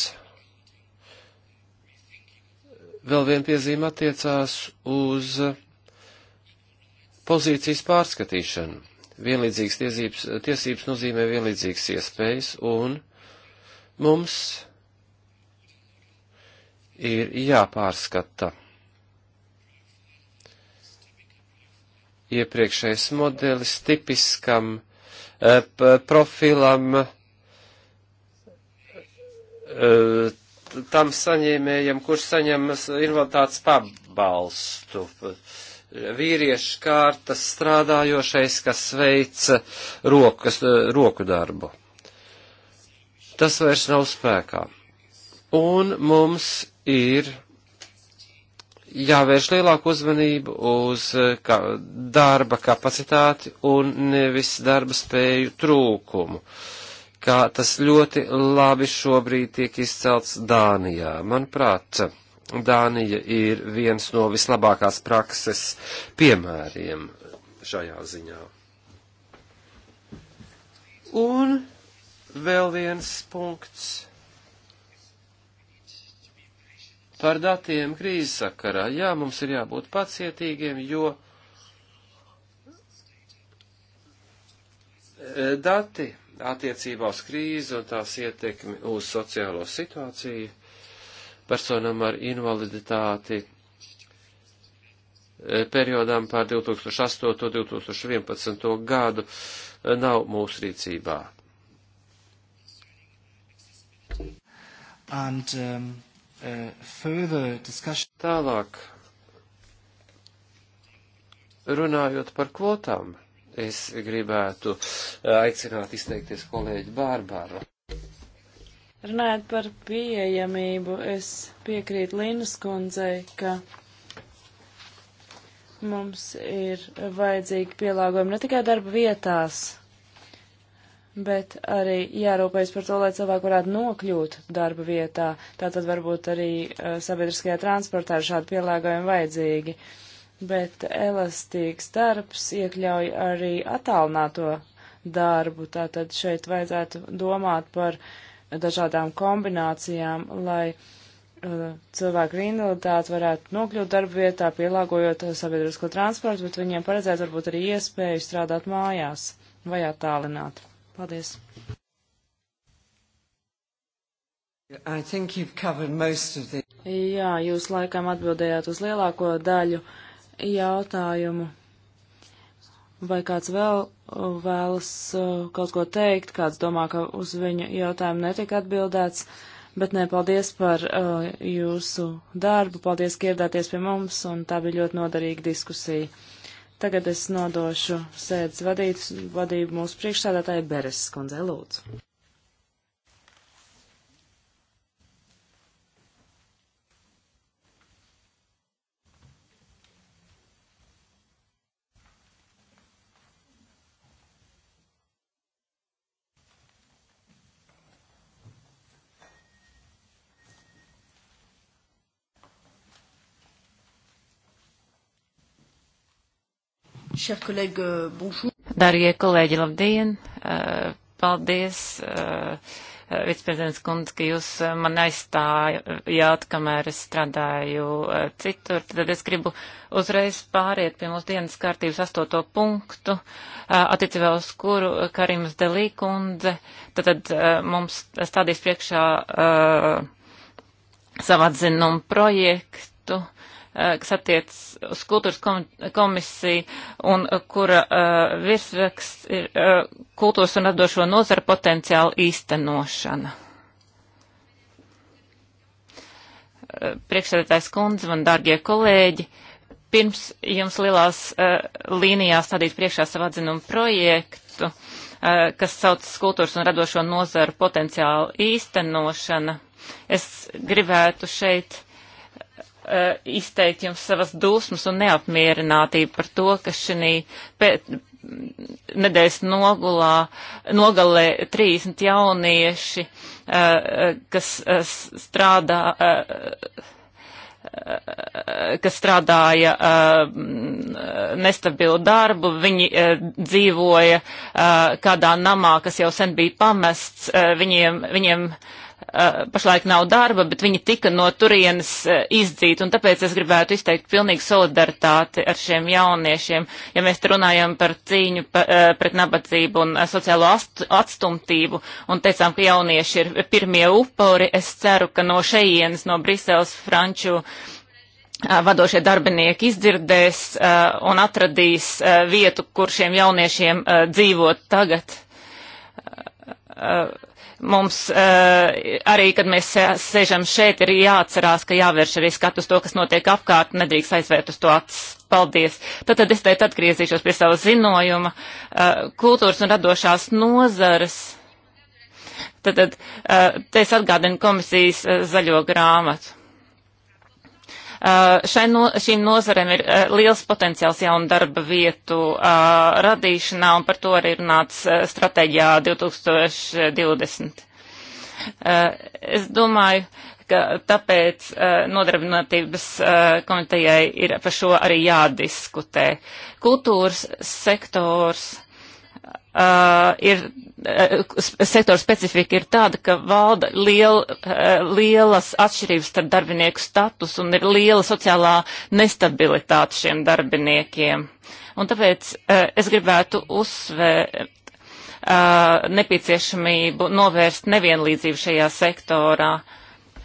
vēl viena piezīme attiecās uz pozīcijas pārskatīšanu. Vienlīdzīgas tiesības, tiesības nozīmē vienlīdzīgas iespējas, un mums ir jāpārskata iepriekšējais modelis tipiskam eh, profilam eh, tam saņēmējam, kurš saņem invaliditātes pabalstu. Uh, vīriešu kārtas strādājošais, kas veic rokas, roku darbu. Tas vairs nav spēkā. Un mums ir jāvērš lielāku uzmanību uz eh, ka, darba kapacitāti un nevis darba spēju trūkumu, kā tas ļoti labi šobrīd tiek izcelts Dānijā. Manuprāt, Dānija ir viens no vislabākās prakses piemēriem šajā ziņā. Un vēl viens punkts par datiem krīzes sakarā. Jā, mums ir jābūt pacietīgiem, jo e, dati attiecībā uz krīzi un tās ietekmi uz sociālo situāciju personām ar invaliditāti e, periodām pār 2008. un 2011. gadu e, nav mūsu rīcībā. And, um, uh, discussion... Tālāk, runājot par kvotām, es gribētu e, aicināt izteikties kolēģi Bārbaru. Runājot par pieejamību, es piekrītu Līnas kundzei, ka mums ir vajadzīgi pielāgojumi ne tikai darba vietās, bet arī jārūpējas par to, lai cilvēki varētu nokļūt darba vietā. Tātad varbūt arī sabiedriskajā transportā ir šādi pielāgojumi vajadzīgi. Bet elastīgs darbs iekļauj arī attālināto darbu, tātad šeit vajadzētu domāt par uh, dažādām kombinācijām, lai uh, cilvēku invaliditāti varētu nokļūt darba vietā, pielāgojot uh, sabiedrisko transportu, bet viņiem paredzēt varbūt arī iespēju strādāt mājās vai attālināt. Paldies! The... Jā, jūs laikam atbildējāt uz lielāko daļu jautājumu. Vai kāds vēl uh, vēlas uh, kaut ko teikt, kāds domā, ka uz viņa jautājumu netika atbildēts, bet nē, paldies par uh, jūsu darbu, paldies, ka ieradāties pie mums, un tā bija ļoti noderīga diskusija. Tagad es nodošu sēdes vadīt, vadību mūsu priekšsādātāju Beres skundzei Lūdzu. Euh, Darbie kolēģi, labdien! Uh, paldies, uh, uh, viceprezidents kundze, ka jūs man aizstājāt, kamēr es strādāju citur. Tad es gribu uzreiz pāriet pie mūsu dienas kārtības astoto punktu, attiecībā uz kuru Karims Delī kundze, tad, tad mums stādīs priekšā savu atzinumu projektu. Uh, Eh, kas attiec uz kultūras komisiju un eh, kura eh, virsraksts ir kultūras un atdošo nozara potenciāla īstenošana. Priekšsēdētājs kundze, man dārgie kolēģi, pirms jums lielās līnijās stādīt priekšā savu atzinumu projektu, kas saucas kultūras un radošo nozaru potenciāla īstenošana, es gribētu šeit uh, izteikt jums savas dusmas un neapmierinātību par to, ka šī nedēļas nogulā, nogalē 30 jaunieši, uh, kas uh, strādā. Uh, kas strādāja uh, nestabilu darbu, viņi uh, dzīvoja uh, kādā namā, kas jau sen bija pamests, uh, viņiem, viņiem uh, Eh, pašlaik nav darba, bet viņi tika no turienes eh, izdzīti, un tāpēc es gribētu izteikt pilnīgu solidaritāti ar šiem jauniešiem. Ja mēs runājam par cīņu pa, eh, pret nabadzību un sociālo atstumtību, un teicām, ka jaunieši ir pirmie upuri, es ceru, ka no šeienes, no Briseles, Franču vadošie darbinieki izdzirdēs uh, un atradīs uh, vietu, kur šiem jauniešiem uh, dzīvot tagad. Uh, uh, mums eh, arī, kad mēs sēžam šeit, ir jāatcerās, ka jāvērš arī skatu uz to, kas notiek apkārt, nedrīkst aizvērt uz to acis. Paldies. Tad, tad es teikt atgriezīšos pie sava zinojuma. Eh, kultūras un radošās nozares. Tad, tad eh, te es atgādinu komisijas zaļo grāmatu. Eh, no, šīm nozarēm ir eh, liels potenciāls jaunu darba vietu eh, radīšanā, un par to arī runāts stratēģijā 2020. Es domāju, ka tāpēc nodarbinātības komitejai ir par šo arī jādiskutē. Kultūras sektors uh, ir uh, sektora specifika ir tāda, ka valda liel, uh, lielas atšķirības starp darbinieku status un ir liela sociālā nestabilitāte šiem darbiniekiem. Un tāpēc uh, es gribētu uzsvērt nepieciešamību novērst nevienlīdzību šajā sektorā.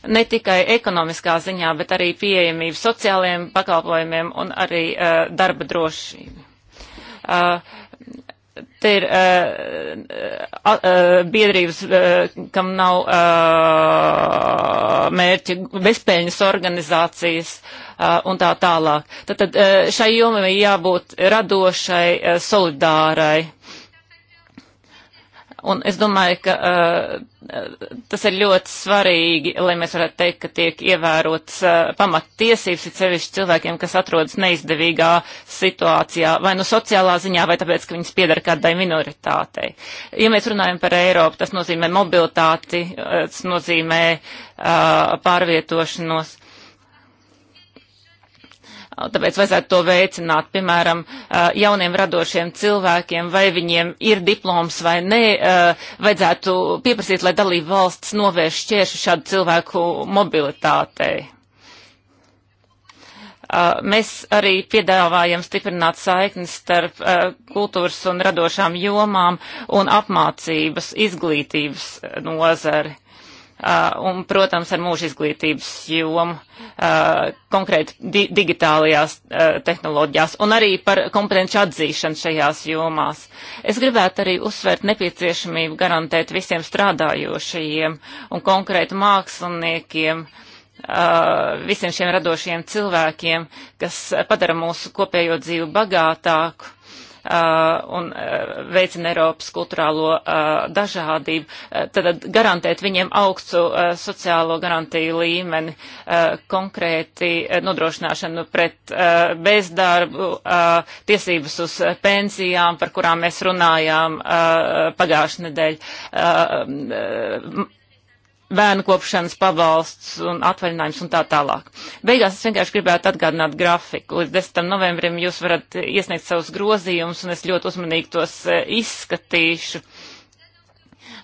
Ne tikai ekonomiskā ziņā, bet arī pieejamību sociālajiem pakalpojumiem un arī uh, darba drošību. Uh, te ir uh, uh, biedrības, uh, kam nav uh, mērķi, bezpēļņas organizācijas uh, un tā tālāk. Tad, tad uh, šai jomai jābūt radošai, uh, solidārai. Un es domāju, ka uh, tas ir ļoti svarīgi, lai mēs varētu teikt, ka tiek ievērotas uh, pamattiesības, ir sevišķi cilvēkiem, kas atrodas neizdevīgā situācijā, vai nu no sociālā ziņā, vai tāpēc, ka viņas piedara kādai minoritātei. Ja mēs runājam par Eiropu, tas nozīmē mobilitāti, eh, tas nozīmē uh, pārvietošanos. Tāpēc vajadzētu to veicināt, piemēram, jauniem radošiem cilvēkiem, vai viņiem ir diploms vai nē, vajadzētu pieprasīt, lai dalība valsts novērš šķiešu šādu cilvēku mobilitātei. Mēs arī piedāvājam stiprināt saiknes starp kultūras un radošām jomām un apmācības, izglītības nozari. Uh, un, protams, ar mūža izglītības jomu, uh, konkrēti di digitālajās uh, tehnoloģijās un arī par kompetenci atzīšanu šajās jomās. Es gribētu arī uzsvērt nepieciešamību garantēt visiem strādājošajiem un konkrēti māksliniekiem, visiem šiem radošajiem cilvēkiem, kas padara mūsu kopējo dzīvi bagātāku Uh, un uh, veicina Eiropas kulturālo uh, dažādību, tad garantēt viņiem augstu sociālo garantiju līmeni, konkrēti nodrošināšanu pret bezdarbu, tiesības uz pensijām, par kurām mēs runājām pagājušajā nedēļā bērnu kopšanas pabalsts un atvaļinājums un tā tālāk. Beigās es vienkārši gribētu atgādināt grafiku. Līdz 10. novembrim jūs varat iesniegt savus grozījumus un es ļoti uzmanīgi tos e, izskatīšu.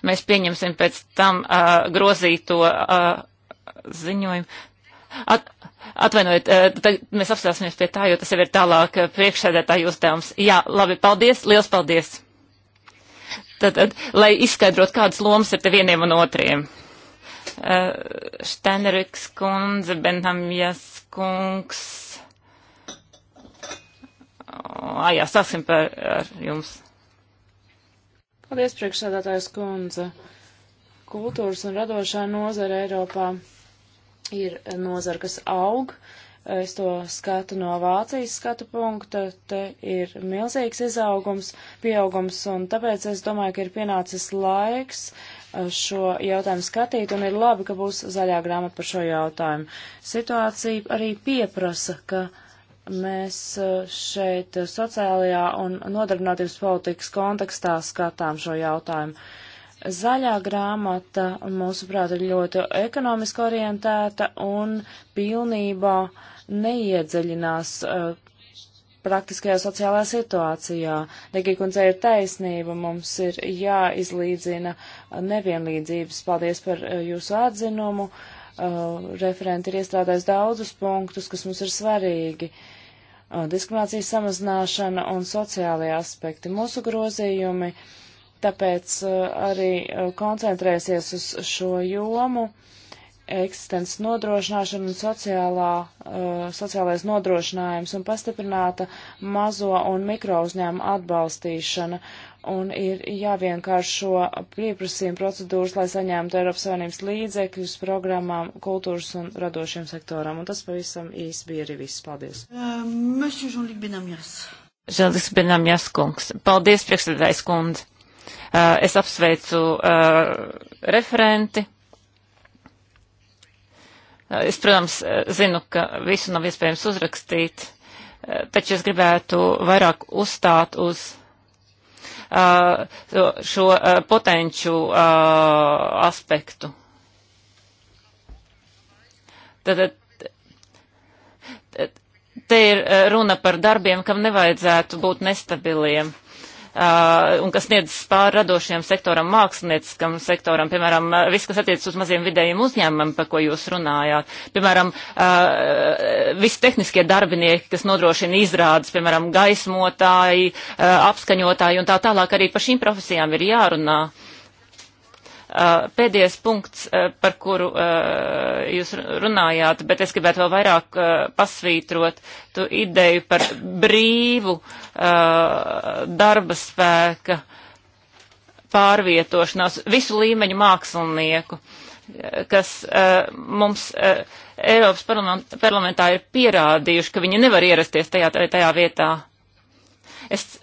Mēs pieņemsim pēc tam uh, grozīto uh, ziņojumu. At, Atvainojiet, tagad mēs apstāsimies pie tā, jo tas jau ir tālāk priekšsēdētāju uzdevums. Jā, labi, paldies, liels paldies. Tad, tad lai izskaidrot, kādas lomas ir te vieniem un otriem. Eh, Steineriks kundze, Benhamijas kungs. Ā, jā, sāksim par ar jums. Paldies, priekšsēdētājs kundze. Kultūras un radošā nozara Eiropā ir nozara, kas aug. Es to skatu no Vācijas skatu punkta. Te ir milzīgs izaugums, pieaugums, un tāpēc es domāju, ka ir pienācis laiks uh, šo jautājumu skatīt, un ir labi, ka būs zaļā grāmata par šo jautājumu. Situācija arī pieprasa, ka mēs e, šeit sociālajā un nodarbinātības politikas kontekstā skatām šo jautājumu. Zaļā grāmata, mūsuprāt, ir ļoti ekonomiski orientēta un pilnībā neiedziļinās e, praktiskajā sociālajā situācijā. Degīkundze ir taisnība, mums ir jāizlīdzina nevienlīdzības. Paldies par eh, jūsu atzinumu. Eh, referenti ir iestrādājis daudzus punktus, kas mums ir svarīgi. Eh, diskriminācijas samazināšana un sociālajie aspekti. Mūsu grozījumi tāpēc arī koncentrēsies uz šo jomu. Uh, eksistences nodrošināšana un sociālā, uh, sociālais nodrošinājums un pastiprināta mazo un mikro uzņēmumu atbalstīšana. Un ir jāvienkāršo pieprasījuma procedūras, lai saņemtu Eiropas Savienības līdzekļus programmām, kultūras un radošiem sektoram. Un tas pavisam īsi bija arī viss. Paldies. Žēlis uh, Benamjas kungs. Paldies, priekšsēdājs kundze. Uh, es apsveicu uh, referenti Eh, es, protams, eh, zinu, ka visu nav iespējams uzrakstīt, eh, taču es gribētu vairāk uzstāt uz uh, šo uh, potenču uh, aspektu. Tad, te ir runa par darbiem, kam nevajadzētu būt nestabiliem. Uh, un kas sniedz pār radošiem sektoram, mākslinieckam sektoram, piemēram, uh, viss, kas attiecas uz maziem vidējiem uzņēmumiem, par ko jūs runājāt. Piemēram, uh, visi tehniskie darbinieki, kas nodrošina izrādes, piemēram, gaismotāji, apskaņotāji un tā tālāk arī par šīm profesijām ir jārunā. Uh, Pēdējais punkts, par kuru jūs runājāt, bet es gribētu vēl vairāk pasvītrot tu ideju par brīvu darba spēka pārvietošanās, visu līmeņu mākslinieku, kas mums Eiropas parlamentā ir pierādījuši, ka viņi nevar ierasties tajā, tajā vietā. Es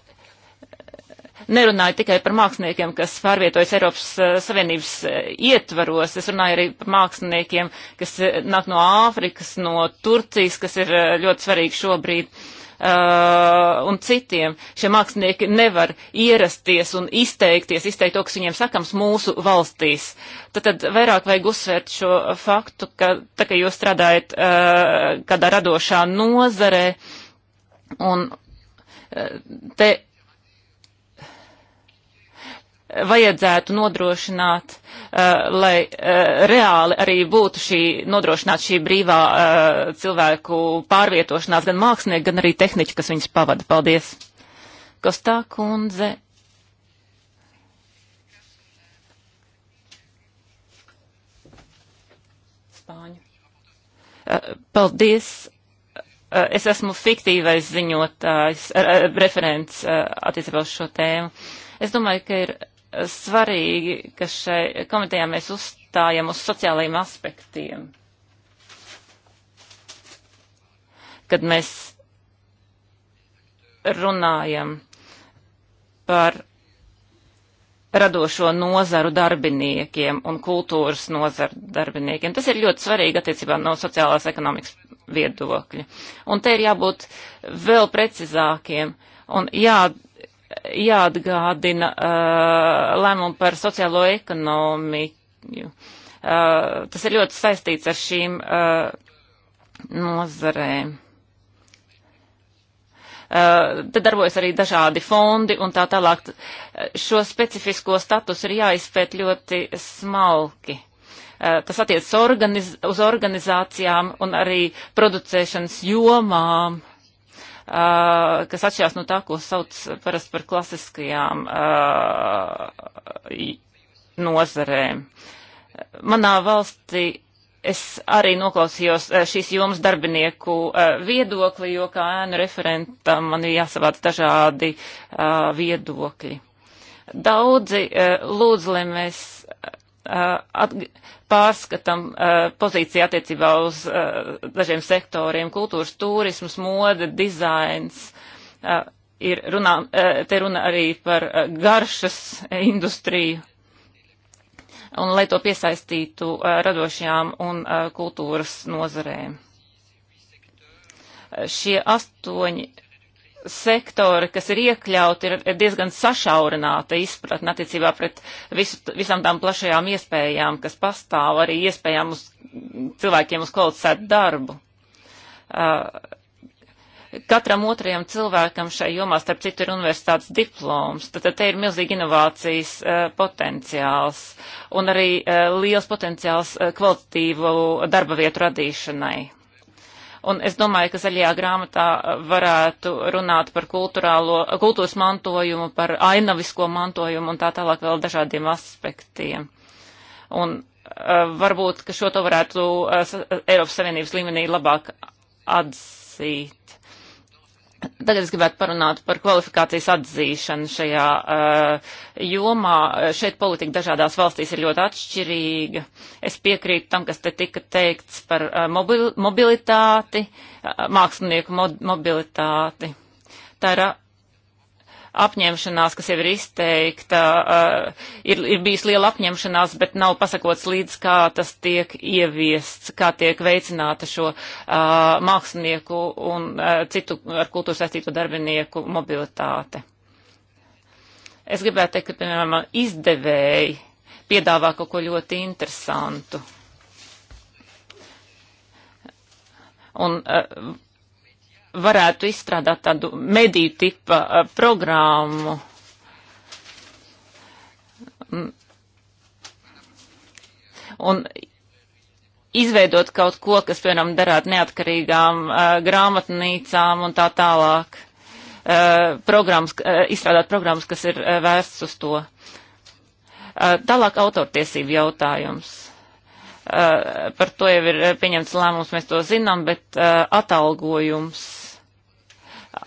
nerunāju tikai par māksliniekiem, kas pārvietojas Eiropas eh, Savienības eh, ietvaros, es runāju arī par māksliniekiem, kas eh, nāk no Āfrikas, no Turcijas, kas ir ļoti svarīgi šobrīd. Uh, un citiem šie mākslinieki nevar ierasties un izteikties, izteikt to, kas viņiem sakams mūsu valstīs. Tad, tad vairāk vajag uzsvērt šo faktu, ka tā kā jūs strādājat uh, kādā radošā nozarē un uh, te vajadzētu nodrošināt, eh, lai eh, reāli arī būtu šī nodrošināt šī brīvā eh, cilvēku pārvietošanās, gan mākslinieki, gan arī tehniķi, kas viņus pavada. Paldies! Kostā kundze. Spāņu. Paldies! Es esmu fiktīvais ziņotājs, referents attiecībā uz šo tēmu. Es domāju, ka ir svarīgi, ka šai komitejā mēs uzstājam uz sociālajiem aspektiem. Kad mēs runājam par radošo nozaru darbiniekiem un kultūras nozaru darbiniekiem. Tas ir ļoti svarīgi attiecībā no sociālās ekonomikas viedokļa. Un te ir jābūt vēl precizākiem un jā, jāatgādina uh, lēmumu par sociālo ekonomiju. Uh, tas ir ļoti saistīts ar šīm uh, nozarēm. Uh, te darbojas arī dažādi fondi un tā tālāk. Šo specifisko statusu ir jāizpēt ļoti smalki. Uh, tas attiecas organiz uz organizācijām un arī producēšanas jomām. Uh, uh, kas atšķirās no tā, ko sauc parasti par klasiskajām uh, nozarēm. Manā valstī es arī noklausījos šīs jomas darbinieku viedokli, jo kā ēnu referentam man ir jāsavāc dažādi viedokļi. Daudzi lūdz, lai mēs pārskatam pozīciju attiecībā uz dažiem sektoriem - kultūras, turismas, moda, dizains. Ir runā, te runa arī par garšas industriju. Un lai to piesaistītu radošajām un kultūras nozarēm. Šie astoņi sektori, kas ir iekļauti, ir diezgan sašaurināta izpratne attiecībā pret visu, visām tām plašajām iespējām, kas pastāv arī iespējām uz cilvēkiem uz kvalificētu darbu. Uh, katram otrajam cilvēkam šai jomā, starp citu, ir universitātes diploms, tad, tad te ir milzīgi inovācijas uh, potenciāls un arī uh, liels potenciāls uh, kvalitatīvu darba vietu radīšanai. Un es domāju, ka zaļajā grāmatā varētu runāt par kultūrālo, kultūras mantojumu, par ainavisko mantojumu un tā tālāk vēl dažādiem aspektiem. Un uh, varbūt, ka šo to varētu uh, Eiropas Savienības līmenī labāk atzīt. Tagad es gribētu parunāt par kvalifikācijas atzīšanu šajā uh, jomā. Šeit politika dažādās valstīs ir ļoti atšķirīga. Es piekrītu tam, kas te tika teikts par uh, mobil mobilitāti, uh, mākslinieku mobilitāti. Tā ir uh, apņemšanās, kas jau ir izteikta, uh, ir, ir bijis liela apņemšanās, bet nav pasakots līdz, kā tas tiek ieviests, kā tiek veicināta šo uh, mākslinieku un uh, citu ar kultūru saistīto darbinieku mobilitāte. Es gribētu teikt, ka, piemēram, izdevēji piedāvā kaut ko ļoti interesantu. Un, uh, varētu izstrādāt tādu mediju tipa programmu. Mm. Un izveidot kaut ko, kas, piemēram, darāt neatkarīgām uh, grāmatnīcām un tā tālāk. Uh, programmas, uh, izstrādāt programmas, kas ir uh, vērsts uz to. Uh, tālāk autortiesību jautājums. Uh, par to jau ir pieņemts lēmums, mēs to zinām, bet uh, atalgojums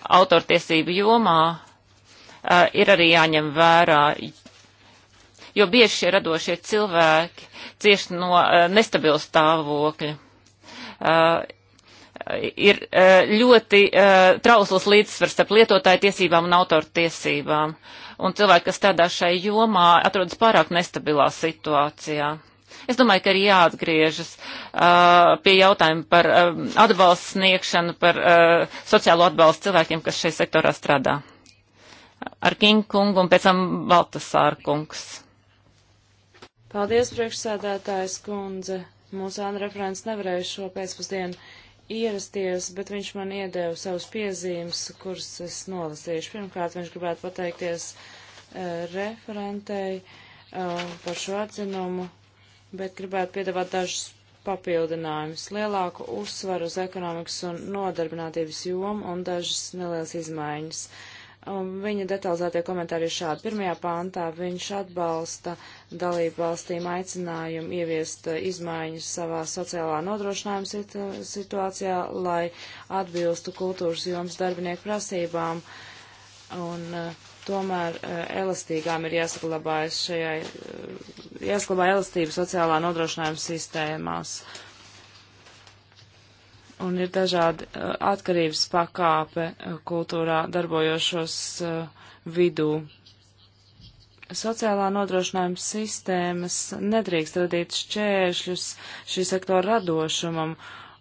autortiesību jomā uh, ir arī jāņem vērā, jo bieži šie radošie cilvēki cieši no uh, nestabila stāvokļa. Uh, ir ļoti trausls līdzsvars starp lietotāju tiesībām un autortiesībām. Un cilvēki, kas strādā šai jomā, atrodas pārāk nestabilā situācijā. Es domāju, ka ir jāatgriežas uh, pie jautājuma par uh, um, atbalstu sniegšanu, par uh, sociālo atbalstu cilvēkiem, kas šajā sektorā strādā. Ar Kingu kungu un pēc tam Baltasāra kungs. Paldies, priekšsēdētājs kundze. Mūsu Andra Frants nevarēja šo pēcpusdienu ierasties, bet viņš man iedēva savus piezīmes, kuras es nolasīšu. Pirmkārt, viņš gribētu pateikties uh, referentei uh, par šo atzinumu bet gribētu piedāvāt dažus papildinājumus, lielāku uzsvaru uz ekonomikas un nodarbinātības jomu un dažas nelielas izmaiņas. Un um, viņa detalizētie komentāri ir šādi. Pirmajā pāntā viņš atbalsta dalību valstīm aicinājumu ieviest uh, izmaiņas savā sociālā nodrošinājuma situ uh, situācijā, lai atbilstu kultūras jomas darbinieku prasībām. Un, uh, tomēr eh, elastīgām ir jāsaglabājas šajai, eh, jāsaglabā elastība sociālā nodrošinājuma sistēmās. Un ir dažādi eh, atkarības pakāpe kultūrā darbojošos vidū. Sociālā nodrošinājuma sistēmas nedrīkst radīt šķēršļus šī sektora radošumam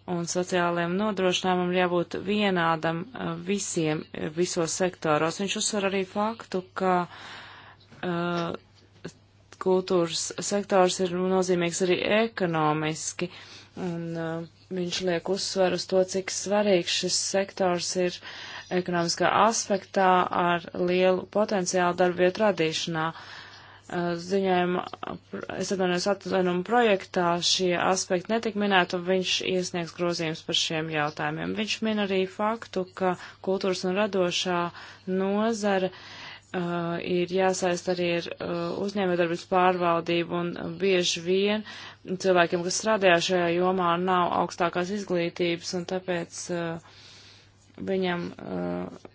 un sociālajiem nodrošinājumam ir jābūt vienādam uh, visiem, uh, visos sektoros. Viņš uzsver arī faktu, ka uh, kultūras sektors ir nozīmīgs arī ekonomiski, un uh, viņš liek uzsver uz to, cik svarīgs šis sektors ir ekonomiskā aspektā ar lielu potenciālu darbvietu radīšanā. Uh, ziņojuma, es atvainojos atvainuma projektā, šie aspekti netika minēti, un viņš iesniegs grozījums par šiem jautājumiem. Viņš min arī faktu, ka kultūras un radošā nozara uh, ir jāsaist arī ar uh, uzņēmējdarbības pārvaldību, un bieži vien cilvēkiem, kas strādāja šajā jomā, nav augstākās izglītības, un tāpēc uh, viņam. Uh,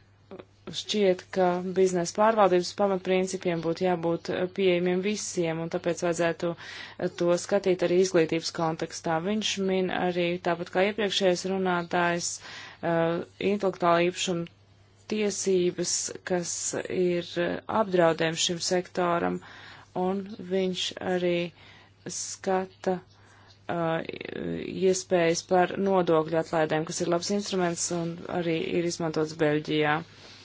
šķiet, ka biznesa pārvaldības pamatprincipiem būtu jābūt eh, pieejamiem visiem, un tāpēc vajadzētu eh, to skatīt arī izglītības kontekstā. Viņš min arī, tāpat kā iepriekšējais runātājs, uh, intelektuāla īpašuma tiesības, kas ir apdraudējums šim sektoram, un viņš arī skata uh, iespējas par nodokļu atlaidēm, kas ir labs instruments un arī ir izmantots Beļģijā. Uh,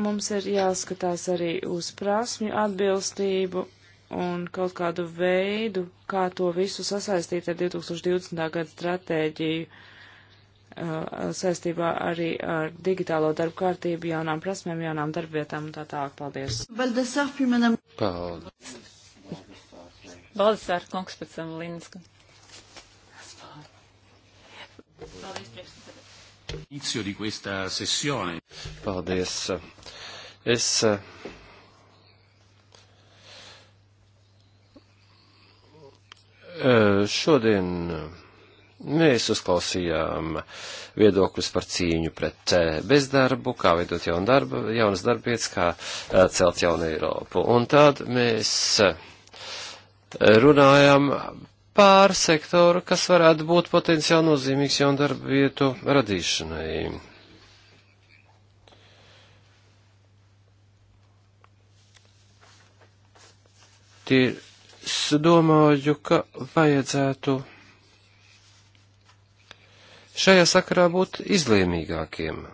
Mums ir jāskatās arī uz prasmju atbilstību un kaut kādu veidu, kā to visu sasaistīt ar 2020. gada stratēģiju uh, saistībā arī ar digitālo darbu kārtību, jaunām prasmēm, jaunām darbvietām un tā tālāk. Paldies. Paldies. Baldasāra kungs pēc tam Linsku. Paldies, priekšsēdētāj. Paldies. Es eh, šodien mēs uzklausījām viedokļus par cīņu pret eh, bezdarbu, kā veidot jaunu darbu, jaunas darbietas, kā eh, celt jaunu Eiropu. Un tad mēs runājām pār sektoru, kas varētu būt potenciāli nozīmīgs jaunu darba vietu radīšanai. Tie es domāju, ka vajadzētu šajā sakarā būt izlēmīgākiem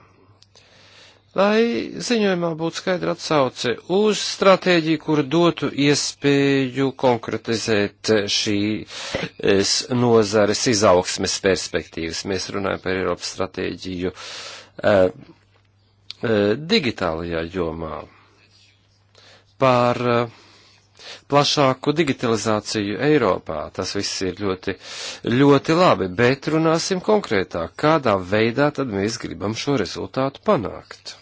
lai ziņojumā būtu skaidra atsauce uz stratēģiju, kur dotu iespēju konkretizēt šīs nozares izaugsmes perspektīvas. Mēs runājam par Eiropas stratēģiju eh, eh digitālajā jomā, par eh, plašāku digitalizāciju Eiropā. Tas viss ir ļoti, ļoti labi, bet runāsim konkrētāk, kādā veidā tad mēs gribam šo rezultātu panākt.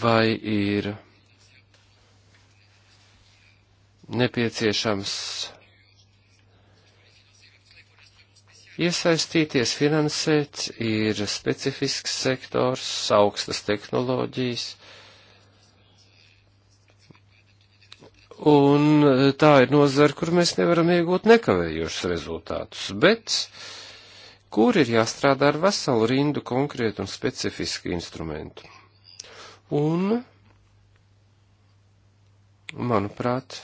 Vai ir nepieciešams Iesaistīties finansēt ir specifisks sektors, augstas tehnoloģijas, Un eh, tā ir nozara, kur mēs nevaram iegūt nekavējošus rezultātus, bet kur ir jāstrādā ar veselu rindu konkrētu un specifisku instrumentu. Un, manuprāt,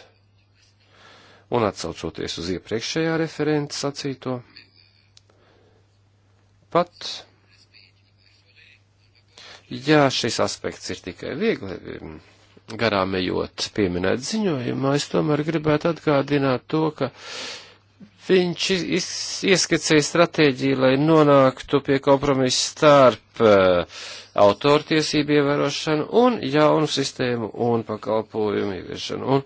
un atsaucoties uz iepriekšējā referenta sacīto, pat, ja šis aspekts ir tikai viegli, garām ejot pieminēt ziņojumā, es tomēr gribētu atgādināt to, ka viņš ieskicēja stratēģiju, lai nonāktu pie kompromisa starp uh, autortiesību ievērošanu un jaunu sistēmu un pakalpojumu ieviešanu. Un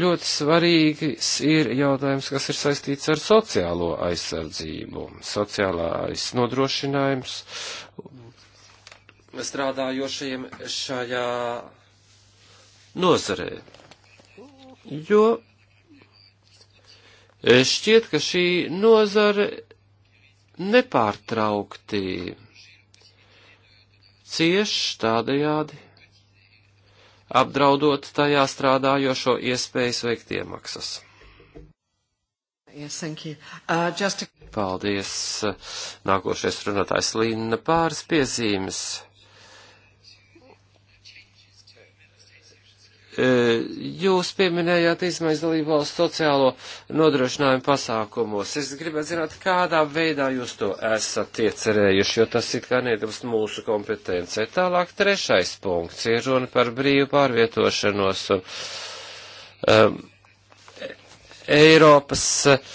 ļoti svarīgs ir jautājums, kas ir saistīts ar sociālo aizsardzību, sociālais nodrošinājums strādājošajiem šajā nozarē. Jo šķiet, ka šī nozare nepārtraukti cieš tādējādi, apdraudot tajā strādājošo iespējas veikt iemaksas. Yes, thank you. Uh, just a... Paldies. Nākošais runātājs Linna pāris piezīmes. E, jūs pieminējāt izmaiņas dalību valsts sociālo nodrošinājumu pasākumos. Es gribētu zināt, kādā veidā jūs to esat iecerējuši, jo tas it kā neietilpst mūsu kompetencē. Tālāk trešais punkts ir runa par brīvu pārvietošanos un um, Eiropas uh,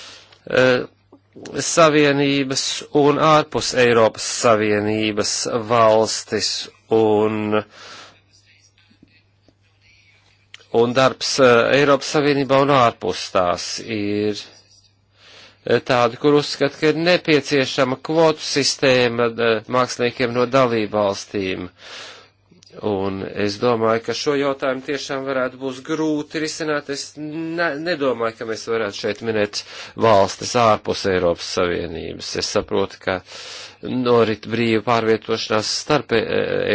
Savienības un ārpus Eiropas Savienības valstis un uh, un darbs eh, Eiropas Savienībā un ārpus tās ir eh, tādi, kur uzskata, ka ir nepieciešama kvotu sistēma eh, māksliniekiem no dalībvalstīm. valstīm Un es domāju, ka šo jautājumu tiešām varētu būt grūti risināt. Es ne, nedomāju, ka mēs varētu šeit minēt valstis ārpus Eiropas Savienības. Es saprotu, ka norit brīva pārvietošanās starp e,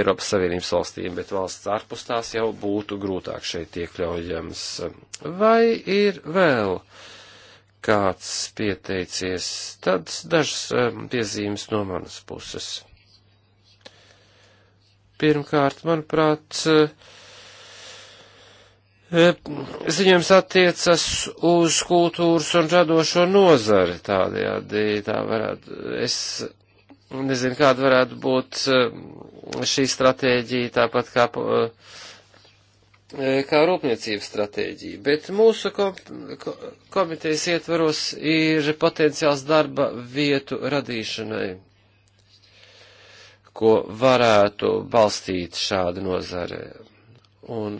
Eiropas Savienības valstīm, bet valsts ārpus tās jau būtu grūtāk šeit iekļaujams. Vai ir vēl kāds pieteicies? Tad dažas um, piezīmes no manas puses. Pirmkārt, manuprāt, e, e, ziņojums attiecas uz kultūras un radošo nozari tādējādi. Tā varētu, es nezinu, kāda varētu būt e, šī stratēģija, tāpat kā kā rūpniecības stratēģija, bet mūsu kom komitejas ietvaros ir potenciāls darba vietu radīšanai ko varētu balstīt šāda nozare. Un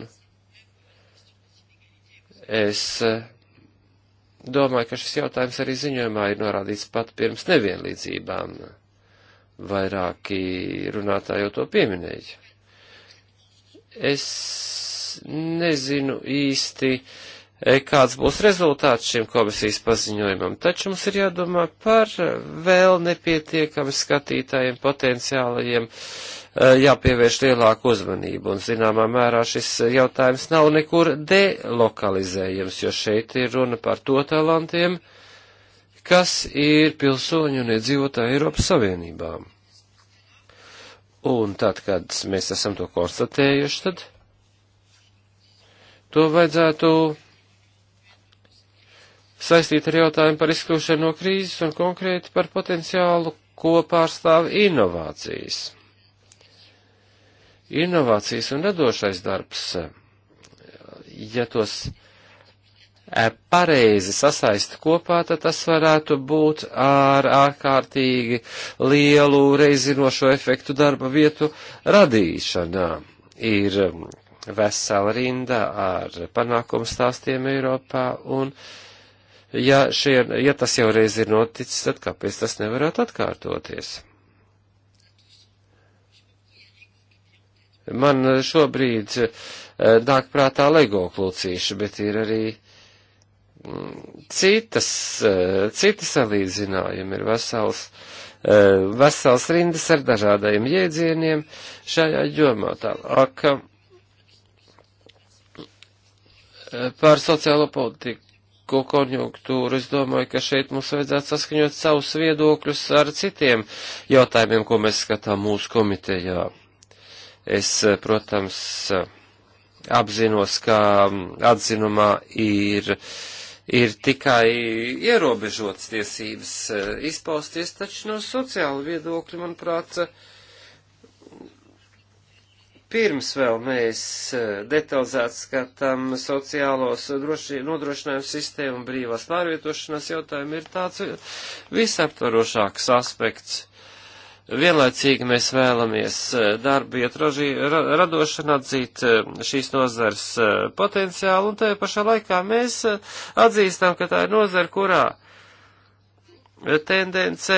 es eh, domāju, ka šis jautājums arī ziņojumā ir norādīts pat pirms nevienlīdzībām. Vairāki runātāji jau to pieminēja. Es nezinu īsti, uh, E, kāds būs rezultāts šim komisijas paziņojumam, taču mums ir jādomā par vēl nepietiekami skatītājiem potenciālajiem e, jāpievērš lielāku uzmanību, un zināmā mērā šis jautājums nav nekur delokalizējams, jo šeit ir runa par to talantiem, kas ir pilsoņu un iedzīvotāju Eiropas Savienībām. Un tad, kad mēs esam to konstatējuši, tad to vajadzētu saistīta ar jautājumu par izkļūšanu no krīzes un konkrēti par potenciālu, ko pārstāv inovācijas. Inovācijas un radošais darbs, ja tos e, pareizi sasaist kopā, tad tas varētu būt ar ārkārtīgi lielu reizinošo efektu darba vietu radīšanā. Ir vesela rinda ar panākumu stāstiem Eiropā un uh, ja, šie, ja tas jau reiz ir noticis, tad kāpēc tas nevarētu atkārtoties? Man šobrīd eh, nāk prātā lego klucīša, bet ir arī mm, citas, eh, citas salīdzinājumi, ir vesels, eh, vesels rindas ar dažādajiem jēdzieniem šajā jomā. Tālāk par sociālo politiku politisko konjunktūru, es domāju, ka šeit mums vajadzētu saskaņot savus viedokļus ar citiem jautājumiem, ko mēs skatām mūsu komitejā. Es, protams, apzinos, ka atzinumā ir ir tikai ierobežotas tiesības eh, izpausties, taču no sociāla viedokļa, manuprāt, uh, Pirms vēl mēs eh, detalizēt skatām sociālos nodrošinājumu sistēmu un brīvās pārvietošanās jautājumu, ir tāds visaptvarošāks aspekts. Vienlaicīgi mēs vēlamies eh, darba iet raži, ra, radošana atzīt eh, šīs nozars potenciālu, un tajā pašā laikā mēs atzīstam, ka tā ir nozara, kurā tendence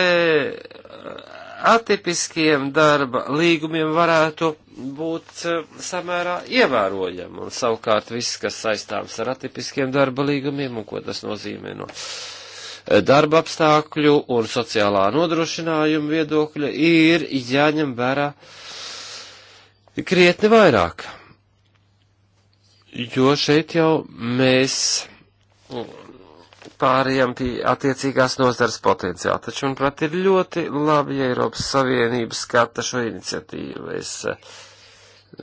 atipiskiem darba līgumiem varētu būt e, samērā ievērojama. Un savukārt viss, kas saistāms ar atipiskiem darba līgumiem un ko tas nozīmē no e, darba apstākļu un sociālā nodrošinājuma viedokļa, ir jāņem vērā krietni vairāk. Jo šeit jau mēs pārējām pie attiecīgās nozars potenciāla. Taču, manuprāt, ir ļoti labi, ja Eiropas Savienība skata šo iniciatīvu. Es eh,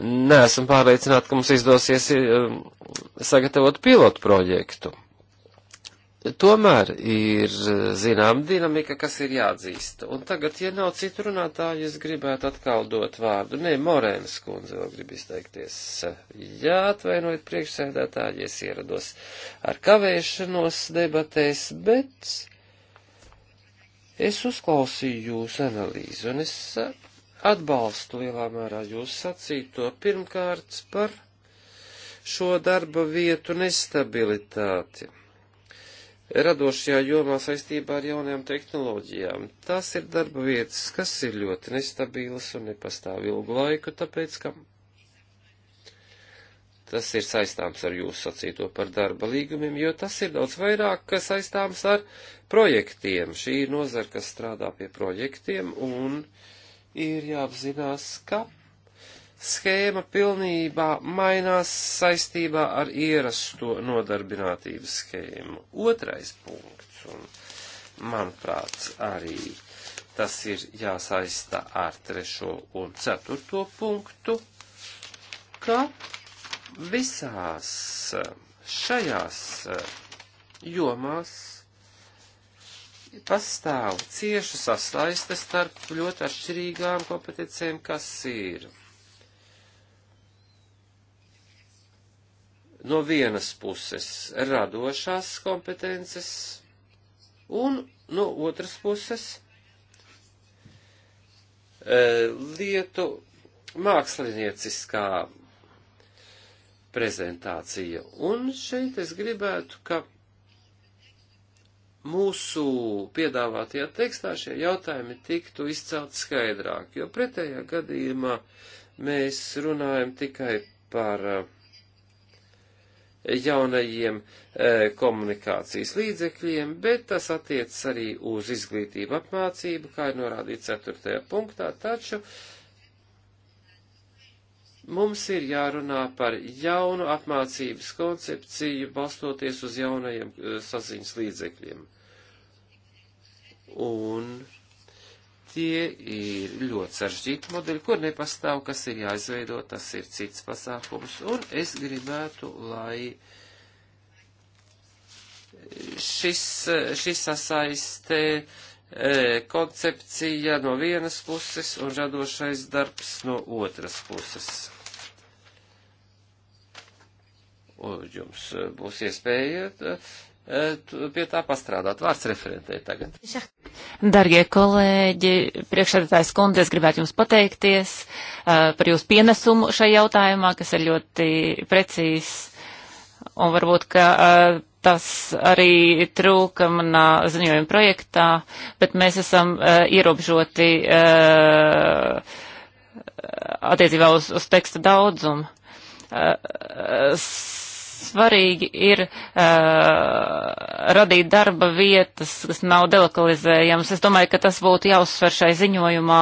neesmu pārliecināts, ka mums izdosies eh, sagatavot pilotu projektu. Tomēr ir zinām dinamika, kas ir jāatzīst. Un tagad, ja nav citu runātāju, es gribētu atkal dot vārdu. Nē, Morēnas kundze vēl grib izteikties. Jā, atvainojiet priekšsēdētāji, es ierados ar kavēšanos debatēs, bet es uzklausīju jūsu analīzi un es atbalstu lielā mērā jūsu sacīto pirmkārt par šo darba vietu nestabilitāti radošajā jomā saistībā ar jaunajām tehnoloģijām. Tās ir darba vietas, kas ir ļoti nestabilas un nepastāv ilgu laiku, tāpēc, ka tas ir saistāms ar jūsu sacīto par darba līgumiem, jo tas ir daudz vairāk, kas saistāms ar projektiem. Šī ir nozara, kas strādā pie projektiem un ir jāapzinās, ka schēma pilnībā mainās saistībā ar ierasto nodarbinātības schēmu. Otrais punkts, un manuprāt, arī tas ir jāsaista ar trešo un ceturto punktu, ka visās eh, šajās eh, jomās pastāv cieša sasaiste starp ļoti atšķirīgām kompetencijām, kas ir no vienas puses radošās kompetences un no otras puses e, lietu mākslinieciskā prezentācija. Un šeit es gribētu, ka mūsu piedāvātajā tekstā šie jautājumi tiktu izcelti skaidrāk, jo pretējā gadījumā mēs runājam tikai par e, jaunajiem e, komunikācijas līdzekļiem, bet tas attiecas arī uz izglītību apmācību, kā ir norādīts 4. punktā, taču mums ir jārunā par jaunu apmācības koncepciju, balstoties uz jaunajiem e, saziņas līdzekļiem. Un tie ir ļoti sarežģīti modeļi, kur nepastāv, kas ir jāizveido, tas ir cits pasākums, un es gribētu, lai šis, šis sasaiste e, koncepcija no vienas puses un radošais darbs no otras puses. Un jums būs iespēja e, E, pie tā pastrādāt. Vārds referentē tagad. Dargie kolēģi, priekšsēdētājs kundze, es gribētu jums pateikties uh, par jūsu pienesumu šai jautājumā, kas ir ļoti precīzs. Un varbūt, ka uh, tas arī trūka manā ziņojuma projektā, bet mēs esam uh, ierobežoti attiecībā uz, uz teksta daudzumu svarīgi ir uh, radīt darba vietas, kas nav delokalizējamas. Es domāju, ka tas būtu jāuzsver šai ziņojumā.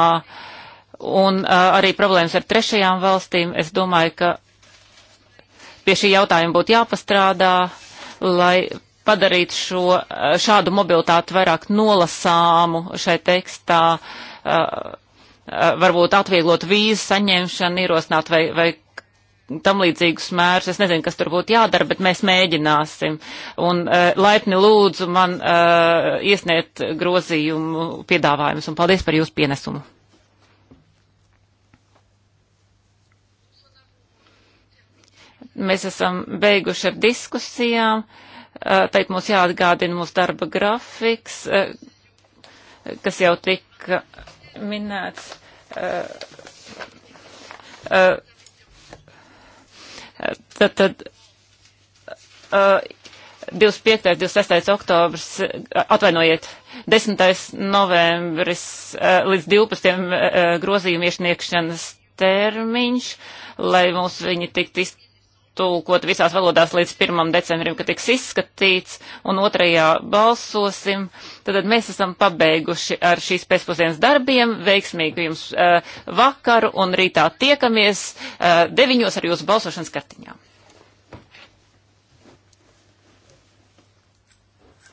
Un uh, arī problēmas ar trešajām valstīm. Es domāju, ka pie šī jautājuma būtu jāpastrādā, lai padarītu šo, šādu mobilitāti vairāk nolasāmu šai tekstā. Uh, varbūt atvieglot vīzu saņemšanu, ierosināt vai, vai tam līdzīgus mērus. Es nezinu, kas tur būtu jādara, bet mēs mēģināsim. Un uh, laipni lūdzu man uh, iesniegt grozījumu piedāvājumus un paldies par jūsu pienesumu. Mēs esam beiguši ar diskusijām. Uh, Teikt mums jāatgādina mūsu darba grafiks, uh, kas jau tika minēts. Uh, uh, Tad, tad uh, 25. 26. oktobrs, atvainojiet, 10. novembris uh, līdz 12. Uh, grozījumu iešniegšanas termiņš, lai mums viņi tiktu izpildīti tulkot visās valodās līdz 1. decembrim, kad tiks izskatīts, un otrajā balsosim. Tad mēs esam pabeiguši ar šīs pēcpusdienas darbiem. Veiksmīgu jums uh, vakaru un rītā tiekamies uh, deviņos ar jūsu balsošanas kartiņām.